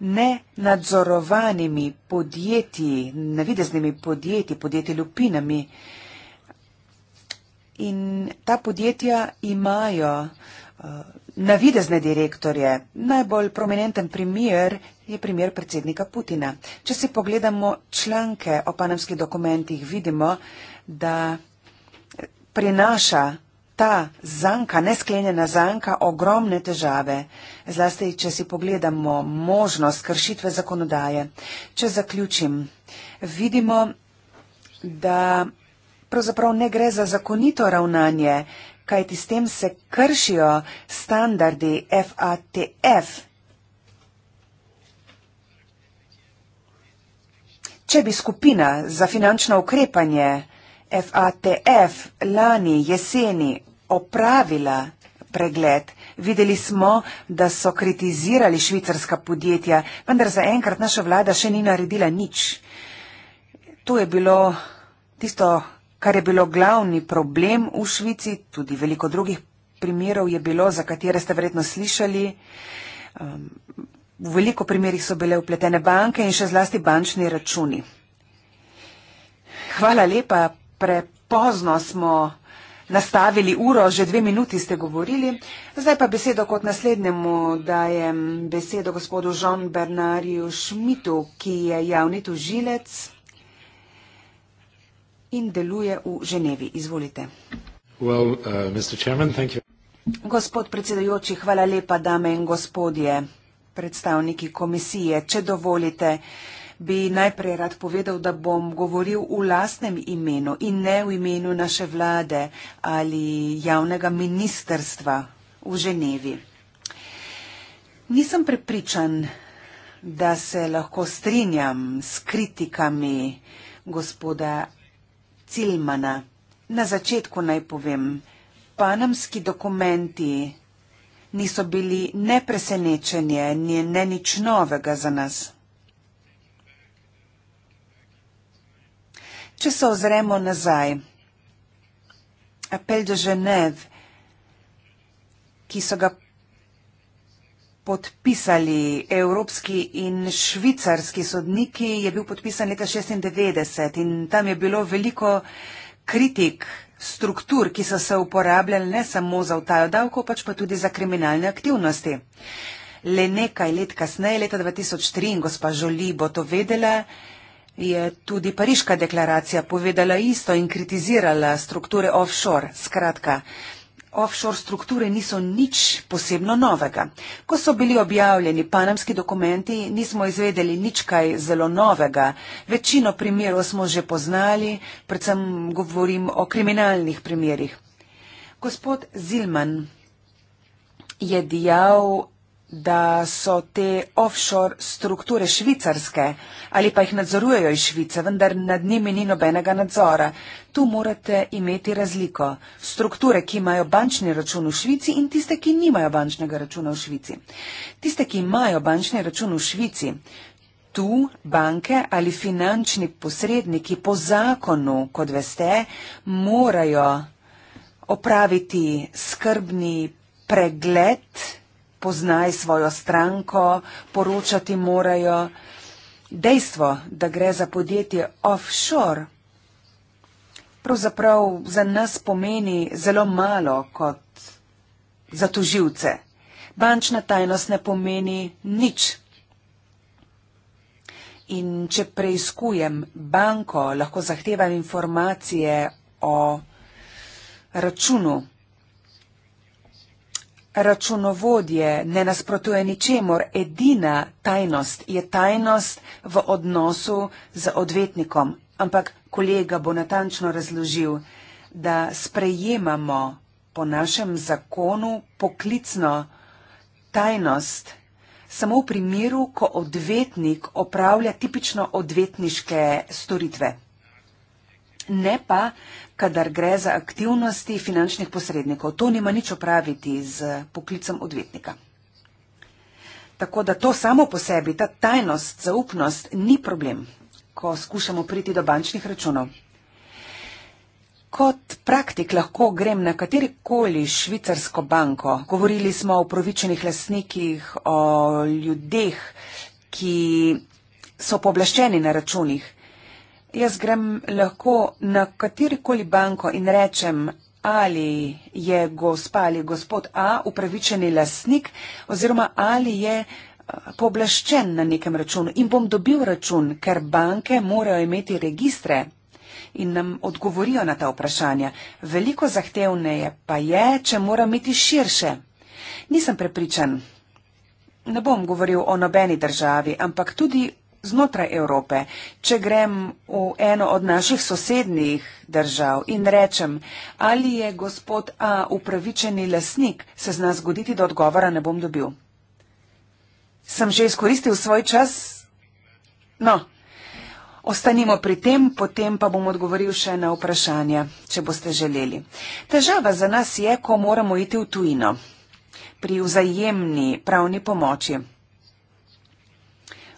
nenadzorovanimi podjetji, navideznimi podjetji, podjetji lupinami. In ta podjetja imajo eh, navidezne direktorje. Najbolj prominenten primer je primer predsednika Putina. Če si pogledamo članke o panamskih dokumentih, vidimo, da eh, prinaša ta zanka, nesklenjena zanka, ogromne težave, zlasti, če si pogledamo možnost kršitve zakonodaje. Če zaključim, vidimo, da pravzaprav ne gre za zakonito ravnanje, kajti s tem se kršijo standardi FATF. Če bi skupina za finančno ukrepanje FATF lani jeseni opravila pregled, videli smo, da so kritizirali švicarska podjetja, vendar zaenkrat naša vlada še ni naredila nič. To je bilo tisto, kar je bilo glavni problem v Švici, tudi veliko drugih primerov je bilo, za katere ste verjetno slišali. Um, v veliko primerih so bile upletene banke in še zlasti bančni računi. Hvala lepa prepozno smo nastavili uro, že dve minuti ste govorili. Zdaj pa besedo kot naslednjemu dajem besedo gospodu Žon Bernariju Šmitu, ki je javni tužilec in deluje v Ženevi. Izvolite. Well, uh, Chairman, Gospod predsedujoči, hvala lepa, dame in gospodje, predstavniki komisije, če dovolite. Uh, bi najprej rad povedal, da bom govoril v lastnem imenu in ne v imenu naše vlade ali javnega ministerstva v Ženevi. Nisem prepričan, da se lahko strinjam s kritikami gospoda Cilmana. Na začetku naj povem, panamski dokumenti niso bili ne presenečenje, ne nič novega za nas. Če se ozremo nazaj, apel do Ženev, ki so ga podpisali evropski in švicarski sodniki, je bil podpisan leta 1996 in tam je bilo veliko kritik struktur, ki so se uporabljali ne samo za vtajo davkov, pač pa tudi za kriminalne aktivnosti. Le nekaj let kasneje, leta 2003, gospa Žoli bo to vedela, je tudi Pariška deklaracija povedala isto in kritizirala strukture offshore. Skratka, offshore strukture niso nič posebno novega. Ko so bili objavljeni panamski dokumenti, nismo izvedeli nič kaj zelo novega. Večino primerov smo že poznali, predvsem govorim o kriminalnih primerih. Gospod Zilman je dijal, da so te offshore strukture švicarske ali pa jih nadzorujejo iz Švice, vendar nad njimi ni nobenega nadzora. Tu morate imeti razliko. Strukture, ki imajo bančni račun v Švici in tiste, ki nimajo bančnega računa v Švici. Tiste, ki imajo bančni račun v Švici, tu banke ali finančni posredniki po zakonu, kot veste, morajo opraviti skrbni pregled, poznaj svojo stranko, poročati morajo. Dejstvo, da gre za podjetje offshore, pravzaprav za nas pomeni zelo malo kot za tuživce. Bančna tajnost ne pomeni nič. In če preizkujem banko, lahko zahtevam informacije o računu, Računovodje ne nasprotuje ničemor, edina tajnost je tajnost v odnosu z odvetnikom. Ampak kolega bo natančno razložil, da sprejemamo po našem zakonu poklicno tajnost samo v primeru, ko odvetnik opravlja tipično odvetniške storitve. Ne pa, kadar gre za aktivnosti finančnih posrednikov. To nima nič opraviti z poklicem odvetnika. Tako da to samo po sebi, ta tajnost, zaupnost ni problem, ko skušamo priti do bančnih računov. Kot praktik lahko grem na katerikoli švicarsko banko. Govorili smo o upravičenih lasnikih, o ljudeh, ki so povlaščeni na računih. Jaz grem lahko na katerikoli banko in rečem, ali je gospa ali gospod A upravičeni lasnik oziroma ali je eh, poblaščen na nekem računu in bom dobil račun, ker banke morajo imeti registre in nam odgovorijo na ta vprašanja. Veliko zahtevneje pa je, če mora imeti širše. Nisem prepričan. Ne bom govoril o nobeni državi, ampak tudi znotraj Evrope. Če grem v eno od naših sosednjih držav in rečem, ali je gospod A upravičeni lasnik, se zna zgoditi, da odgovora ne bom dobil. Sem že izkoristil svoj čas? No, ostanimo pri tem, potem pa bom odgovoril še na vprašanja, če boste želeli. Težava za nas je, ko moramo iti v tujino pri vzajemni pravni pomoči.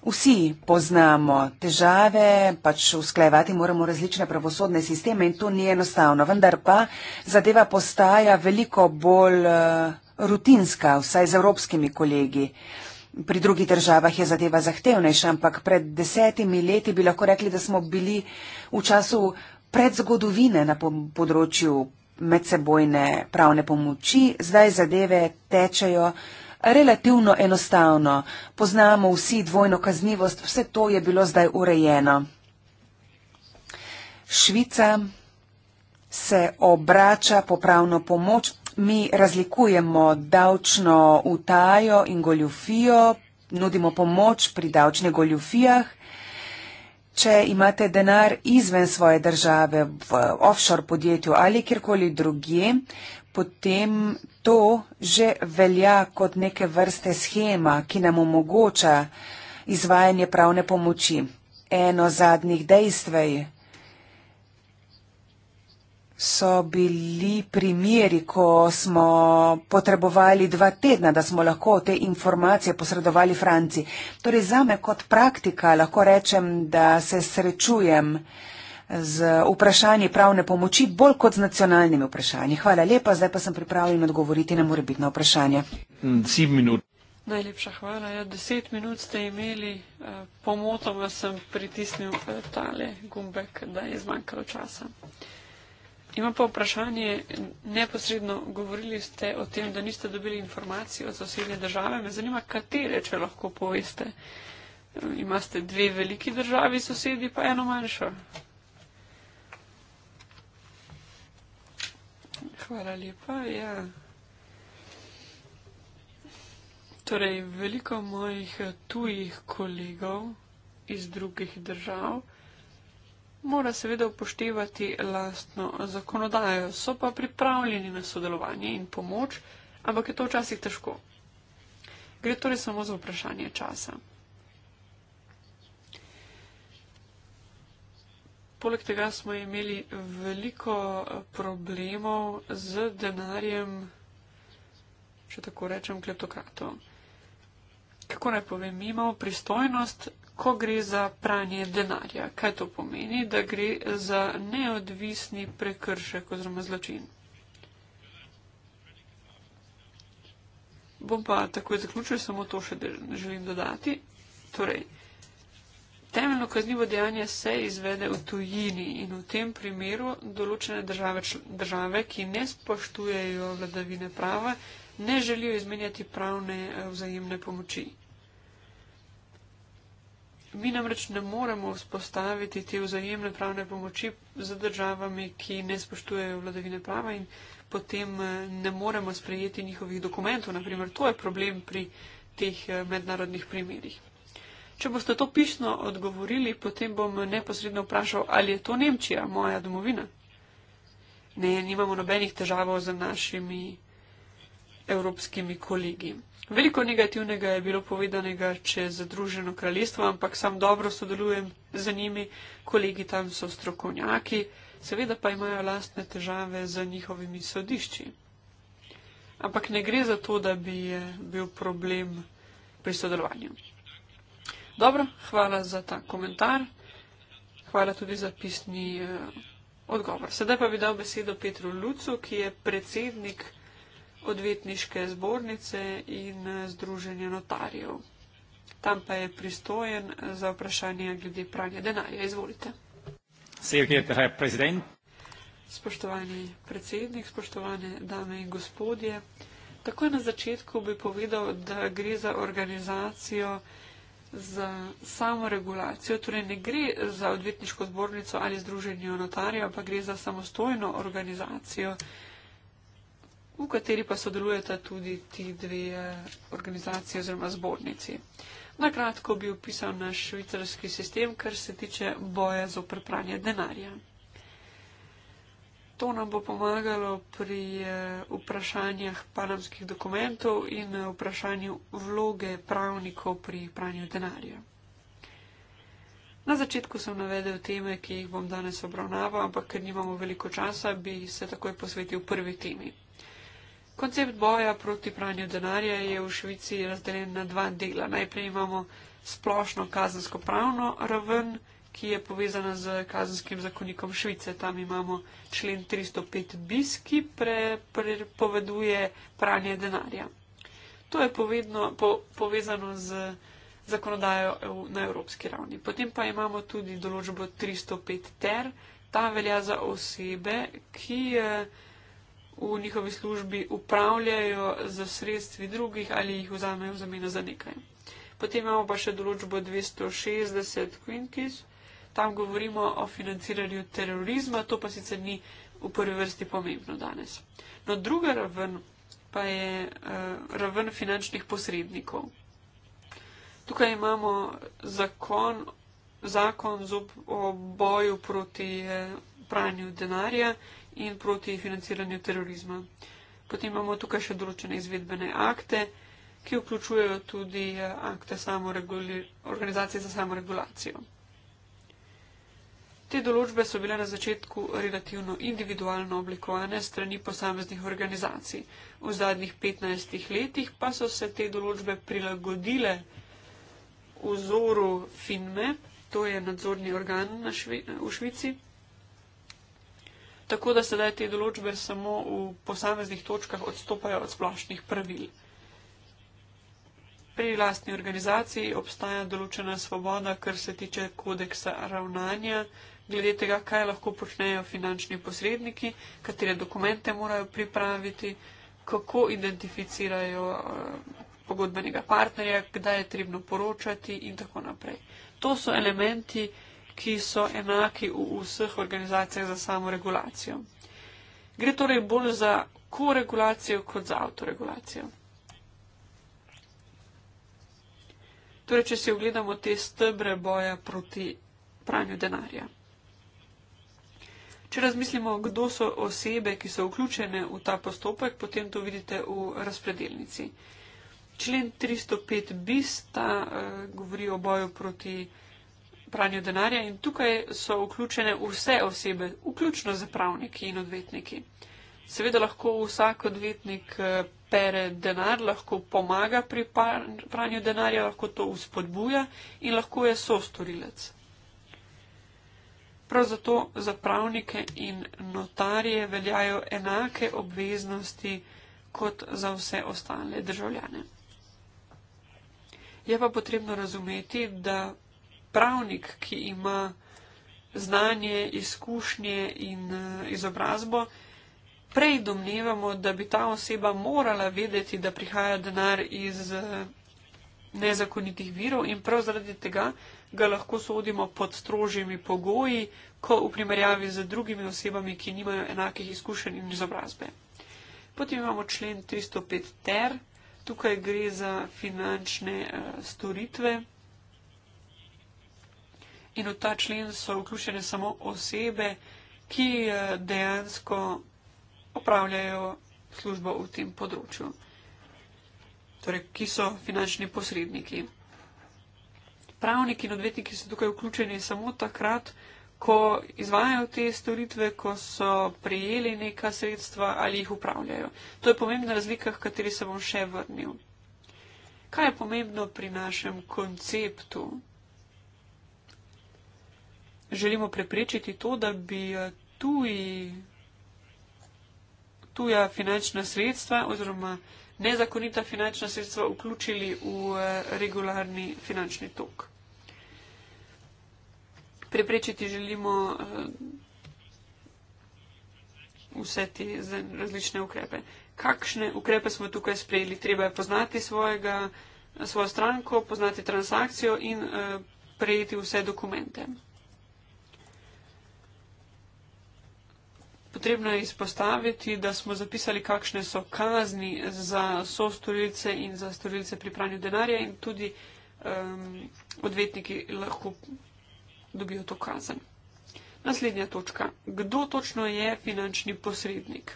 Vsi poznamo težave, pač usklajevati moramo različne pravosodne sisteme in to ni enostavno. Vendar pa zadeva postaja veliko bolj eh, rutinska, vsaj z evropskimi kolegi. Pri drugih državah je zadeva zahtevnejša, ampak pred desetimi leti bi lahko rekli, da smo bili v času predzgodovine na področju medsebojne pravne pomoči, zdaj zadeve tečejo relativno enostavno. Poznamo vsi dvojno kaznivost, vse to je bilo zdaj urejeno. Švica se obrača po pravno pomoč. Mi razlikujemo davčno utajo in goljufijo, nudimo pomoč pri davčnih goljufijah. Če imate denar izven svoje države, v offshore podjetju ali kjerkoli drugje, potem to že velja kot neke vrste schema, ki nam omogoča izvajanje pravne pomoči. Eno zadnjih dejstvej so bili primeri, ko smo potrebovali dva tedna, da smo lahko te informacije posredovali Franci. Torej, zame kot praktika lahko rečem, da se srečujem z vprašanji pravne pomoči, bolj kot z nacionalnimi vprašanji. Hvala lepa, zdaj pa sem pripravljen odgovoriti na morebitno vprašanje. Najlepša hvala. Ja, deset minut ste imeli, eh, pomotoma sem pritisnil eh, tale gumbek, da je zmanjkalo časa. Imam pa vprašanje, neposredno govorili ste o tem, da niste dobili informacij od sosednje države. Me zanima, katere, če lahko poveste. Eh, imate dve veliki državi, sosedi pa eno manjšo. Hvala lepa. Ja. Torej, veliko mojih eh, tujih kolegov iz drugih držav mora seveda upoštevati lastno zakonodajo. So pa pripravljeni na sodelovanje in pomoč, ampak je to včasih težko. Gre torej samo za vprašanje časa. Poleg tega smo imeli veliko eh, problemov z denarjem, če tako rečem, kleptokratov. Kako naj povem, mi imamo pristojnost, ko gre za pranje denarja. Kaj to pomeni? Da gre za neodvisni prekršek oziroma zločin. Bom pa takoj zaključil, samo to še želim dodati. Torej, Temeljno kaznivo dejanje se izvede v tujini in v tem primeru določene države, države ki ne spoštujejo vladavine prava, ne želijo izmenjati pravne eh, vzajemne pomoči. Mi namreč ne moremo vzpostaviti te vzajemne pravne pomoči za državami, ki ne spoštujejo vladavine prava in potem eh, ne moremo sprejeti njihovih dokumentov. Naprimer, to je problem pri teh eh, mednarodnih primerih. Če boste to pisno odgovorili, potem bom neposredno vprašal, ali je to Nemčija, moja domovina. Ne, nimamo nobenih težav z našimi evropskimi kolegi. Veliko negativnega je bilo povedanega čez Združeno kraljestvo, ampak sam dobro sodelujem z njimi, kolegi tam so strokovnjaki, seveda pa imajo lastne težave z njihovimi sodišči. Ampak ne gre za to, da bi bil problem pri sodelovanju. Dobro, hvala za ta komentar. Hvala tudi za pisni uh, odgovor. Sedaj pa bi dal besedo Petru Lucu, ki je predsednik odvetniške zbornice in eh, združenja notarjev. Tam pa je pristojen eh, za vprašanje glede pranja denarja. Izvolite. Spoštovani predsednik, spoštovane dame in gospodje, takoj na začetku bi povedal, da gre za organizacijo, z samoregulacijo, torej ne gre za odvetniško zbornico ali združenje notarja, pa gre za samostojno organizacijo, v kateri pa sodelujeta tudi ti dve eh, organizacije oziroma zbornici. Nakratko bi opisal naš švicarski sistem, kar se tiče boja z oprpranje denarja. To nam bo pomagalo pri eh, vprašanjih panamskih dokumentov in eh, vprašanju vloge pravnikov pri pranju denarja. Na začetku sem navedel teme, ki jih bom danes obravnaval, ampak ker nimamo veliko časa, bi se takoj posvetil prvi temi. Koncept boja proti pranju denarja je v Švici razdeljen na dva dela. Najprej imamo splošno kazensko pravno raven ki je povezana z kazenskim zakonikom Švice. Tam imamo člen 305 bis, ki prepoveduje pranje denarja. To je povedno, po, povezano z zakonodajo na evropski ravni. Potem pa imamo tudi določbo 305 ter, ta velja za osebe, ki eh, v njihovi službi upravljajo za sredstvi drugih ali jih vzamejo v zameno za nekaj. Potem imamo pa še določbo 260 quinkis, tam govorimo o financiranju terorizma, to pa sicer ni v prvi vrsti pomembno danes. No, druga raven pa je uh, raven finančnih posrednikov. Tukaj imamo zakon, zakon zop, o boju proti eh, pranju denarja in proti financiranju terorizma. Potem imamo tukaj še določene izvedbene akte, ki vključujejo tudi eh, akte samoreguli, organizacije za samoregulacijo. Te določbe so bile na začetku relativno individualno oblikovane strani posameznih organizacij. V zadnjih 15 letih pa so se te določbe prilagodile vzoru FINME, to je nadzorni organ na švi, v Švici. Tako da sedaj te določbe samo v posameznih točkah odstopajo od splošnih pravil. Pri lastni organizaciji obstaja določena svoboda, kar se tiče kodeksa ravnanja glede tega, kaj lahko počnejo finančni posredniki, katere dokumente morajo pripraviti, kako identificirajo eh, pogodbenega partnerja, kdaj je trebno poročati in tako naprej. To so elementi, ki so enaki v vseh organizacijah za samo regulacijo. Gre torej bolj za koregulacijo kot za avtoregulacijo. Torej, če si ogledamo te stebre boja proti pranju denarja. Če razmislimo, kdo so osebe, ki so vključene v ta postopek, potem to vidite v razpredelnici. Člen 305 bista eh, govori o boju proti pranju denarja in tukaj so vključene vse osebe, vključno z pravniki in odvetniki. Seveda lahko vsak odvetnik eh, pere denar, lahko pomaga pri pranju denarja, lahko to uspodbuja in lahko je sostorilec. Prav zato za pravnike in notarje veljajo enake obveznosti kot za vse ostale državljane. Je pa potrebno razumeti, da pravnik, ki ima znanje, izkušnje in eh, izobrazbo, prej domnevamo, da bi ta oseba morala vedeti, da prihaja denar iz eh, nezakonitih virov in prav zaradi tega ga lahko sodimo pod strožjimi pogoji, ko v primerjavi z drugimi osebami, ki nimajo enakih izkušenj in izobrazbe. Potem imamo člen 305 ter, tukaj gre za finančne eh, storitve in v ta člen so vključene samo osebe, ki eh, dejansko opravljajo službo v tem področju, torej ki so finančni posredniki pravniki in odvetniki so tukaj vključeni samo takrat, ko izvajajo te storitve, ko so prijeli neka sredstva ali jih upravljajo. To je pomembna razlika, kateri se bom še vrnil. Kaj je pomembno pri našem konceptu? Želimo preprečiti to, da bi eh, tuji, tuja finančna sredstva oziroma nezakonita finančna sredstva vključili v eh, regularni finančni tok. Preprečiti želimo eh, vse te različne ukrepe. Kakšne ukrepe smo tukaj sprejeli? Treba je poznati svojega, eh, svojo stranko, poznati transakcijo in prejeti vse dokumente. Potrebno je izpostaviti, da smo zapisali, kakšne so kazni za sostorilce in za storilce pri pranju denarja in tudi um, odvetniki lahko dobijo to kazen. Naslednja točka. Kdo točno je finančni posrednik?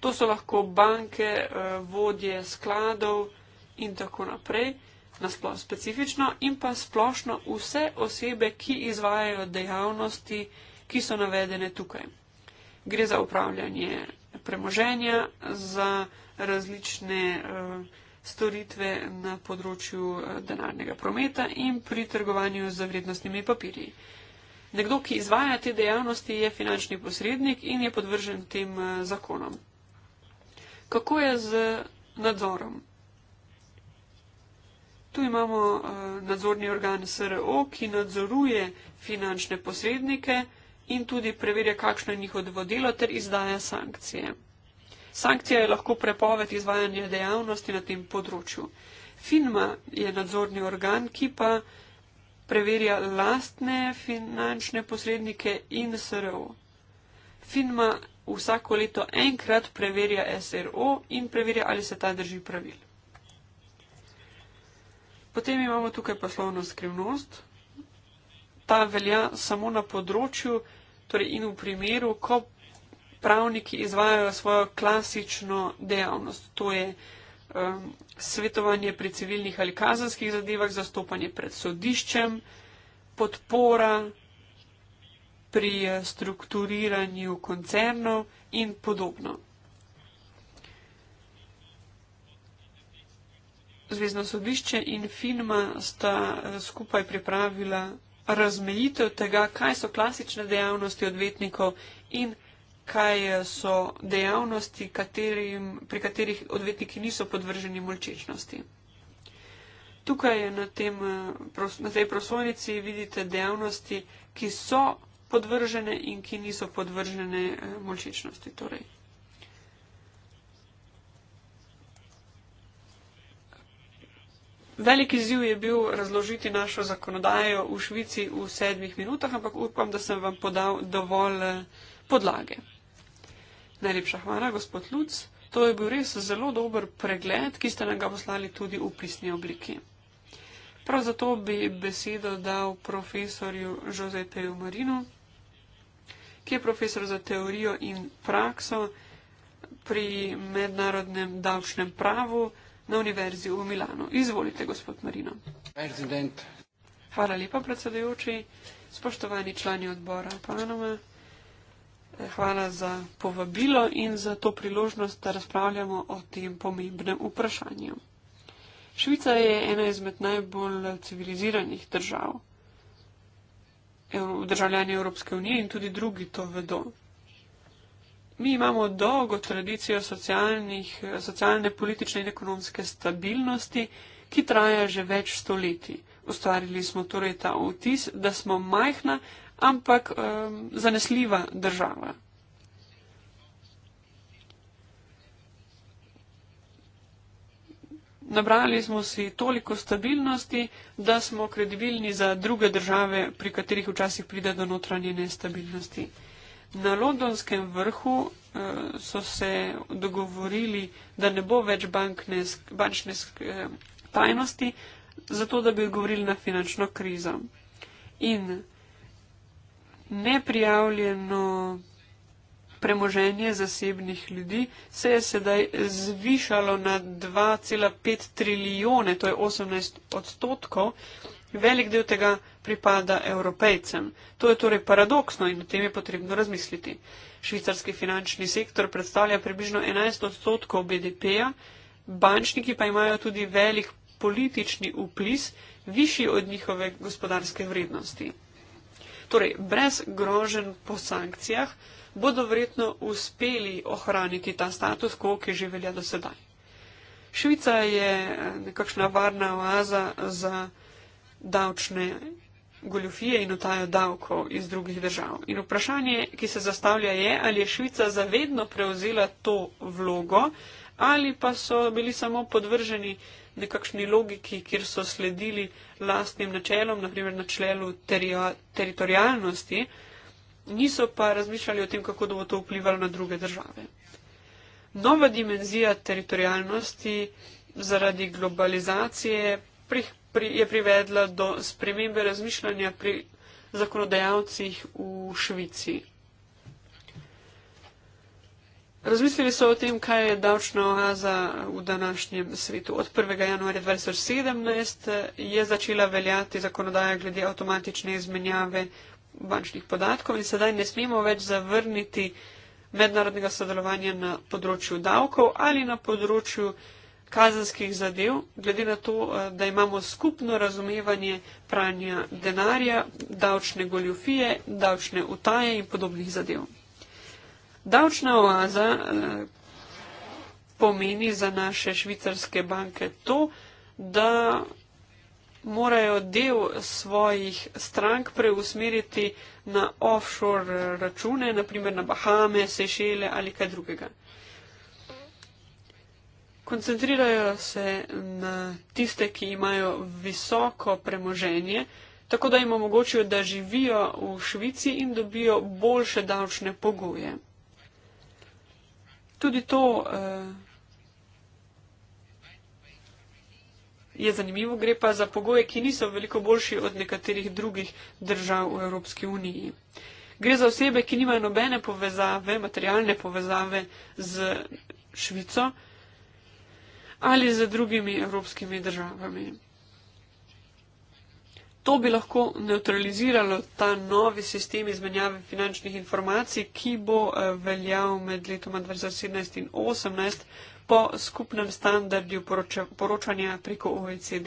To so lahko banke, eh, vodje skladov in tako naprej, nasplošno specifično in pa splošno vse osebe, ki izvajajo dejavnosti, ki so navedene tukaj gre za upravljanje premoženja, za različne eh, storitve na področju eh, denarnega prometa in pri trgovanju z vrednostnimi papirji. Nekdo, ki izvaja te dejavnosti, je finančni posrednik in je podvržen tem eh, zakonom. Kako je z nadzorom? Tu imamo nadzorni organ SRO, ki nadzoruje finančne posrednike in tudi preverja, kakšno je njihovo delo ter izdaja sankcije. Sankcija je lahko prepoved izvajanja dejavnosti na tem področju. Finma je nadzorni organ, ki pa preverja lastne finančne posrednike in SRO. Finma vsako leto enkrat preverja SRO in preverja, ali se ta drži pravil. Potem imamo tukaj poslovno skrivnost. Ta velja samo na področju torej in v primeru, ko pravniki izvajajo svojo klasično dejavnost, to je um, svetovanje pri civilnih ali kazanskih zadevah, zastopanje pred sodiščem, podpora pri eh, strukturiranju koncernov in podobno. Zvezdno sodišče in Finma sta eh, skupaj pripravila razmejitev tega, kaj so klasične dejavnosti odvetnikov in kaj eh, so dejavnosti, katerim, pri katerih odvetniki niso podvrženi molčečnosti. Tukaj na, tem, eh, na tej prosojnici vidite dejavnosti, ki so podvržene in ki niso podvržene eh, molčečnosti. Torej. Veliki ziv je bil razložiti našo zakonodajo v Švici v sedmih minutah, ampak upam, da sem vam podal dovolj eh, podlage. Najlepša hvala, gospod Luc. To je bil res zelo dober pregled, ki ste nam ga poslali tudi v pisni obliki. Prav zato bi besedo dal profesorju Žozeju Marinu, ki je profesor za teorijo in prakso pri mednarodnem davčnem pravu na Univerzi v Milano. Izvolite, gospod Marino. President. Hvala lepa, predsedujoči. Spoštovani člani odbora Panama, eh, hvala za povabilo in za to priložnost, da razpravljamo o tem pomembnem vprašanju. Švica je ena izmed najbolj civiliziranih držav. Državljani Evropske unije in tudi drugi to vedo. Mi imamo dolgo tradicijo socialne, politične in ekonomske stabilnosti, ki traja že več stoletij. Ustvarili smo torej ta vtis, da smo majhna, ampak um, zanesljiva država. Nabrali smo si toliko stabilnosti, da smo kredibilni za druge države, pri katerih včasih pride do notranje nestabilnosti. Na londonskem vrhu uh, so se dogovorili, da ne bo več sk bančne sk eh, tajnosti, zato da bi odgovorili na finančno krizo. In neprijavljeno premoženje zasebnih ljudi se je sedaj zvišalo na 2,5 trilijone, to je 18 odstotkov. Velik del tega pripada evropejcem. To je torej paradoksno in o tem je potrebno razmisliti. Švicarski finančni sektor predstavlja približno 11 odstotkov BDP-ja, bančniki pa imajo tudi velik politični vpliv, višji od njihove gospodarske vrednosti. Torej, brez grožen po sankcijah bodo verjetno uspeli ohraniti ta status quo, ki že velja do sedaj. Švica je eh, nekakšna varna oaza za davčne goljufije in utajo davkov iz drugih držav. In vprašanje, ki se zastavlja, je, ali je Švica zavedno prevzela to vlogo ali pa so bili samo podvrženi nekakšni logiki, kjer so sledili lastnim načelom, naprimer načelu teritorijalnosti, niso pa razmišljali o tem, kako bo to vplivalo na druge države. Nova dimenzija teritorijalnosti zaradi globalizacije pri, je privedla do spremembe razmišljanja pri zakonodajalcih v Švici. Razmislili so o tem, kaj je davčna oaza v današnjem svetu. Od 1. januarja 2017 je začela veljati zakonodaja glede avtomatične izmenjave bančnih podatkov in sedaj ne smemo več zavrniti mednarodnega sodelovanja na področju davkov ali na področju kazenskih zadev, glede na to, eh, da imamo skupno razumevanje pranja denarja, davčne goljofije, davčne utaje in podobnih zadev. Davčna oaza eh, pomeni za naše švicarske banke to, da morajo del svojih strank preusmeriti na offshore eh, račune, naprimer na Bahame, Sešele ali kaj drugega koncentrirajo se na tiste, ki imajo visoko premoženje, tako da jim omogočijo, da živijo v Švici in dobijo boljše davčne pogoje. Tudi to eh, je zanimivo, gre pa za pogoje, ki niso veliko boljši od nekaterih drugih držav v Evropski uniji. Gre za osebe, ki nimajo nobene povezave, materialne povezave z Švico, ali z drugimi evropskimi državami. To bi lahko neutraliziralo ta novi sistem izmenjave finančnih informacij, ki bo eh, veljal med letoma 2017 in 2018 po skupnem standardju poroča, poročanja preko OECD.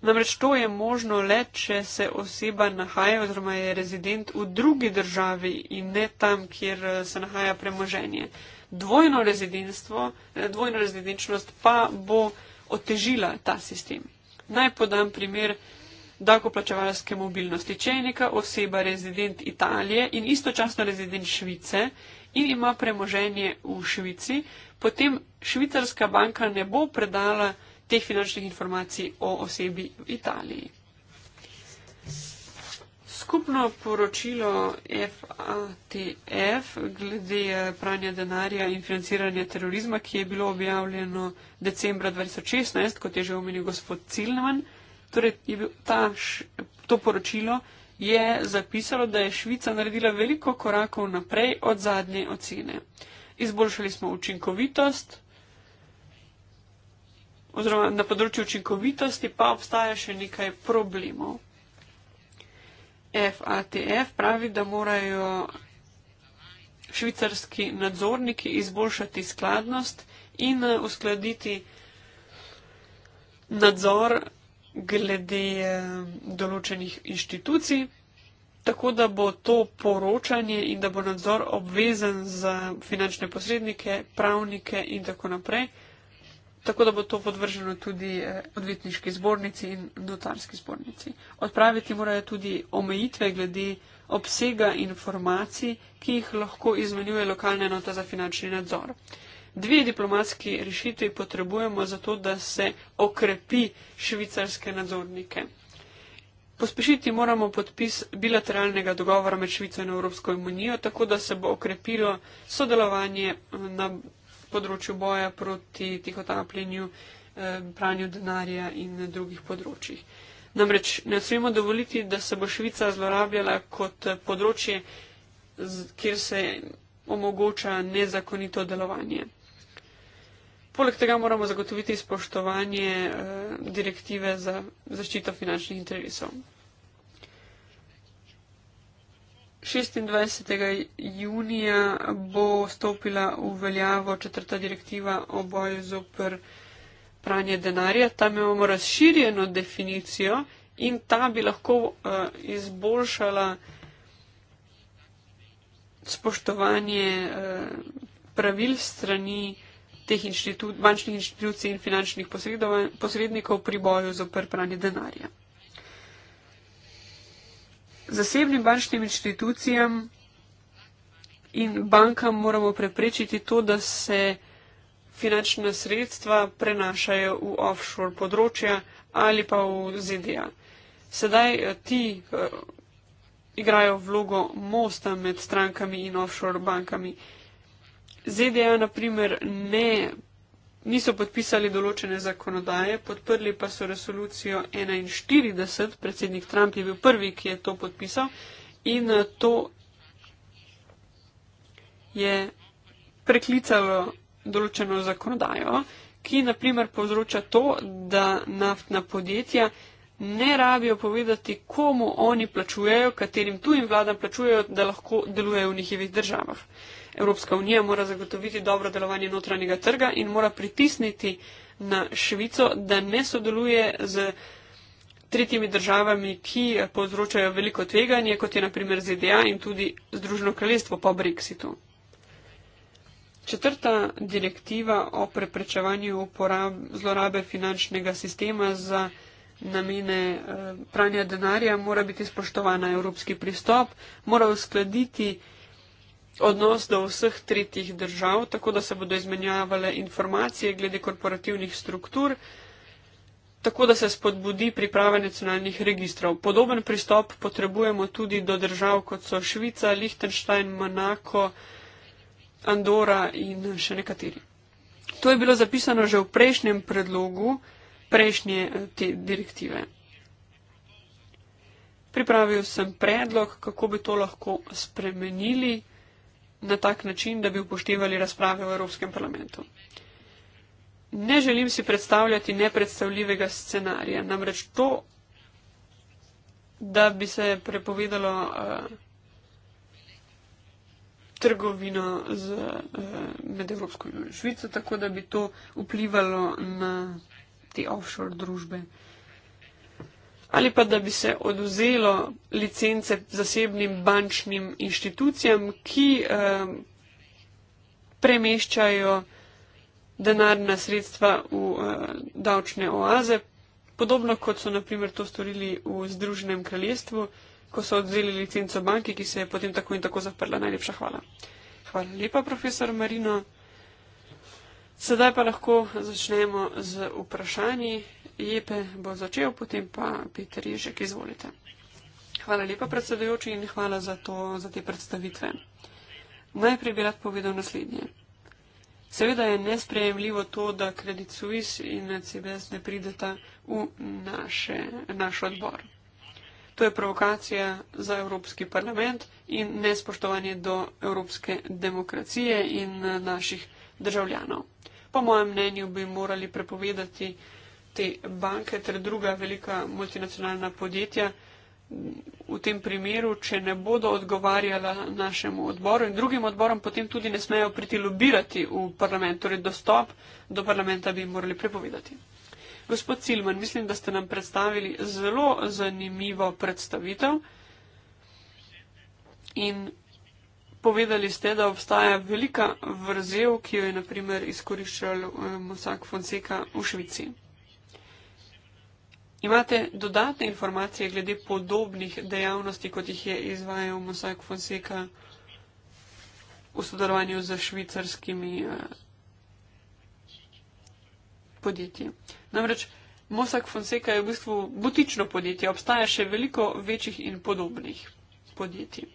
Namreč to je možno le, če se oseba nahaja oziroma je rezident v drugi državi in ne tam, kjer eh, se nahaja premoženje dvojno rezidentstvo, eh, dvojno rezidenčnost pa bo otežila ta sistem. Naj podam primer davkoplačevalske mobilnosti. Če je neka oseba rezident Italije in istočasno rezident Švice in ima premoženje v Švici, potem švicarska banka ne bo predala teh finančnih informacij o osebi v Italiji skupno poročilo FATF glede eh, pranja denarja in financiranja terorizma, ki je bilo objavljeno decembra 2016, kot je že omenil gospod Ciljman. Torej, to poročilo je zapisalo, da je Švica naredila veliko korakov naprej od zadnje ocene. Izboljšali smo učinkovitost. Oziroma, na področju učinkovitosti pa obstaja še nekaj problemov. FATF pravi, da morajo švicarski nadzorniki izboljšati skladnost in eh, uskladiti nadzor glede eh, določenih inštitucij, tako da bo to poročanje in da bo nadzor obvezen za finančne posrednike, pravnike in tako naprej tako da bo to podvrženo tudi eh, odvetniški zbornici in notarski zbornici. Odpraviti morajo tudi omejitve glede obsega informacij, ki jih lahko izmenjuje lokalna enota za finančni nadzor. Dve diplomatski rešitvi potrebujemo za to, da se okrepi švicarske nadzornike. Pospešiti moramo podpis bilateralnega dogovora med Švico in Evropsko unijo, tako da se bo okrepilo sodelovanje eh, na področju boja proti tihotapljenju, eh, pranju denarja in drugih področjih. Namreč ne smemo dovoliti, da se bo Švica zlorabljala kot področje, kjer se omogoča nezakonito delovanje. Poleg tega moramo zagotoviti spoštovanje eh, direktive za zaščito finančnih interesov. 26. junija bo stopila v veljavo četrta direktiva o boju zoper pranje denarja. Tam imamo razširjeno definicijo in ta bi lahko uh, izboljšala spoštovanje uh, pravil strani teh inštitut, bančnih inštitucij in finančnih posrednikov pri boju zoper pranje denarja zasebnim bančnim inštitucijam in bankam moramo preprečiti to, da se finančna sredstva prenašajo v offshore področja ali pa v ZDA. Sedaj eh, ti eh, igrajo vlogo mosta med strankami in offshore bankami. ZDA naprimer ne Niso podpisali določene zakonodaje, podprli pa so resolucijo 41, predsednik Trump je bil prvi, ki je to podpisal in eh, to je preklicalo določeno zakonodajo, ki naprimer povzroča to, da naftna podjetja ne rabijo povedati, komu oni plačujejo, katerim tujim vladam plačujejo, da lahko delujejo v njihovih državah. Evropska unija mora zagotoviti dobro delovanje notranjega trga in mora pritisniti na Švico, da ne sodeluje z tretjimi državami, ki povzročajo veliko tveganje, kot je naprimer ZDA in tudi Združeno kraljestvo po Brexitu. Četrta direktiva o preprečevanju zlorabe finančnega sistema za namene eh, pranja denarja mora biti spoštovana evropski pristop, mora uskladiti odnos do vseh tretjih držav, tako da se bodo izmenjavale informacije glede korporativnih struktur, tako da se spodbudi priprave nacionalnih registrov. Podoben pristop potrebujemo tudi do držav, kot so Švica, Lihtenštajn, Monako, Andora in še nekateri. To je bilo zapisano že v prejšnjem predlogu prejšnje eh, te direktive. Pripravil sem predlog, kako bi to lahko spremenili na tak način, da bi upoštevali razprave v Evropskem parlamentu. Ne želim si predstavljati nepredstavljivega scenarija, namreč to, da bi se prepovedalo uh, trgovino z, uh, med Evropsko unijo in Švico, tako da bi to vplivalo na te offshore družbe. Uh, ali pa da bi se oduzelo licence zasebnim bančnim inštitucijam, ki eh, premeščajo denarna sredstva v eh, davčne oaze, podobno kot so naprimer to storili v Združenem kraljestvu, ko so odzeli licenco banki, ki se je potem tako in tako zaprla. Najlepša hvala. Hvala lepa, profesor Marino. Sedaj pa lahko začnemo z vprašanji. Jepe bo začel, potem pa Peter Ježek, izvolite. Hvala lepa, predsedujoči, in hvala za, to, za te predstavitve. Najprej bi rad povedal naslednje. Seveda je nesprejemljivo to, da Credit Suisse in CBS ne prideta v naše, naš odbor. To je provokacija za Evropski parlament in nespoštovanje do evropske demokracije in naših državljanov. Po mojem mnenju bi morali prepovedati te banke ter druga velika multinacionalna podjetja v tem primeru, če ne bodo odgovarjala našemu odboru in drugim odborom, potem tudi ne smejo priti lobirati v parlament, torej dostop do parlamenta bi morali prepovedati. Gospod Silman, mislim, da ste nam predstavili zelo zanimivo predstavitev in povedali ste, da obstaja velika vrzel, ki jo je naprimer izkoriščal eh, Mosak Fonseca v Švici. Imate dodatne informacije glede podobnih dejavnosti, kot jih je izvajal Mosak Fonseca v sodelovanju z švicarskimi uh, podjetji? Namreč Mosak Fonseca je v bistvu butično podjetje, obstaja še veliko večjih in podobnih podjetij.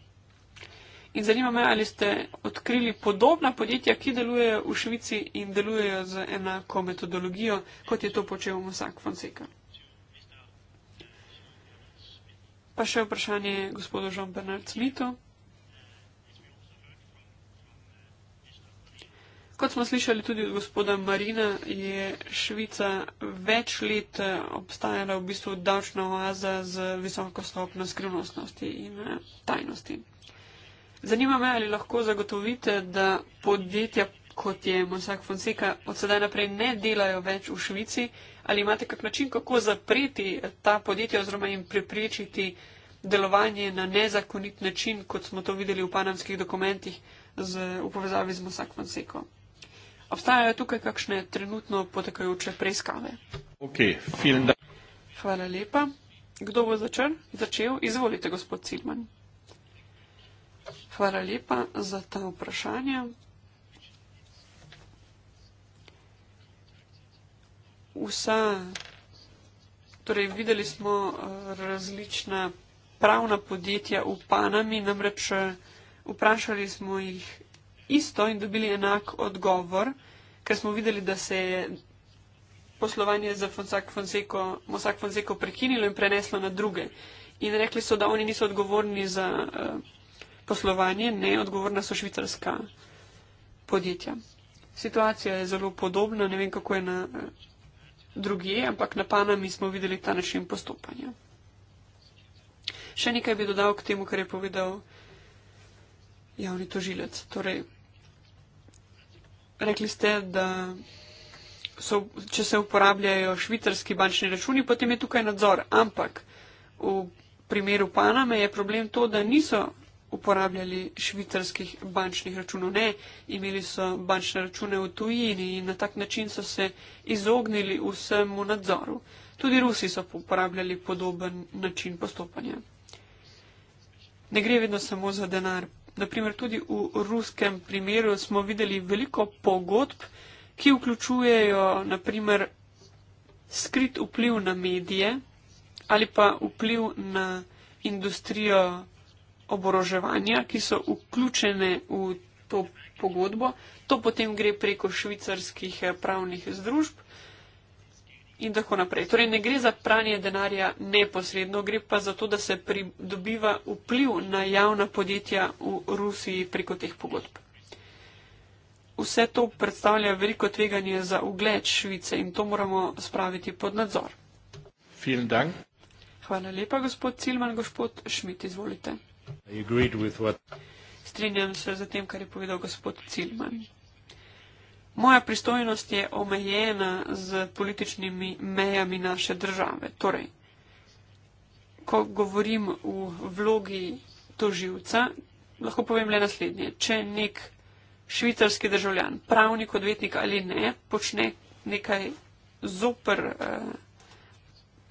In zanima me, ali ste odkrili podobna podjetja, ki delujejo v Švici in delujejo z enako metodologijo, kot je to počel Mosak Fonseca. Pa še vprašanje gospodu Žombernard Smitu. Kot smo slišali tudi od gospoda Marina, je Švica več let eh, obstajala v bistvu davčna oaza z visoko stopno skrivnostnosti in eh, tajnosti. Zanima me, ali lahko zagotovite, da podjetja kot je Mossack Fonseca, od sedaj naprej ne delajo več v Švici? Ali imate kak način, kako zapreti ta podjetja oziroma jim preprečiti delovanje na nezakonit način, kot smo to videli v panamskih dokumentih z, v povezavi z Mossack Fonseca? Obstajajo tukaj kakšne trenutno potekajoče preiskave? Okay, Hvala lepa. Kdo bo začel? začel? Izvolite, gospod Cilman. Hvala lepa za ta vprašanja. vsa, torej videli smo eh, različna pravna podjetja v Panami, namreč eh, vprašali smo jih isto in dobili enak odgovor, ker smo videli, da se je poslovanje za Fonsak Fonseko, Mosak Fonseko prekinilo in preneslo na druge. In rekli so, da oni niso odgovorni za eh, poslovanje, ne, odgovorna so švicarska podjetja. Situacija je zelo podobna, ne vem, kako je na drugje, ampak na Panami smo videli ta način postopanja. Še nekaj bi dodal k temu, kar je povedal javni tožilec. Torej, rekli ste, da so, če se uporabljajo švicarski bančni računi, potem je tukaj nadzor. Ampak v primeru Paname je problem to, da niso uporabljali švicarskih bančnih računov. Ne, imeli so bančne račune v tujini in na tak način so se izognili vsemu nadzoru. Tudi Rusi so uporabljali podoben način postopanja. Ne gre vedno samo za denar. Naprimer, tudi v ruskem primeru smo videli veliko pogodb, ki vključujejo naprimer skrit vpliv na medije ali pa vpliv na industrijo oboroževanja, ki so vključene v to pogodbo. To potem gre preko švicarskih eh, pravnih združb in tako naprej. Torej ne gre za pranje denarja neposredno, gre pa za to, da se pridobiva vpliv na javna podjetja v Rusiji preko teh pogodb. Vse to predstavlja veliko tveganje za ugled Švice in to moramo spraviti pod nadzor. Hvala lepa, gospod Cilman, gospod Šmit, izvolite. Strinjam se z tem, kar je povedal gospod Cilman. Moja pristojnost je omejena z političnimi mejami naše države. Torej, ko govorim v vlogi toživca, lahko povem le naslednje. Če nek švicarski državljan, pravnik, odvetnik ali ne, počne nekaj zoper eh,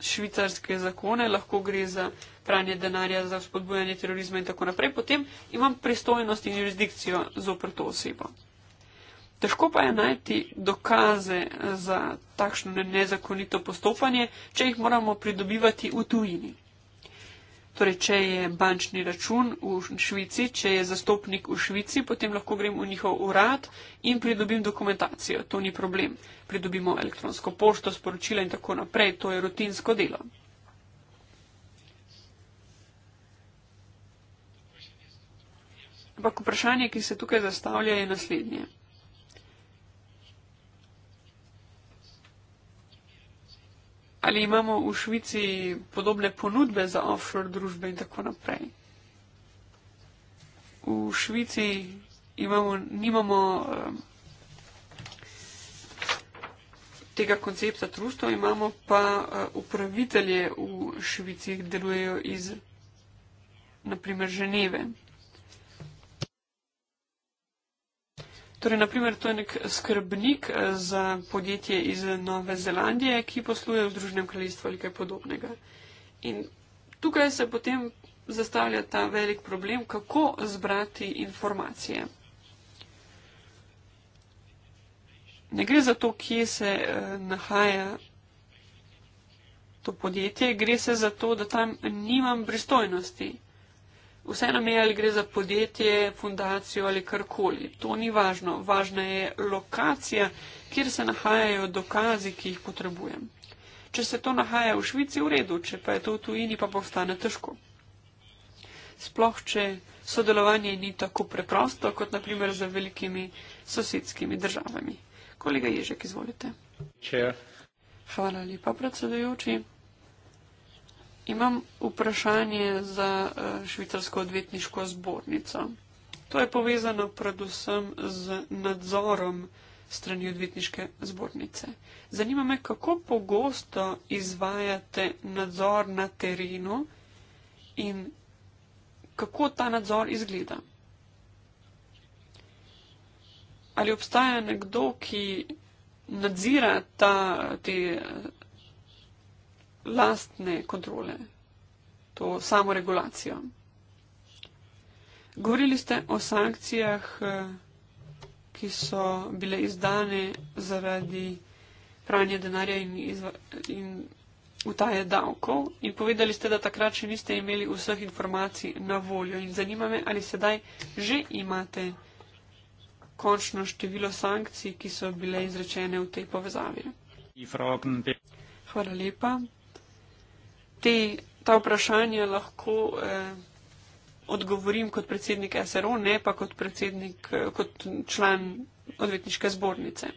švicarske zakone, lahko gre za pranje denarja za spodbujanje terorizma in tako naprej, potem imam pristojnost in jurisdikcijo zopr to osebo. Težko pa je najti dokaze za takšno nezakonito postopanje, če jih moramo pridobivati v tujini. Torej, če je bančni račun v Švici, če je zastopnik v Švici, potem lahko grem v njihov urad in pridobim dokumentacijo. To ni problem. Pridobimo elektronsko pošto, sporočila in tako naprej. To je rutinsko delo. Ampak vprašanje, ki se tukaj zastavlja, je naslednje. Ali imamo v Švici podobne ponudbe za offshore družbe in tako naprej? V Švici imamo, nimamo um, tega koncepta trustov, imamo pa uh, upravitelje v Švici, ki delujejo iz, naprimer, Ženeve. Torej, naprimer, to je nek skrbnik eh, za podjetje iz Nove Zelandije, ki posluje v Združenem kraljestvu ali kaj podobnega. In tukaj se potem zastavlja ta velik problem, kako zbrati informacije. Ne gre za to, kje se eh, nahaja to podjetje, gre se za to, da tam nimam pristojnosti. Vseeno mi je, ali gre za podjetje, fundacijo ali karkoli. To ni važno. Važna je lokacija, kjer se nahajajo dokazi, ki jih potrebujem. Če se to nahaja v Švici, v redu, če pa je to v tujini, pa postane težko. Sploh, če sodelovanje ni tako preprosto, kot naprimer za velikimi sosedskimi državami. Kolega Ježek, izvolite. Čeja. Hvala lepa, predsedujoči. Imam vprašanje za eh, švicarsko odvetniško zbornico. To je povezano predvsem z nadzorom strani odvetniške zbornice. Zanima me, kako pogosto izvajate nadzor na terenu in kako ta nadzor izgleda. Ali obstaja nekdo, ki nadzira ta, te lastne kontrole, to samoregulacijo. Govorili ste o sankcijah, eh, ki so bile izdane zaradi pranja denarja in, in utaje davkov in povedali ste, da takrat še niste imeli vseh informacij na voljo. In zanima me, ali sedaj že imate končno število sankcij, ki so bile izrečene v tej povezavi. Hvala lepa te, ta vprašanja lahko eh, odgovorim kot predsednik SRO, ne pa kot, eh, kot član odvetniške zbornice.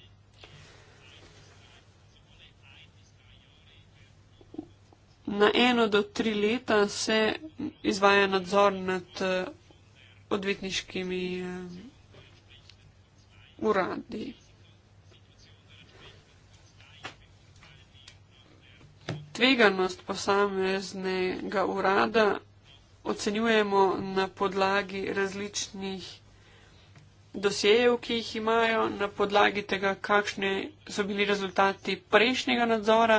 Na eno do tri leta se izvaja nadzor nad eh, odvetniškimi eh, uradi. tveganost posameznega urada ocenjujemo na podlagi različnih dosjejev, ki jih imajo, na podlagi tega, kakšne so bili rezultati prejšnjega nadzora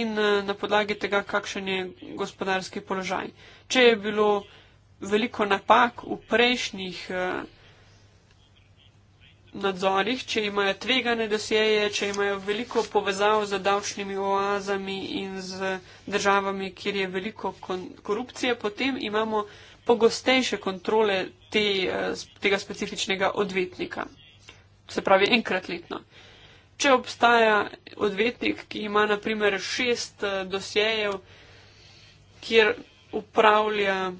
in eh, na podlagi tega, kakšen je gospodarski položaj. Če je bilo veliko napak v prejšnjih eh, nadzorih, če imajo tvegane dosjeje, če imajo veliko povezav z davčnimi oazami in z državami, kjer je veliko korupcije, potem imamo pogostejše kontrole te, eh, tega specifičnega odvetnika. Se pravi, enkrat letno. Če obstaja odvetnik, ki ima naprimer šest eh, dosjejev, kjer upravlja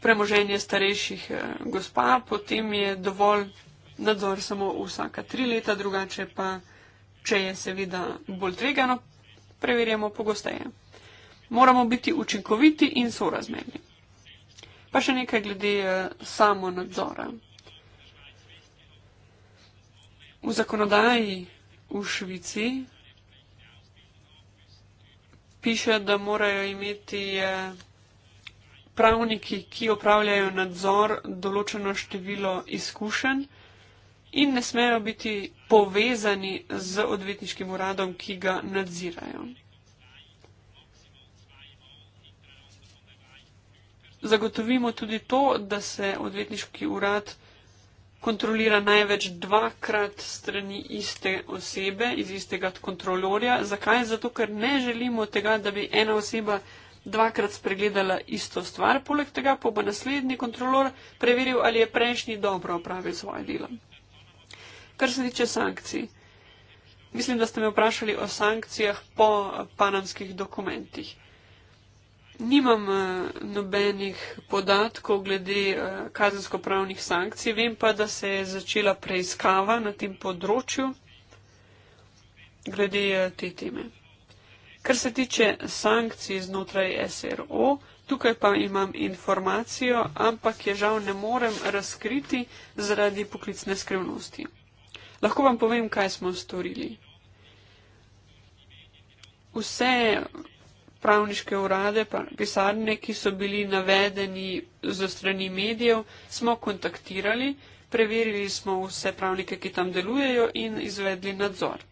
premoženje starejših eh, gospa, potem je dovolj nadzor samo vsaka tri leta, drugače pa, če je seveda bolj tvegano, preverjamo pogosteje. Moramo biti učinkoviti in sorazmerni. Pa še nekaj glede eh, samo nadzora. V zakonodaji v Švici piše, da morajo imeti eh, pravniki, ki opravljajo nadzor, določeno število izkušenj in ne smejo biti povezani z odvetniškim uradom, ki ga nadzirajo. Zagotovimo tudi to, da se odvetniški urad kontrolira največ dvakrat strani iste osebe, iz istega kontrolorja. Zakaj? Zato, ker ne želimo tega, da bi ena oseba dvakrat spregledala isto stvar, poleg tega pa bo naslednji kontrolor preveril, ali je prejšnji dobro opravil svoje delo. Kar se tiče sankcij, mislim, da ste me vprašali o sankcijah po panamskih dokumentih. Nimam eh, nobenih podatkov glede eh, kazensko-pravnih sankcij, vem pa, da se je začela preiskava na tem področju glede eh, te teme. Kar se tiče sankcij znotraj SRO, tukaj pa imam informacijo, ampak je žal ne morem razkriti zaradi poklicne skrivnosti lahko vam povem, kaj smo storili. Vse pravniške urade, pisarne, ki so bili navedeni za strani medijev, smo kontaktirali, preverili smo vse pravnike, ki tam delujejo in izvedli nadzor.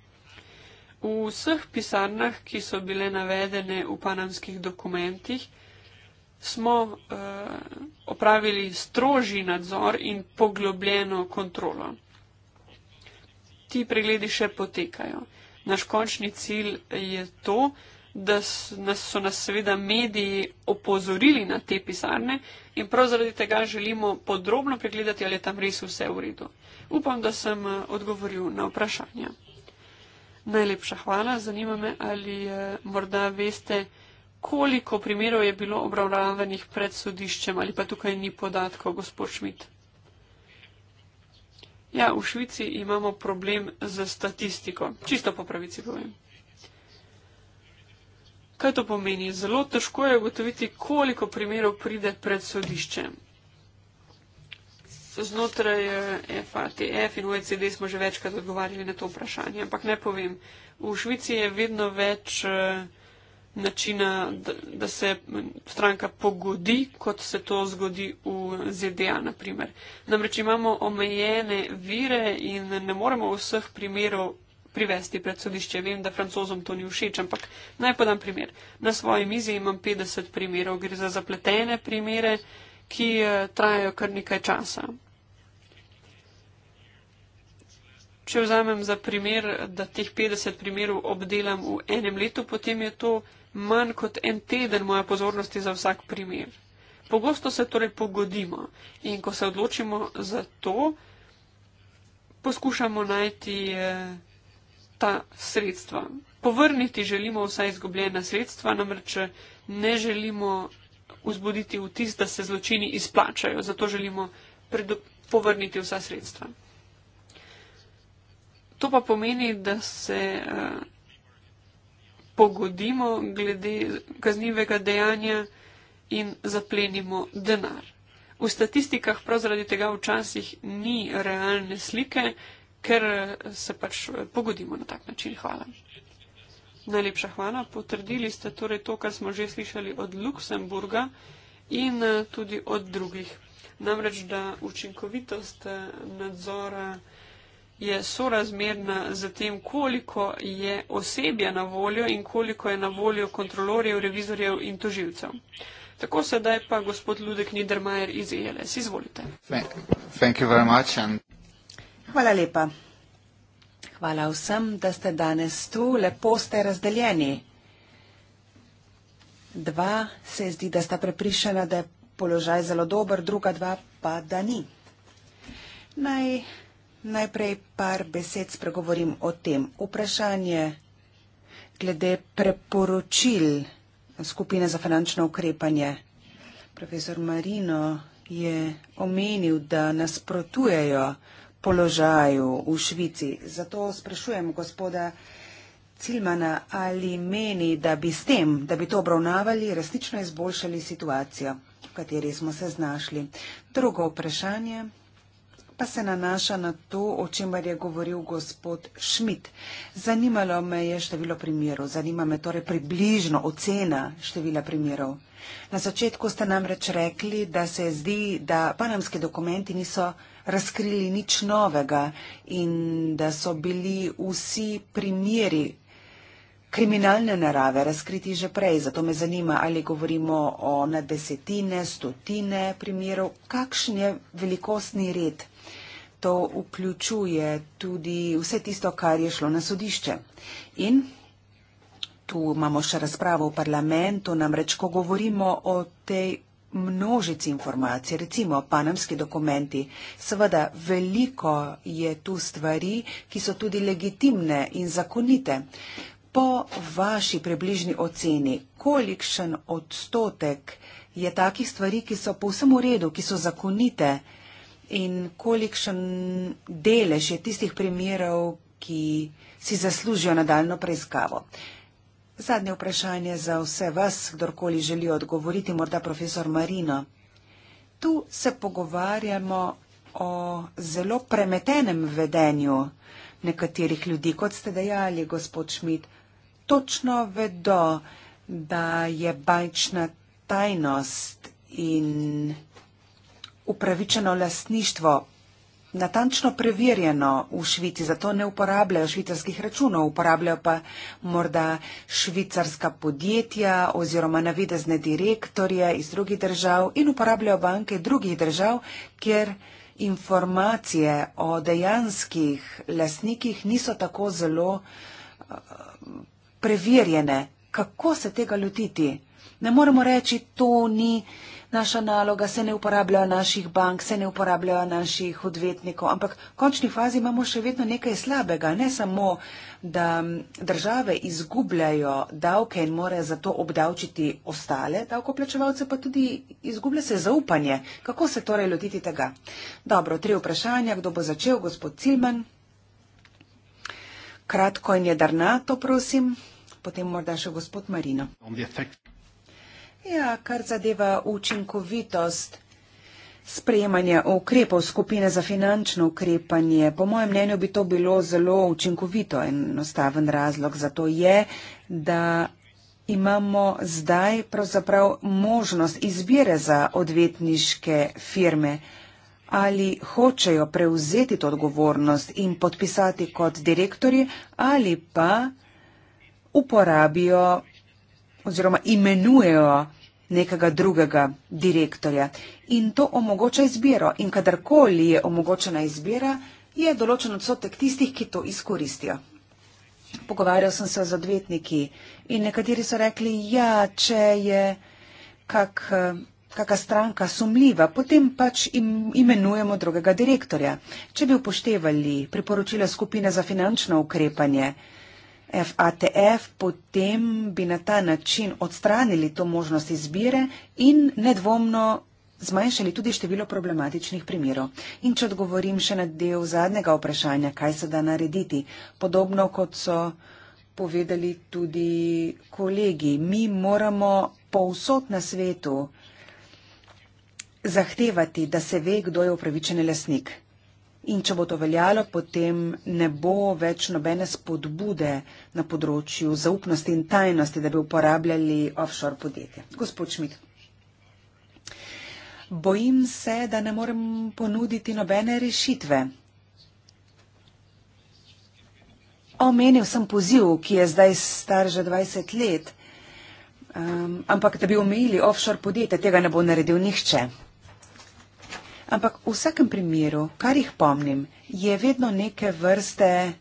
V vseh pisarnah, ki so bile navedene v panamskih dokumentih, smo uh, opravili strožji nadzor in poglobljeno kontrolo ti pregledi še potekajo. Naš končni cilj je to, da so nas seveda mediji opozorili na te pisarne in prav zaradi tega želimo podrobno pregledati, ali je tam res vse v redu. Upam, da sem eh, odgovoril na vprašanje. Najlepša hvala. Zanima me, ali eh, morda veste, koliko primerov je bilo obravnavanih pred sodiščem ali pa tukaj ni podatkov, gospod Šmit. Ja, v Švici imamo problem z statistiko. Čisto po pravici povem. Kaj to pomeni? Zelo težko je ugotoviti, koliko primerov pride pred sodišče. Znotraj FATF eh, in OECD smo že večkrat odgovarjali na to vprašanje, ampak ne povem. V Švici je vedno več. Uh, načina, da, da se stranka pogodi, kot se to zgodi v ZDA, naprimer. Namreč imamo omejene vire in ne moremo vseh primerov privesti pred sodišče. Vem, da francozom to ni všeč, ampak naj podam primer. Na svoji mizi imam 50 primerov, gre za zapletene primere, ki eh, trajajo kar nekaj časa. Če vzamem za primer, da teh 50 primerov obdelam v enem letu, potem je to manj kot en teden moja pozornosti za vsak primer. Pogosto se torej pogodimo in ko se odločimo za to, poskušamo najti eh, ta sredstva. Povrniti želimo vsa izgubljena sredstva, namreč ne želimo vzbuditi vtis, da se zločini izplačajo, zato želimo povrniti vsa sredstva. To pa pomeni, da se eh, pogodimo glede kaznivega dejanja in zaplenimo denar. V statistikah prav zaradi tega včasih ni realne slike, ker eh, se pač eh, pogodimo na tak način. Hvala. Najlepša hvala. Potrdili ste torej to, kar smo že slišali od Luksemburga in tudi od drugih. Namreč, da učinkovitost nadzora je sorazmerna z tem, koliko je osebja na voljo in koliko je na voljo kontrolorjev, revizorjev in toživcev. Tako sedaj pa gospod Ludek Niedermayer iz ELS. Izvolite. Thank you very much and... Hvala lepa. Hvala vsem, da ste danes tu. Lepo ste razdeljeni. Dva se zdi, da sta prepričana, da je položaj zelo dober, druga dva pa, da ni. Naj Najprej par besed spregovorim o tem. Vprašanje glede preporočil skupine za finančno ukrepanje. Profesor Marino je omenil, da nasprotujejo položaju v Švici. Zato sprašujem gospoda Cilmana, ali meni, da bi s tem, da bi to obravnavali, resnično izboljšali situacijo, v kateri smo se znašli. Drugo vprašanje pa se nanaša na to, o čemer je govoril gospod Šmit. Zanimalo me je število primerov, zanima me torej približno ocena števila primerov. Na začetku ste nam reč rekli, da se zdi, da panamski dokumenti niso razkrili nič novega in da so bili vsi primeri kriminalne narave razkriti že prej. Zato me zanima, ali govorimo o na desetine, stotine primerov, kakšen je velikostni red To vključuje tudi vse tisto, kar je šlo na sodišče. In tu imamo še razpravo v parlamentu, namreč, ko govorimo o tej množici informacij, recimo panamski dokumenti, seveda veliko je tu stvari, ki so tudi legitimne in zakonite. Po vaši približni oceni, kolikšen odstotek je takih stvari, ki so povsem v redu, ki so zakonite? in kolikšen delež je tistih primerov, ki si zaslužijo nadaljno preiskavo. Zadnje vprašanje za vse vas, kdorkoli želi odgovoriti, morda profesor Marino. Tu se pogovarjamo o zelo premetenem vedenju nekaterih ljudi, kot ste dejali, gospod Šmit. Točno vedo, da je bančna tajnost in upravičeno lastništvo natančno preverjeno v Švici, zato ne uporabljajo švicarskih računov, uporabljajo pa morda švicarska podjetja oziroma navidezne direktorje iz drugih držav in uporabljajo banke drugih držav, kjer informacije o dejanskih lasnikih niso tako zelo eh, preverjene. Kako se tega lotiti? Ne moremo reči, to ni naša naloga, se ne uporabljajo naših bank, se ne uporabljajo naših odvetnikov, ampak v končni fazi imamo še vedno nekaj slabega. Ne samo, da države izgubljajo davke in morajo zato obdavčiti ostale davkoplačevalce, pa tudi izgublja se zaupanje. Kako se torej lotiti tega? Dobro, tri vprašanja. Kdo bo začel? Gospod Cilman. Kratko in jedrnato, prosim. Potem morda še gospod Marino. Ja, kar zadeva učinkovitost sprejemanja ukrepov skupine za finančno ukrepanje. Po mojem mnenju bi to bilo zelo učinkovito. Enostaven razlog za to je, da imamo zdaj pravzaprav možnost izbire za odvetniške firme ali hočejo prevzeti to odgovornost in podpisati kot direktori ali pa uporabijo oziroma imenujejo nekega drugega direktorja. In to omogoča izbiro. In kadarkoli je omogočena izbira, je določen odsotek tistih, ki to izkoristijo. Pogovarjal sem se z odvetniki in nekateri so rekli, ja, če je kak, kaka stranka sumljiva, potem pač im, imenujemo drugega direktorja. Če bi upoštevali priporočila skupine za finančno ukrepanje, FATF, potem bi na ta način odstranili to možnost izbire in nedvomno zmanjšali tudi število problematičnih primerov. In če odgovorim še na del zadnjega vprašanja, kaj se da narediti, podobno kot so povedali tudi kolegi, mi moramo povsod na svetu zahtevati, da se ve, kdo je upravičen lasnik. In če bo to veljalo, potem ne bo več nobene spodbude na področju zaupnosti in tajnosti, da bi uporabljali offshore podjetje. Gospod Šmit. Bojim se, da ne morem ponuditi nobene rešitve. Omenil sem poziv, ki je zdaj star že 20 let, um, ampak da bi omejili offshore podjetje, tega ne bo naredil nihče. Ampak v vsakem primeru, kar jih pomnim, je vedno neke vrste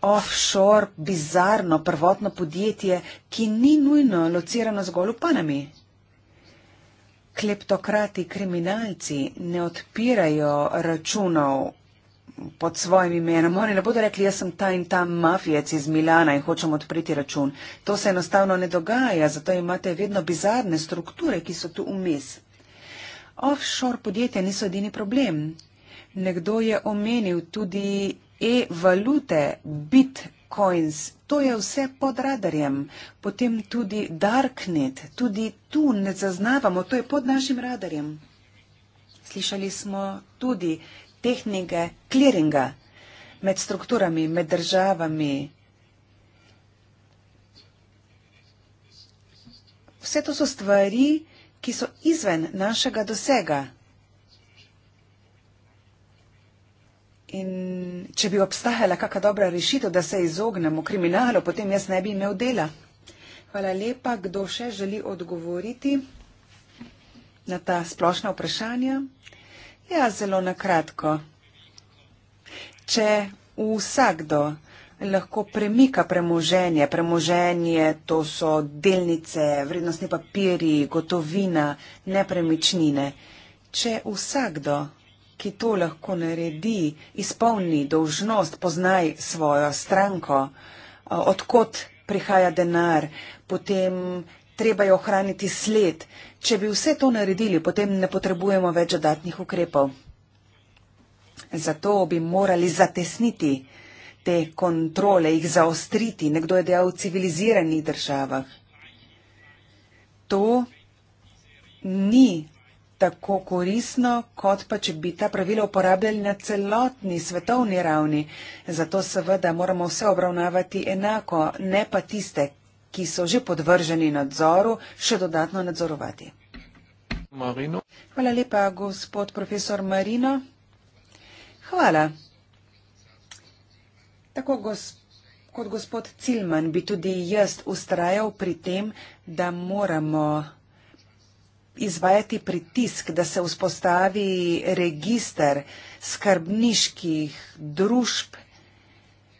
offshore, bizarno, prvotno podjetje, ki ni nujno locirano zgolj v Panami. Kleptokrati, kriminalci ne odpirajo računov pod svojim imenom. Oni ne bodo rekli, jaz sem ta in ta mafijec iz Milana in hočem odpriti račun. To se enostavno ne dogaja, zato imate vedno bizarne strukture, ki so tu vmes. Offshore podjetja niso edini problem. Nekdo je omenil tudi e-valute, bitcoins, to je vse pod radarjem. Potem tudi darknet, tudi tu ne zaznavamo, to je pod našim radarjem. Slišali smo tudi tehnike clearinga med strukturami, med državami. Vse to so stvari, ki so ki so izven našega dosega. In če bi obstajala kakšna dobra rešitev, da se izognemo kriminalu, potem jaz ne bi imel dela. Hvala lepa. Kdo še želi odgovoriti na ta splošna vprašanja? Ja, zelo nakratko. Če vsakdo lahko premika premoženje. Premoženje to so delnice, vrednostni papiri, gotovina, nepremičnine. Če vsakdo, ki to lahko naredi, izpolni dožnost, poznaj svojo stranko, eh, odkot prihaja denar, potem treba jo ohraniti sled. Če bi vse to naredili, potem ne potrebujemo več dodatnih ukrepov. Zato bi morali zatesniti te kontrole, jih zaostriti, nekdo je dejal v civiliziranih državah. To ni tako korisno, kot pa če bi ta pravila uporabljali na celotni svetovni ravni. Zato seveda moramo vse obravnavati enako, ne pa tiste, ki so že podvrženi nadzoru, še dodatno nadzorovati. Marino. Hvala lepa, gospod profesor Marino. Hvala. Tako gos, kot gospod Cilman bi tudi jaz ustrajal pri tem, da moramo izvajati pritisk, da se vzpostavi registr skrbniških družb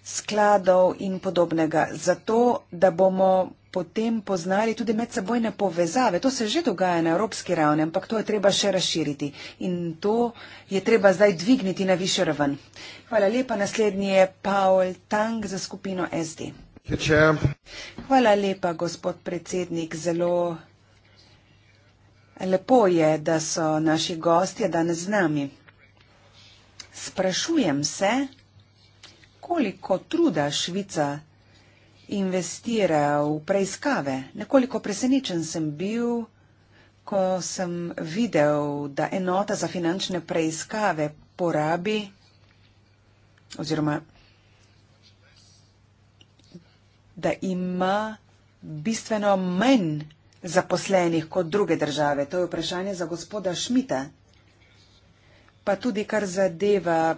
skladov in podobnega, zato da bomo potem poznali tudi medsebojne povezave. To se že dogaja na evropski ravni, ampak to je treba še razširiti in to je treba zdaj dvigniti na višjo raven. Hvala lepa. Naslednji je Paul Tang za skupino SD. Hvala lepa, gospod predsednik. Zelo lepo je, da so naši gostje danes z nami. Sprašujem se, koliko truda Švica investira v preiskave. Nekoliko presenečen sem bil, ko sem videl, da enota za finančne preiskave porabi oziroma da ima bistveno manj zaposlenih kot druge države. To je vprašanje za gospoda Šmita. Pa tudi kar zadeva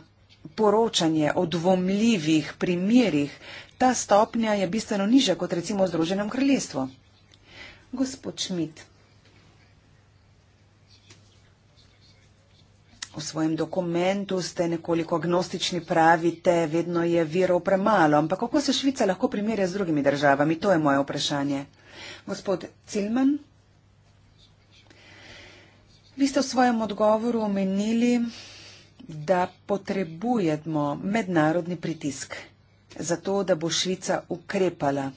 poročanje o dvomljivih primerjih, ta stopnja je bistveno nižja kot recimo v Združenem kraljestvu. Gospod Šmit V svojem dokumentu ste nekoliko agnostični, pravite, vedno je virov premalo, ampak kako se Švica lahko primerja z drugimi državami? To je moje vprašanje. Gospod Cilman, vi ste v svojem odgovoru omenili, da potrebujemo mednarodni pritisk, zato da bo Švica ukrepala.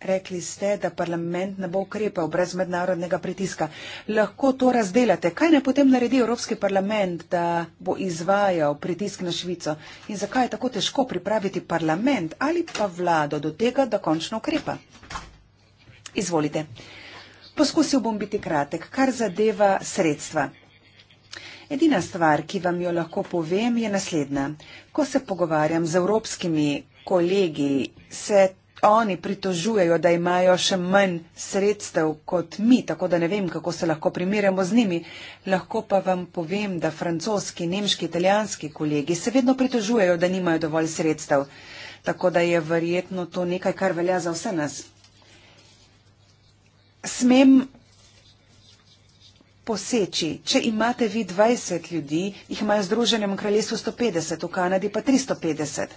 Rekli ste, da parlament ne bo ukrepal brez mednarodnega pritiska. Lahko to razdelate. Kaj naj potem naredi Evropski parlament, da bo izvajal pritisk na Švico? In zakaj je tako težko pripraviti parlament ali pa vlado do tega, da končno ukrepa? Izvolite. Poskusil bom biti kratek, kar zadeva sredstva. Edina stvar, ki vam jo lahko povem, je naslednja. Ko se pogovarjam z evropskimi kolegi, se oni pritožujejo, da imajo še manj sredstev kot mi, tako da ne vem, kako se lahko primerjamo z njimi. Lahko pa vam povem, da francoski, nemški, italijanski kolegi se vedno pritožujejo, da nimajo dovolj sredstev. Tako da je verjetno to nekaj, kar velja za vse nas smem poseči, če imate vi 20 ljudi, jih imajo v Združenem kraljestvu 150, v Kanadi pa 350.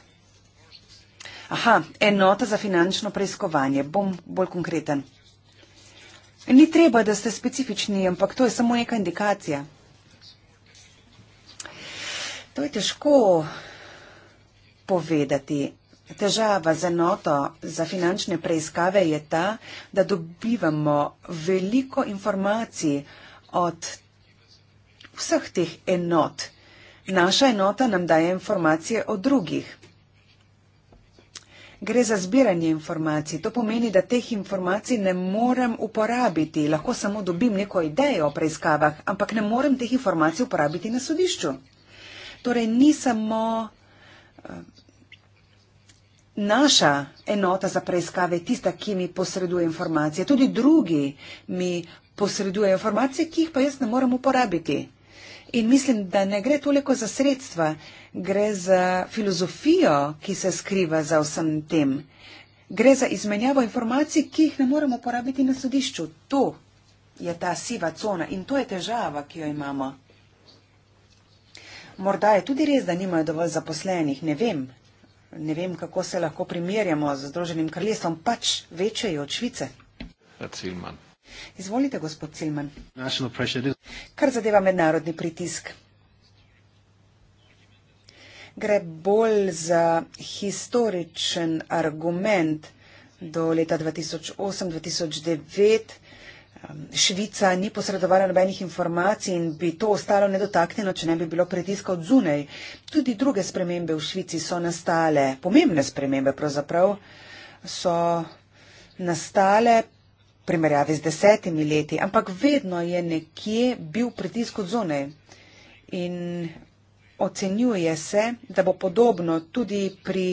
Aha, enota za finančno preiskovanje, bom bolj konkreten. Ni treba, da ste specifični, ampak to je samo neka indikacija. To je težko povedati. Težava z enoto za finančne preiskave je ta, da dobivamo veliko informacij od vseh teh enot. Naša enota nam daje informacije o drugih. Gre za zbiranje informacij. To pomeni, da teh informacij ne morem uporabiti. Lahko samo dobim neko idejo o preiskavah, ampak ne morem teh informacij uporabiti na sodišču. Torej, ni samo. Uh, Naša enota za preiskave je tista, ki mi posreduje informacije. Tudi drugi mi posredujejo informacije, ki jih pa jaz ne morem uporabiti. In mislim, da ne gre toliko za sredstva, gre za filozofijo, ki se skriva za vsem tem. Gre za izmenjavo informacij, ki jih ne moremo uporabiti na sodišču. To je ta siva cona in to je težava, ki jo imamo. Morda je tudi res, da nimajo dovolj zaposlenih, ne vem, ne vem, kako se lahko primerjamo z Združenim kraljestvom, pač večje je od Švice. Ja, Izvolite, gospod Cilman. Kar zadeva mednarodni pritisk. Gre bolj za historičen argument do leta 2008-2009. Švica ni posredovala nobenih informacij in bi to ostalo nedotaknjeno, če ne bi bilo pritiska od zunaj. Tudi druge spremembe v Švici so nastale, pomembne spremembe pravzaprav, so nastale primerjavi z desetimi leti, ampak vedno je nekje bil pritisk od zunaj. In ocenjuje se, da bo podobno tudi pri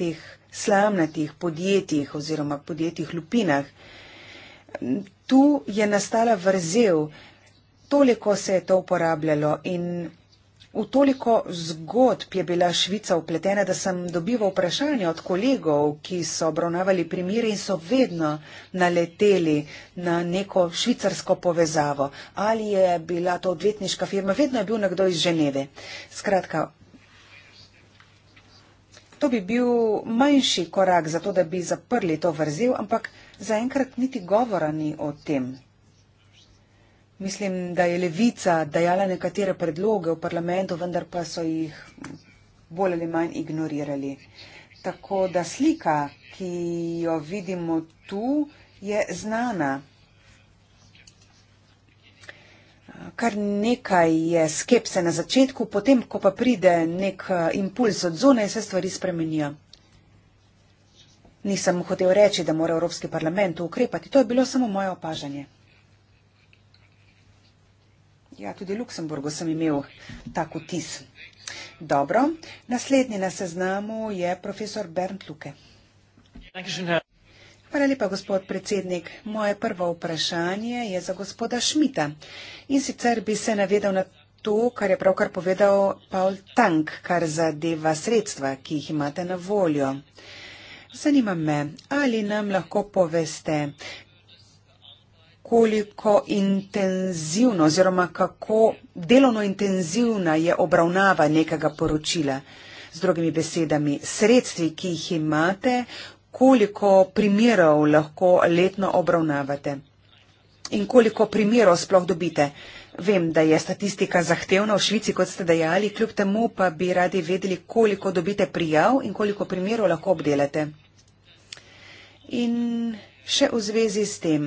teh slamnatih podjetjih oziroma podjetjih lupinah tu je nastala vrzel, toliko se je to uporabljalo in v toliko zgodb je bila Švica upletena, da sem dobival vprašanje od kolegov, ki so obravnavali primere in so vedno naleteli na neko švicarsko povezavo. Ali je bila to odvetniška firma, vedno je bil nekdo iz Ženeve. Skratka, to bi bil manjši korak za to, da bi zaprli to vrzel, ampak zaenkrat niti govora ni o tem. Mislim, da je levica dajala nekatere predloge v parlamentu, vendar pa so jih bolj ali manj ignorirali. Tako da slika, ki jo vidimo tu, je znana. Kar nekaj je skepse na začetku, potem, ko pa pride nek eh, impuls od zunaj, se stvari spremenijo. Nisem hotel reči, da mora Evropski parlament ukrepati, to je bilo samo moje opažanje. Ja, tudi v Luksemburgu sem imel tak vtis. Dobro, naslednji na seznamu je profesor Bernd Luke. Hvala lepa, gospod predsednik. Moje prvo vprašanje je za gospoda Šmita. In sicer bi se navedal na to, kar je pravkar povedal Paul Tank, kar zadeva sredstva, ki jih imate na voljo. Zanima me, ali nam lahko poveste, koliko intenzivno oziroma kako delovno intenzivna je obravnava nekega poročila. Z drugimi besedami, sredstvi, ki jih imate, koliko primerov lahko letno obravnavate in koliko primerov sploh dobite. Vem, da je statistika zahtevna v Švici, kot ste dejali, kljub temu pa bi radi vedeli, koliko dobite prijav in koliko primerov lahko obdelate. In še v zvezi s tem,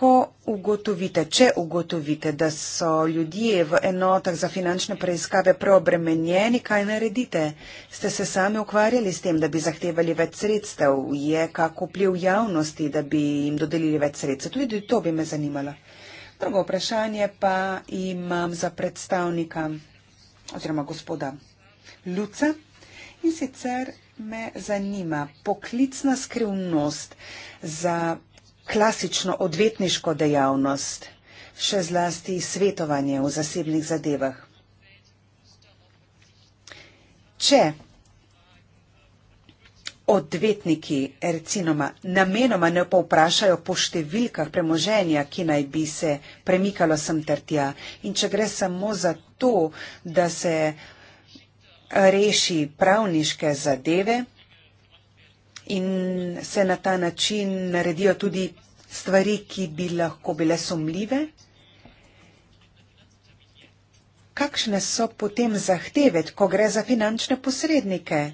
ko ugotovite, če ugotovite, da so ljudje v enotah za finančne preiskave preobremenjeni, kaj naredite? Ste se sami ukvarjali s tem, da bi zahtevali več sredstev? Je kak vpliv javnosti, da bi jim dodelili več sredstev? Tudi to bi me zanimalo. Drugo vprašanje pa imam za predstavnika oziroma gospoda Luca. In sicer me zanima poklicna skrivnost za klasično odvetniško dejavnost, še zlasti svetovanje v zasebnih zadevah. Če odvetniki recinoma namenoma ne povprašajo po številkah premoženja, ki naj bi se premikalo sem ter tja in če gre samo za to, da se reši pravniške zadeve in se na ta način naredijo tudi stvari, ki bi lahko bile sumljive. Kakšne so potem zahteve, ko gre za finančne posrednike?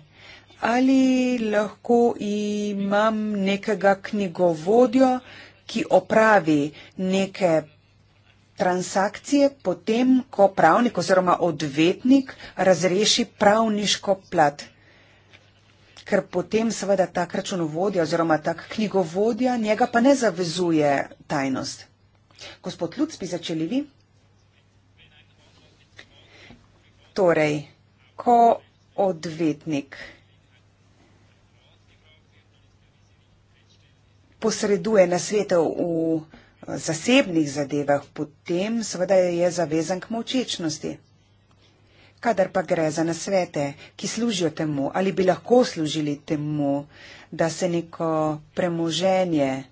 Ali lahko imam nekega knjigovodjo, ki opravi neke transakcije, potem ko pravnik oziroma odvetnik razreši pravniško plat. Ker potem seveda tak računovodja oziroma tak knjigovodja njega pa ne zavezuje tajnost. Gospod Luc, bi začeli vi? Torej, ko odvetnik posreduje nasvete v zasebnih zadevah, potem seveda je zavezan k močečnosti. Kadar pa gre za nasvete, ki služijo temu ali bi lahko služili temu, da se neko premoženje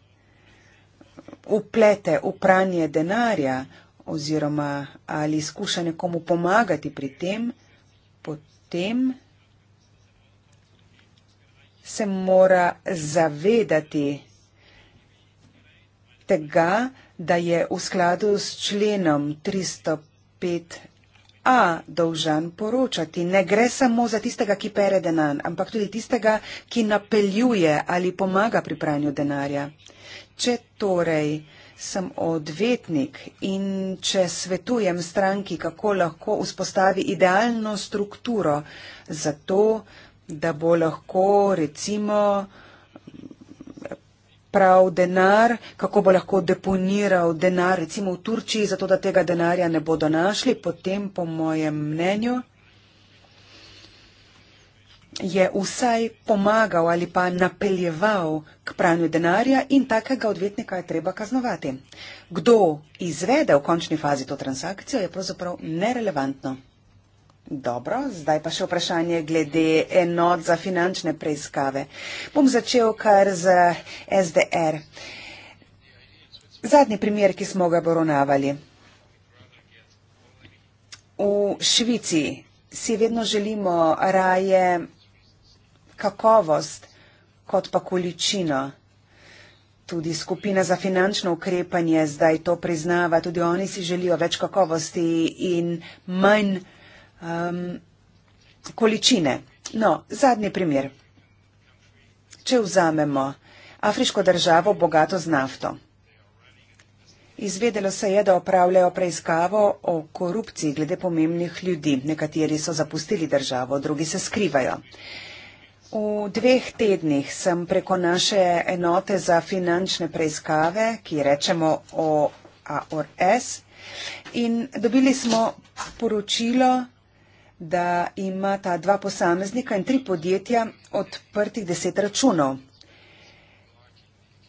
uplete v pranje denarja oziroma ali skuša nekomu pomagati pri tem, potem se mora zavedati, tega, da je v skladu s členom 305a dolžan poročati. Ne gre samo za tistega, ki pere denar, ampak tudi tistega, ki napeljuje ali pomaga pri pranju denarja. Če torej sem odvetnik in če svetujem stranki, kako lahko vzpostavi idealno strukturo za to, da bo lahko recimo prav denar, kako bo lahko deponiral denar recimo v Turčiji, zato da tega denarja ne bodo našli, potem po mojem mnenju je vsaj pomagal ali pa napeljeval k pranju denarja in takega odvetnika je treba kaznovati. Kdo izvede v končni fazi to transakcijo, je pravzaprav nerelevantno. Dobro, zdaj pa še vprašanje glede enot za finančne preiskave. Bom začel kar z SDR. Zadnji primer, ki smo ga poronavali. V Švici si vedno želimo raje kakovost kot pa količino. Tudi skupina za finančno ukrepanje zdaj to priznava, tudi oni si želijo več kakovosti in manj kakovosti um, količine. No, zadnji primer. Če vzamemo afriško državo bogato z nafto. Izvedelo se je, da opravljajo preiskavo o korupciji glede pomembnih ljudi. Nekateri so zapustili državo, drugi se skrivajo. V dveh tednih sem preko naše enote za finančne preiskave, ki rečemo o AORS, in dobili smo poročilo da ima ta dva posameznika in tri podjetja odprtih deset računov.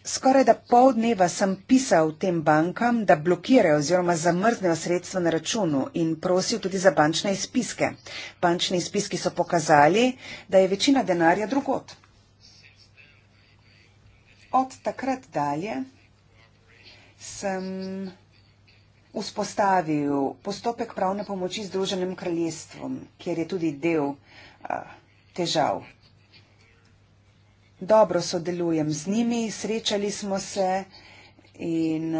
Skoraj da pol dneva sem pisal tem bankam, da blokirajo oziroma zamrznejo sredstva na računu in prosil tudi za bančne izpiske. Bančni izpiski so pokazali, da je večina denarja drugot. Od takrat dalje sem vzpostavil postopek pravne pomoči Združenim kraljestvom, kjer je tudi del težav. Dobro sodelujem z njimi, srečali smo se in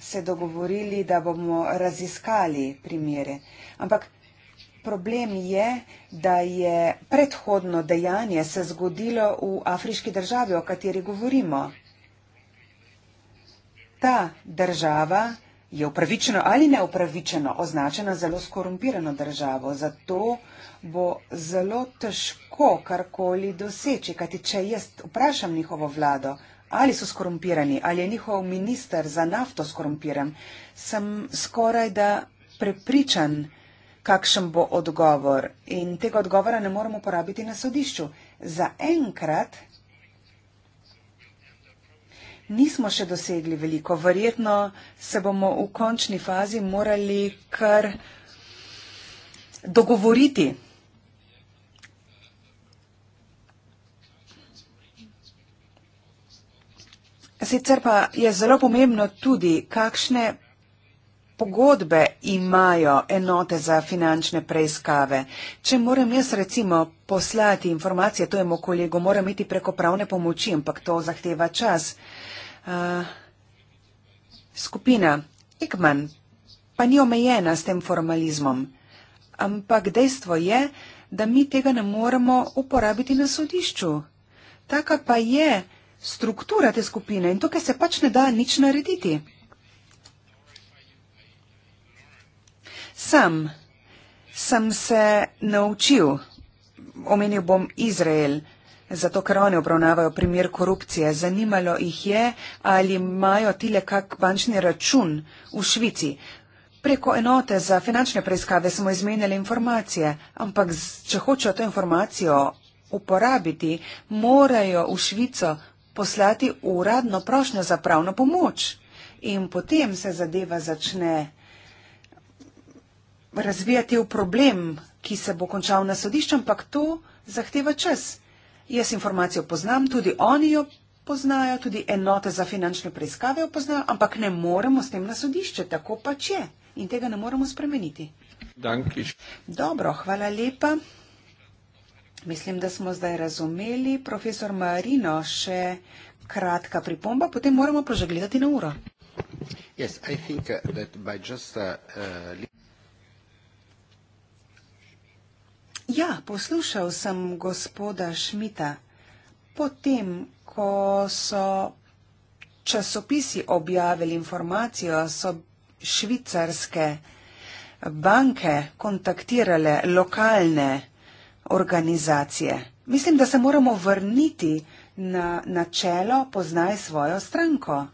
se dogovorili, da bomo raziskali primere. Ampak problem je, da je predhodno dejanje se zgodilo v afriški državi, o kateri govorimo. Ta država, je upravičeno ali neupravičeno označena zelo skorumpirano državo. Zato bo zelo težko karkoli doseči, kajti če jaz vprašam njihovo vlado, ali so skorumpirani, ali je njihov minister za nafto skorumpiran, sem skoraj da prepričan, kakšen bo odgovor. In tega odgovora ne moremo uporabiti na sodišču. Za enkrat nismo še dosegli veliko. Verjetno se bomo v končni fazi morali kar dogovoriti. Sicer pa je zelo pomembno tudi, kakšne pogodbe imajo enote za finančne preiskave. Če moram jaz recimo poslati informacije tojemu kolegu, moram iti preko pravne pomoči, ampak to zahteva čas. Uh, uh, skupina Ekman pa ni omejena s tem formalizmom. Ampak dejstvo je, da mi tega ne moremo uporabiti na sodišču. Taka pa je struktura te skupine in tukaj se pač ne da nič narediti. Sam sem se naučil, omenil bom Izrael, zato ker oni obravnavajo primer korupcije. Zanimalo jih je, ali imajo tile kak bančni račun v Švici. Preko enote za finančne preiskave smo izmenjali informacije, ampak če hočejo to informacijo uporabiti, morajo v Švico poslati uradno prošnjo za pravno pomoč. In potem se zadeva začne razvijati v problem, ki se bo končal na sodišču, ampak to zahteva čas. Jaz informacijo poznam, tudi oni jo poznajo, tudi enote za finančne preiskave jo poznajo, ampak ne moremo s tem na sodišče, tako pač je in tega ne moremo spremeniti. Dankiš. Dobro, hvala lepa. Mislim, da smo zdaj razumeli. Profesor Marino, še kratka pripomba, potem moramo pa že gledati na uro. Yes, Ja, poslušal sem gospoda Šmita. Potem, ko so časopisi objavili informacijo, so švicarske banke kontaktirale lokalne organizacije. Mislim, da se moramo vrniti na načelo poznaj svojo stranko.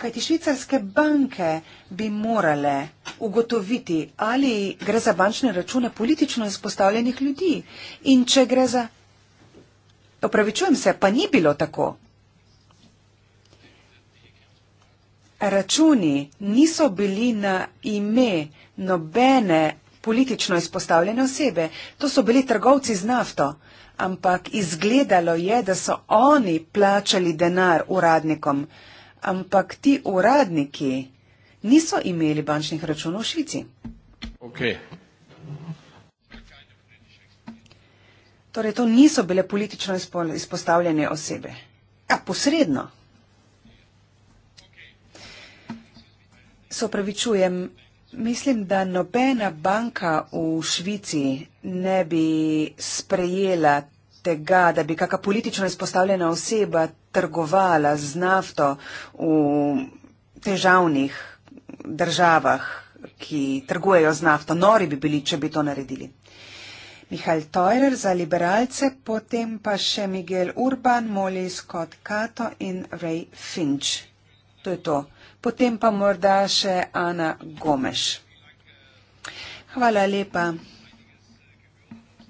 Kajti švicarske banke bi morale ugotoviti, ali gre za bančne račune politično izpostavljenih ljudi. In če gre za. Opravičujem se, pa ni bilo tako. Računi niso bili na ime nobene politično izpostavljene osebe. To so bili trgovci z nafto, ampak izgledalo je, da so oni plačali denar uradnikom. Ampak ti uradniki niso imeli bančnih računov v Švici. Okay. Torej, to niso bile politično izpostavljene osebe. Ja, posredno. Sopravičujem, mislim, da nobena banka v Švici ne bi sprejela tega, da bi kakšna politično izpostavljena oseba trgovala z nafto v težavnih državah, ki trgujejo z nafto. Nori bi bili, če bi to naredili. Mihajl Teurer za liberalce, potem pa še Miguel Urban, Molly Scott Cato in Ray Finch. To je to. Potem pa morda še Ana Gomeš. Hvala lepa.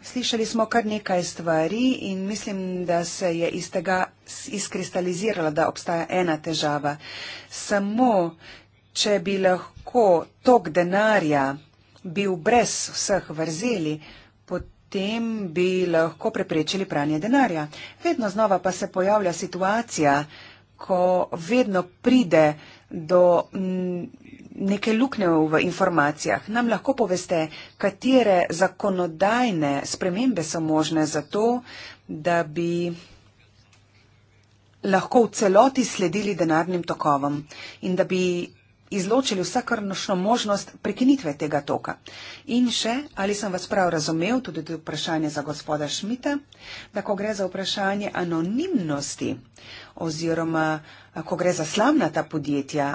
Slišali smo kar nekaj stvari in mislim, da se je iz tega izkristaliziralo, da obstaja ena težava. Samo če bi lahko tok denarja bil brez vseh vrzeli, potem bi lahko preprečili pranje denarja. Vedno znova pa se pojavlja situacija, ko vedno pride do neke luknje v informacijah. Nam lahko poveste, katere zakonodajne spremembe so možne za to, da bi lahko v celoti sledili denarnim tokovom in da bi izločili vsakršno možnost prekinitve tega toka. In še, ali sem vas prav razumel, tudi to vprašanje za gospoda Šmita, da ko gre za vprašanje anonimnosti oziroma ko gre za slamnata podjetja,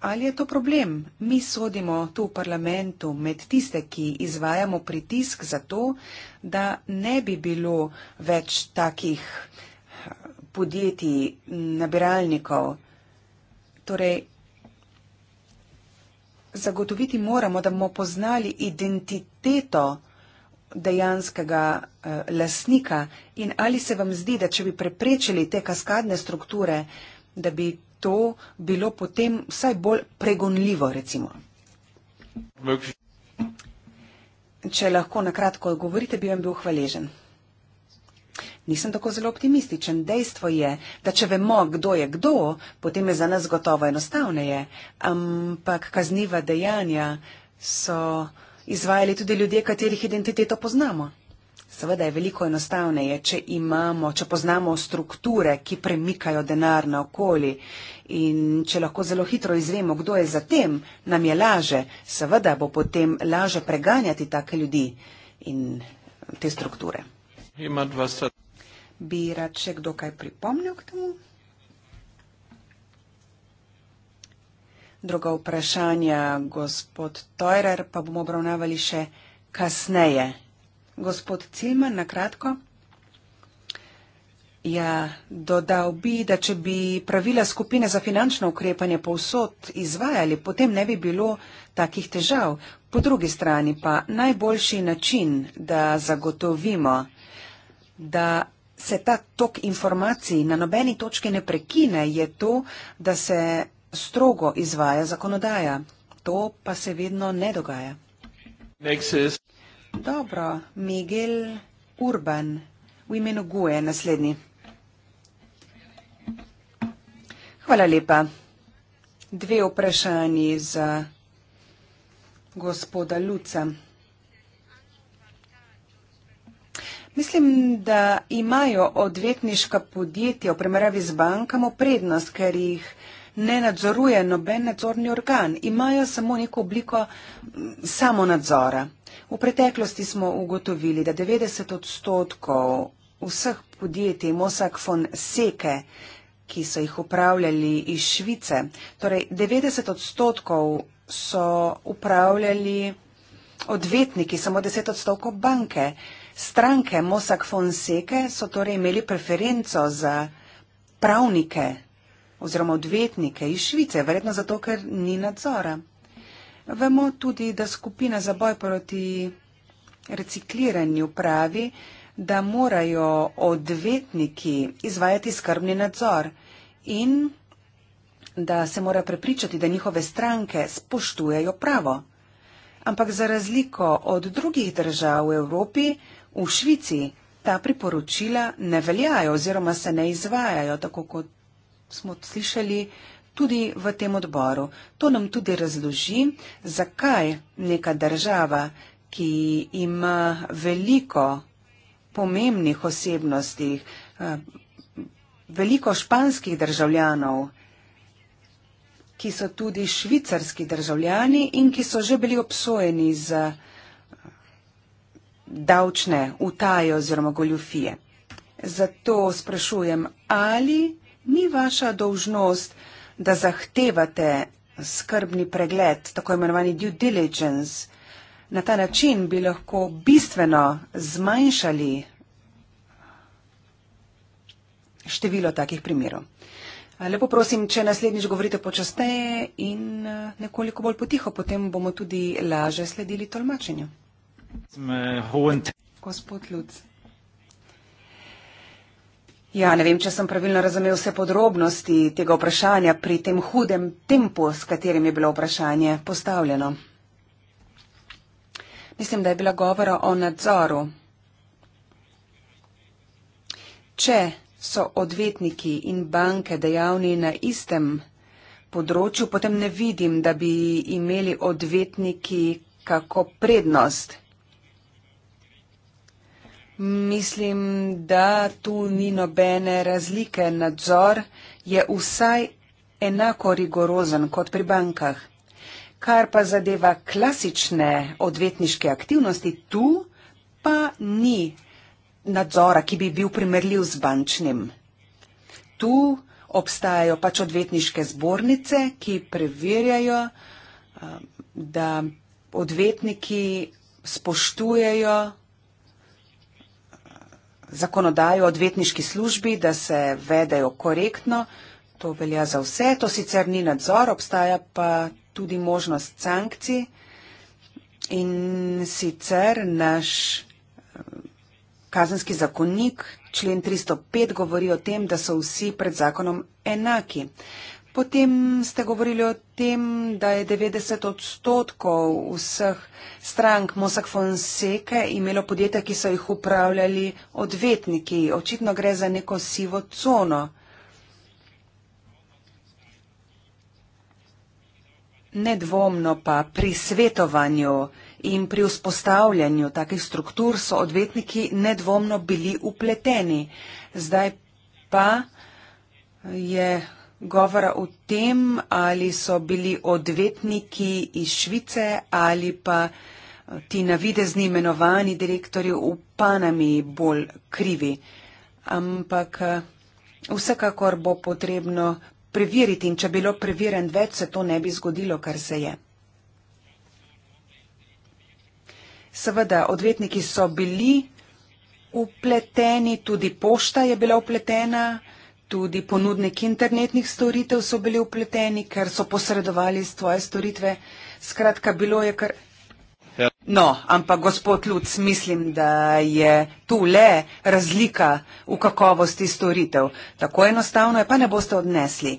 ali je to problem? Mi sodimo tu v parlamentu med tiste, ki izvajamo pritisk za to, da ne bi bilo več takih podjetij, nabiralnikov. Torej, zagotoviti moramo, da bomo poznali identiteto dejanskega eh, lasnika in ali se vam zdi, da če bi preprečili te kaskadne strukture, da bi to bilo potem vsaj bolj pregonljivo, recimo. Če lahko nakratko odgovorite, bi vam bil hvaležen nisem tako zelo optimističen. Dejstvo je, da če vemo, kdo je kdo, potem je za nas gotovo enostavneje. Ampak kazniva dejanja so izvajali tudi ljudje, katerih identiteto poznamo. Seveda je veliko enostavneje, če imamo, če poznamo strukture, ki premikajo denar na okoli in če lahko zelo hitro izvemo, kdo je za tem, nam je laže. Seveda bo potem laže preganjati take ljudi in te strukture. Imate vas bi rad še kdo kaj pripomnil k temu? Druga vprašanja, gospod Tojrer, pa bomo obravnavali še kasneje. Gospod Cilman, nakratko. Ja, dodal bi, da če bi pravila skupine za finančno ukrepanje povsod izvajali, potem ne bi bilo takih težav. Po drugi strani pa najboljši način, da zagotovimo, da se ta tok informacij na nobeni točki ne prekine, je to, da se strogo izvaja zakonodaja. To pa se vedno ne dogaja. Is... Dobro, Miguel Urban v imenu Guje naslednji. Hvala lepa. Dve vprašanji za gospoda Luca. Mislim, da imajo odvetniška podjetja v primerjavi z bankami prednost, ker jih ne nadzoruje noben nadzorni organ. Imajo samo neko obliko samonadzora. V preteklosti smo ugotovili, da 90 odstotkov vseh podjetij Mosak von Seke, ki so jih upravljali iz Švice, torej 90 odstotkov so upravljali odvetniki, samo 10 odstotkov banke. Stranke Mosak Fonseke so torej imeli preferenco za pravnike oziroma odvetnike iz Švice, verjetno zato, ker ni nadzora. Vemo tudi, da skupina za boj proti recikliranju pravi, da morajo odvetniki izvajati skrbni nadzor in da se mora prepričati, da njihove stranke spoštujejo pravo. Ampak za razliko od drugih držav v Evropi, V Švici ta priporočila ne veljajo oziroma se ne izvajajo, tako kot smo slišali tudi v tem odboru. To nam tudi razloži, zakaj neka država, ki ima veliko pomembnih osebnosti, eh, veliko španskih državljanov, ki so tudi švicarski državljani in ki so že bili obsojeni za davčne utaje oziroma goljufije. Zato sprašujem, ali ni vaša dolžnost, da zahtevate skrbni pregled, tako imenovani due diligence. Na ta način bi lahko bistveno zmanjšali število takih primerov. Lepo prosim, če naslednjič govorite počasteje in nekoliko bolj potiho, potem bomo tudi laže sledili tolmačenju. Eh, Gospod Luc. Ja, ne vem, če sem pravilno razumel vse podrobnosti tega vprašanja pri tem hudem tempu, s katerim je bilo vprašanje postavljeno. Mislim, da je bila govora o nadzoru. Če so odvetniki in banke dejavni na istem področju, potem ne vidim, da bi imeli odvetniki kako prednost. Mislim, da tu ni nobene razlike. Nadzor je vsaj enako rigorozen kot pri bankah. Kar pa zadeva klasične odvetniške aktivnosti, tu pa ni nadzora, ki bi bil primerljiv z bančnim. Tu obstajajo pač odvetniške zbornice, ki preverjajo, eh, da odvetniki spoštujejo zakonodajo odvetniški službi, da se vedajo korektno. To velja za vse. To sicer ni nadzor, obstaja pa tudi možnost sankcij. In sicer naš eh, kazenski zakonnik, člen 305, govori o tem, da so vsi pred zakonom enaki. Potem ste govorili o tem, da je 90 odstotkov vseh strank Mosak Fonseke imelo podjetja, ki so jih upravljali odvetniki. Očitno gre za neko sivo cono. Nedvomno pa pri svetovanju in pri vzpostavljanju takih struktur so odvetniki nedvomno bili upleteni. Zdaj pa je govora o tem, ali so bili odvetniki iz Švice ali pa eh, ti navidezni imenovani direktorji v Panami bolj krivi. Ampak eh, vsekakor bo potrebno preveriti in če bilo preveren več, se to ne bi zgodilo, kar se je. Seveda, odvetniki so bili upleteni, tudi pošta je bila upletena. Tudi ponudniki internetnih storitev so bili upleteni, ker so posredovali svoje storitve. Skratka, bilo je kar. Ja. No, ampak gospod Luc, mislim, da je tu le razlika v kakovosti storitev. Tako enostavno je, pa ne boste odnesli.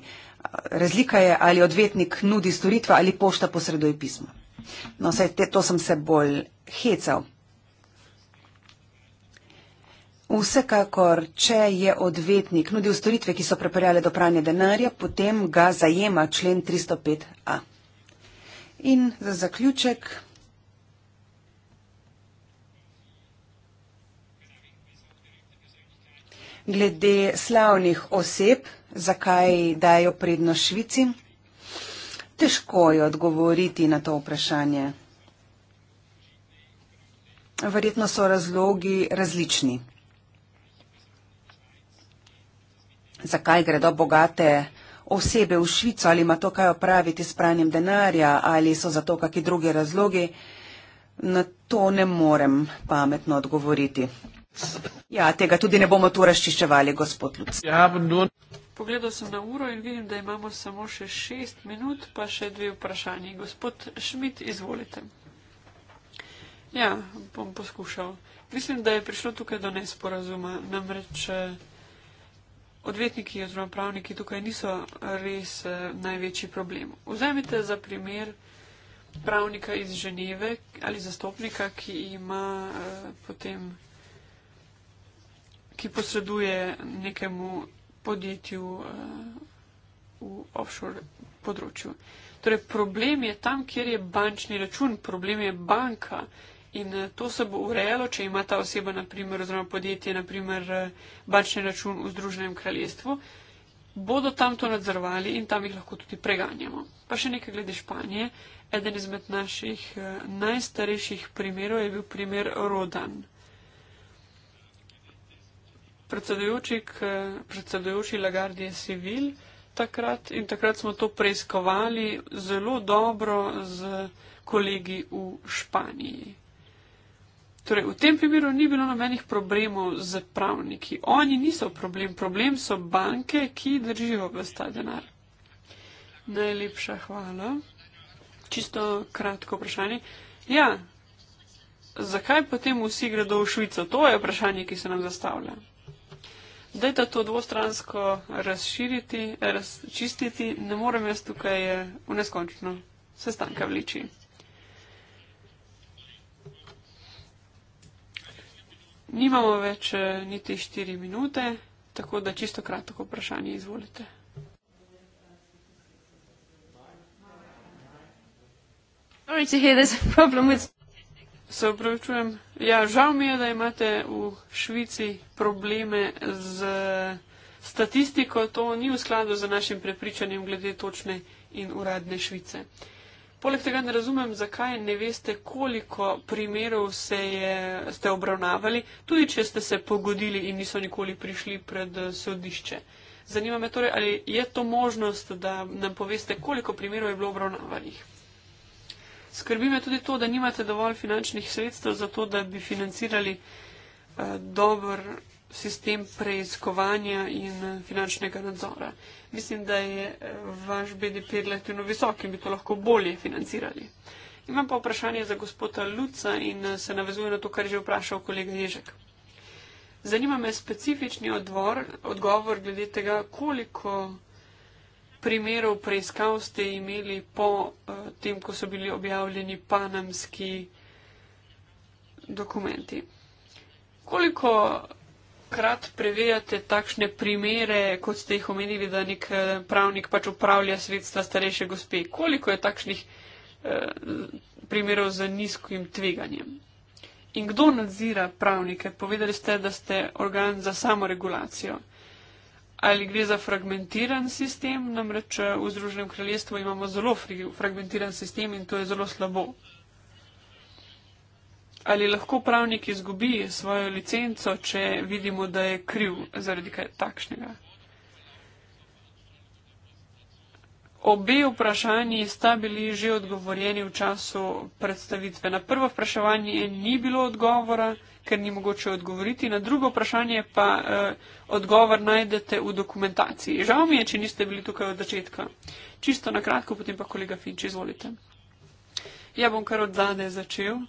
Razlika je, ali odvetnik nudi storitve ali pošta posreduje pismo. No, saj te, to sem se bolj hecal. Vsekakor, če je odvetnik nudil storitve, ki so preparjale do pranja denarja, potem ga zajema člen 305a. In za zaključek. Glede slavnih oseb, zakaj dajo prednost Švici, težko je odgovoriti na to vprašanje. Verjetno so razlogi različni. zakaj gredo bogate osebe v Švico, ali ima to kaj opraviti s pranjem denarja, ali so za to kakšni drugi razlogi, na to ne morem pametno odgovoriti. Ja, tega tudi ne bomo tu razčiščevali, gospod Luc. Ja, Pogledal sem na uro in vidim, da imamo samo še šest minut, pa še dve vprašanje. Gospod Šmit, izvolite. Ja, bom poskušal. Mislim, da je prišlo tukaj do nesporazuma. Namreč eh, odvetniki oziroma pravniki tukaj niso res eh, največji problem. Vzemite za primer pravnika iz Ženeve ali zastopnika, ki ima eh, potem, ki posreduje nekemu podjetju eh, v offshore področju. Torej, problem je tam, kjer je bančni račun, problem je banka, In eh, to se bo urejalo, če ima ta oseba, naprimer, oziroma podjetje, naprimer, eh, bančni račun v Združenem kraljestvu. Bodo tam to nadzorovali in tam jih lahko tudi preganjamo. Pa še nekaj glede Španije. Eden izmed naših eh, najstarejših primerov je bil primer Rodan. Predsedujoči, predsedujoči Lagardije Sevil takrat in takrat smo to preiskovali zelo dobro z kolegi v Španiji. Torej, v tem primeru ni bilo nobenih problemov z pravniki. Oni niso problem, problem so banke, ki držijo v sta denar. Najlepša hvala. Čisto kratko vprašanje. Ja, zakaj potem vsi gredo v Švico? To je vprašanje, ki se nam zastavlja. Dajte to dvostransko razširiti, razčistiti. Ne morem jaz tukaj eh, v neskončno no. sestanka vliči. Nimamo več eh, niti štiri minute, tako da čisto kratko vprašanje izvolite. Se upravičujem. Ja, žal mi je, da imate v Švici probleme z statistiko. To ni v skladu z našim prepričanjem glede točne in uradne Švice. Poleg tega ne razumem, zakaj ne veste, koliko primerov je, ste obravnavali, tudi če ste se pogodili in niso nikoli prišli pred eh, sodišče. Zanima me torej, ali je to možnost, da nam poveste, koliko primerov je bilo obravnavanih. Skrbi me tudi to, da nimate dovolj finančnih sredstev za to, da bi financirali eh, dober sistem preiskovanja in eh, finančnega nadzora. Mislim, da je eh, vaš BDP relativno visok in bi to lahko bolje financirali. Imam pa vprašanje za gospoda Luca in eh, se navezuje na to, kar je že vprašal kolega Ježek. Zanima me specifični odvor, odgovor glede tega, koliko primerov preiskav ste imeli po uh, tem, ko so bili objavljeni panamski dokumenti. Koliko krat preverjate takšne primere, kot ste jih omenili, da nek eh, pravnik pač upravlja sredstva starejše gospe? Koliko je takšnih eh, primerov z nizkim tveganjem? In kdo nadzira pravnike? Povedali ste, da ste organ za samoregulacijo. Ali gre za fragmentiran sistem, namreč eh, v Združenem kraljestvu imamo zelo fragmentiran sistem in to je zelo slabo. Ali lahko pravnik izgubi svojo licenco, če vidimo, da je kriv zaradi kaj takšnega? Obe vprašanji sta bili že odgovorjeni v času predstavitve. Na prvo vprašanje ni bilo odgovora, ker ni mogoče odgovoriti. Na drugo vprašanje pa eh, odgovor najdete v dokumentaciji. Žal mi je, če niste bili tukaj od začetka. Čisto na kratko, potem pa kolega Finč, izvolite. Ja bom kar od zadaj začel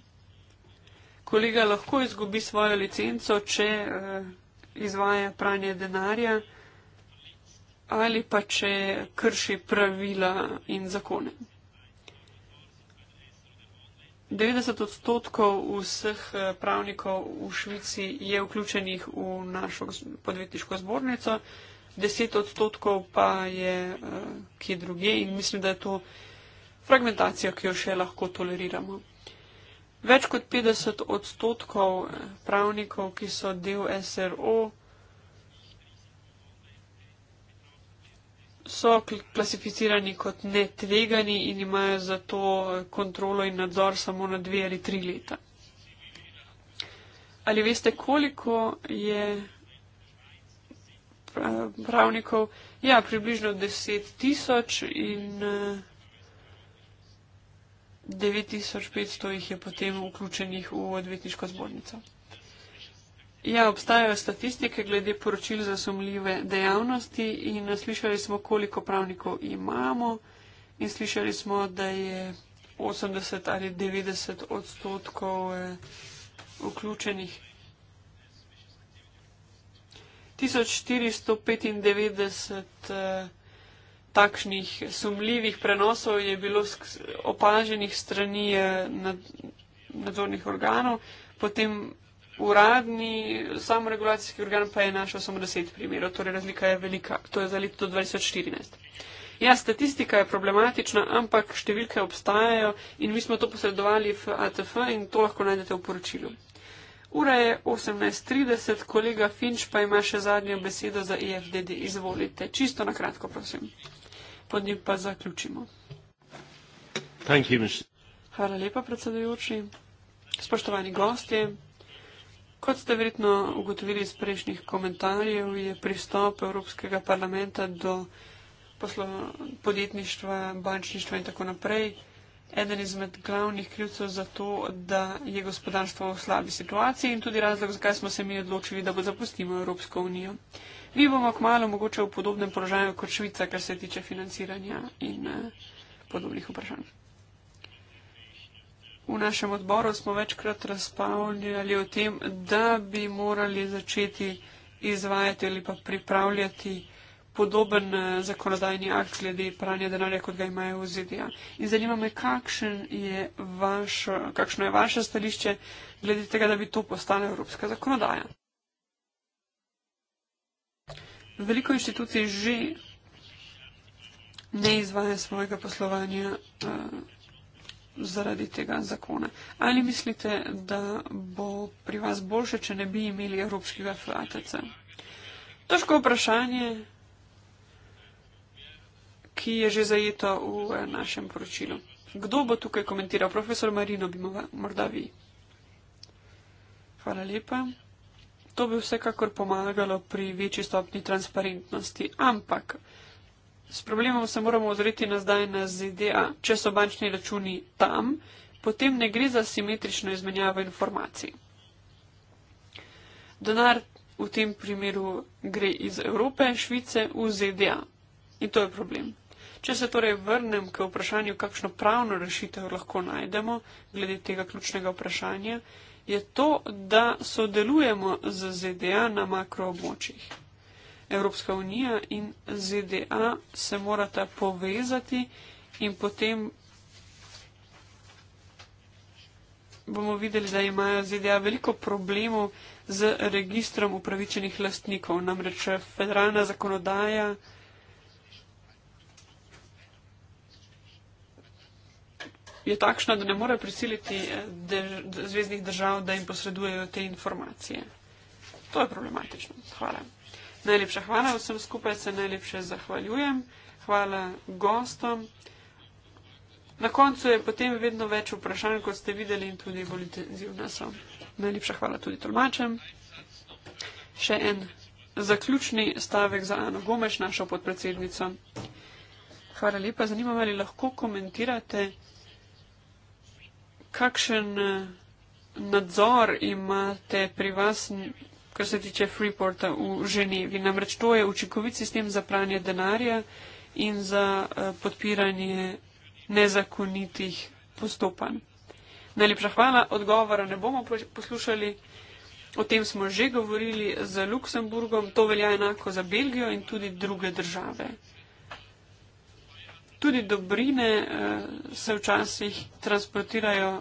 kolega lahko izgubi svojo licenco, če eh, izvaja pranje denarja ali pa če krši pravila in zakone. 90 odstotkov vseh eh, pravnikov v Švici je vključenih v našo podjetniško zbornico, 10 odstotkov pa je eh, kje druge in mislim, da je to fragmentacija, ki jo še lahko toleriramo. Več kot 50 odstotkov pravnikov, ki so del SRO, so klasificirani kot netvegani in imajo zato kontrolo in nadzor samo na dve ali tri leta. Ali veste, koliko je pravnikov? Ja, približno 10 tisoč in. Uh, 9500 jih je potem vključenih v odvetniško zbornico. Ja, obstajajo statistike glede poročil za sumljive dejavnosti in naslišali smo, koliko pravnikov imamo in slišali smo, da je 80 ali 90 odstotkov eh, vključenih. 1495 takšnih sumljivih prenosov je bilo opaženih strani eh, nadzornih organov, potem uradni samoregulacijski organ pa je našel samo 10 primerov, torej razlika je velika. To je za leto 2014. Ja, statistika je problematična, ampak številke obstajajo in mi smo to posredovali v ATF in to lahko najdete v poročilu. Ura je 18.30, kolega Finč pa ima še zadnjo besedo za EFDD. Izvolite, čisto na kratko, prosim potem pa zaključimo. Hvala lepa, predsedujoči. Spoštovani gosti, kot ste verjetno ugotovili iz prejšnjih komentarjev, je pristop Evropskega parlamenta do poslo, podjetništva, bančništva in tako naprej eden izmed glavnih krivcev za to, da je gospodarstvo v slabi situaciji in tudi razlog, zakaj smo se mi odločili, da bo zapustimo Evropsko unijo. Mi bomo kmalo mogoče v podobnem položaju kot Švica, kar se tiče financiranja in eh, podobnih vprašanj. V našem odboru smo večkrat razpravljali o tem, da bi morali začeti izvajati ali pa pripravljati podoben eh, zakonodajni akt glede pranja denarja, kot ga imajo v ZDA. In zanima me, je vaš, kakšno je vaše stališče glede tega, da bi to postala evropska zakonodaja veliko inštitucij že ne izvaja svojega poslovanja uh, zaradi tega zakona. Ali mislite, da bo pri vas boljše, če ne bi imeli evropskega FATC? Težko vprašanje, ki je že zajeto v našem poročilu. Kdo bo tukaj komentiral? Profesor Marino bi morda vi. Hvala lepa. To bi vsekakor pomagalo pri večji stopni transparentnosti. Ampak s problemom se moramo ozreti nazaj na ZDA. Če so bančni računi tam, potem ne gre za simetrično izmenjavo informacij. Donar v tem primeru gre iz Evrope, Švice v ZDA. In to je problem. Če se torej vrnem k vprašanju, kakšno pravno rešitev lahko najdemo glede tega ključnega vprašanja, je to, da sodelujemo z ZDA na makroobmočjih. Evropska unija in ZDA se morata povezati in potem bomo videli, da imajo ZDA veliko problemov z registrom upravičenih lastnikov. Namreč federalna zakonodaja. je takšna, da ne more prisiliti eh, dež, zvezdnih držav, da jim posredujejo te informacije. To je problematično. Hvala. Najlepša hvala vsem skupaj, se najlepše zahvaljujem. Hvala gostom. Na koncu je potem vedno več vprašanj, kot ste videli, in tudi bolj intenzivna so. Najlepša hvala tudi tolmačem. Še en zaključni stavek za Ano Gomeš, našo podpredsednico. Hvala lepa. Zanima me, ali lahko komentirate kakšen eh, nadzor imate pri vas, kar se tiče Freeporta v Ženevi? Namreč to je učinkovit sistem za pranje denarja in za eh, podpiranje nezakonitih postopanj. Najlepša hvala, odgovora ne bomo poslušali. O tem smo že govorili z Luksemburgom, to velja enako za Belgijo in tudi druge države tudi dobrine eh, se včasih transportirajo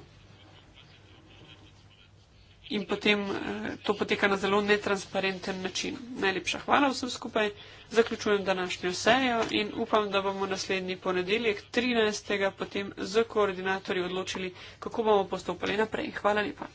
in potem eh, to poteka na zelo netransparenten način. Najlepša hvala vsem skupaj. Zaključujem današnjo sejo in upam, da bomo naslednji ponedeljek 13. potem z koordinatorji odločili, kako bomo postopali naprej. Hvala lepa.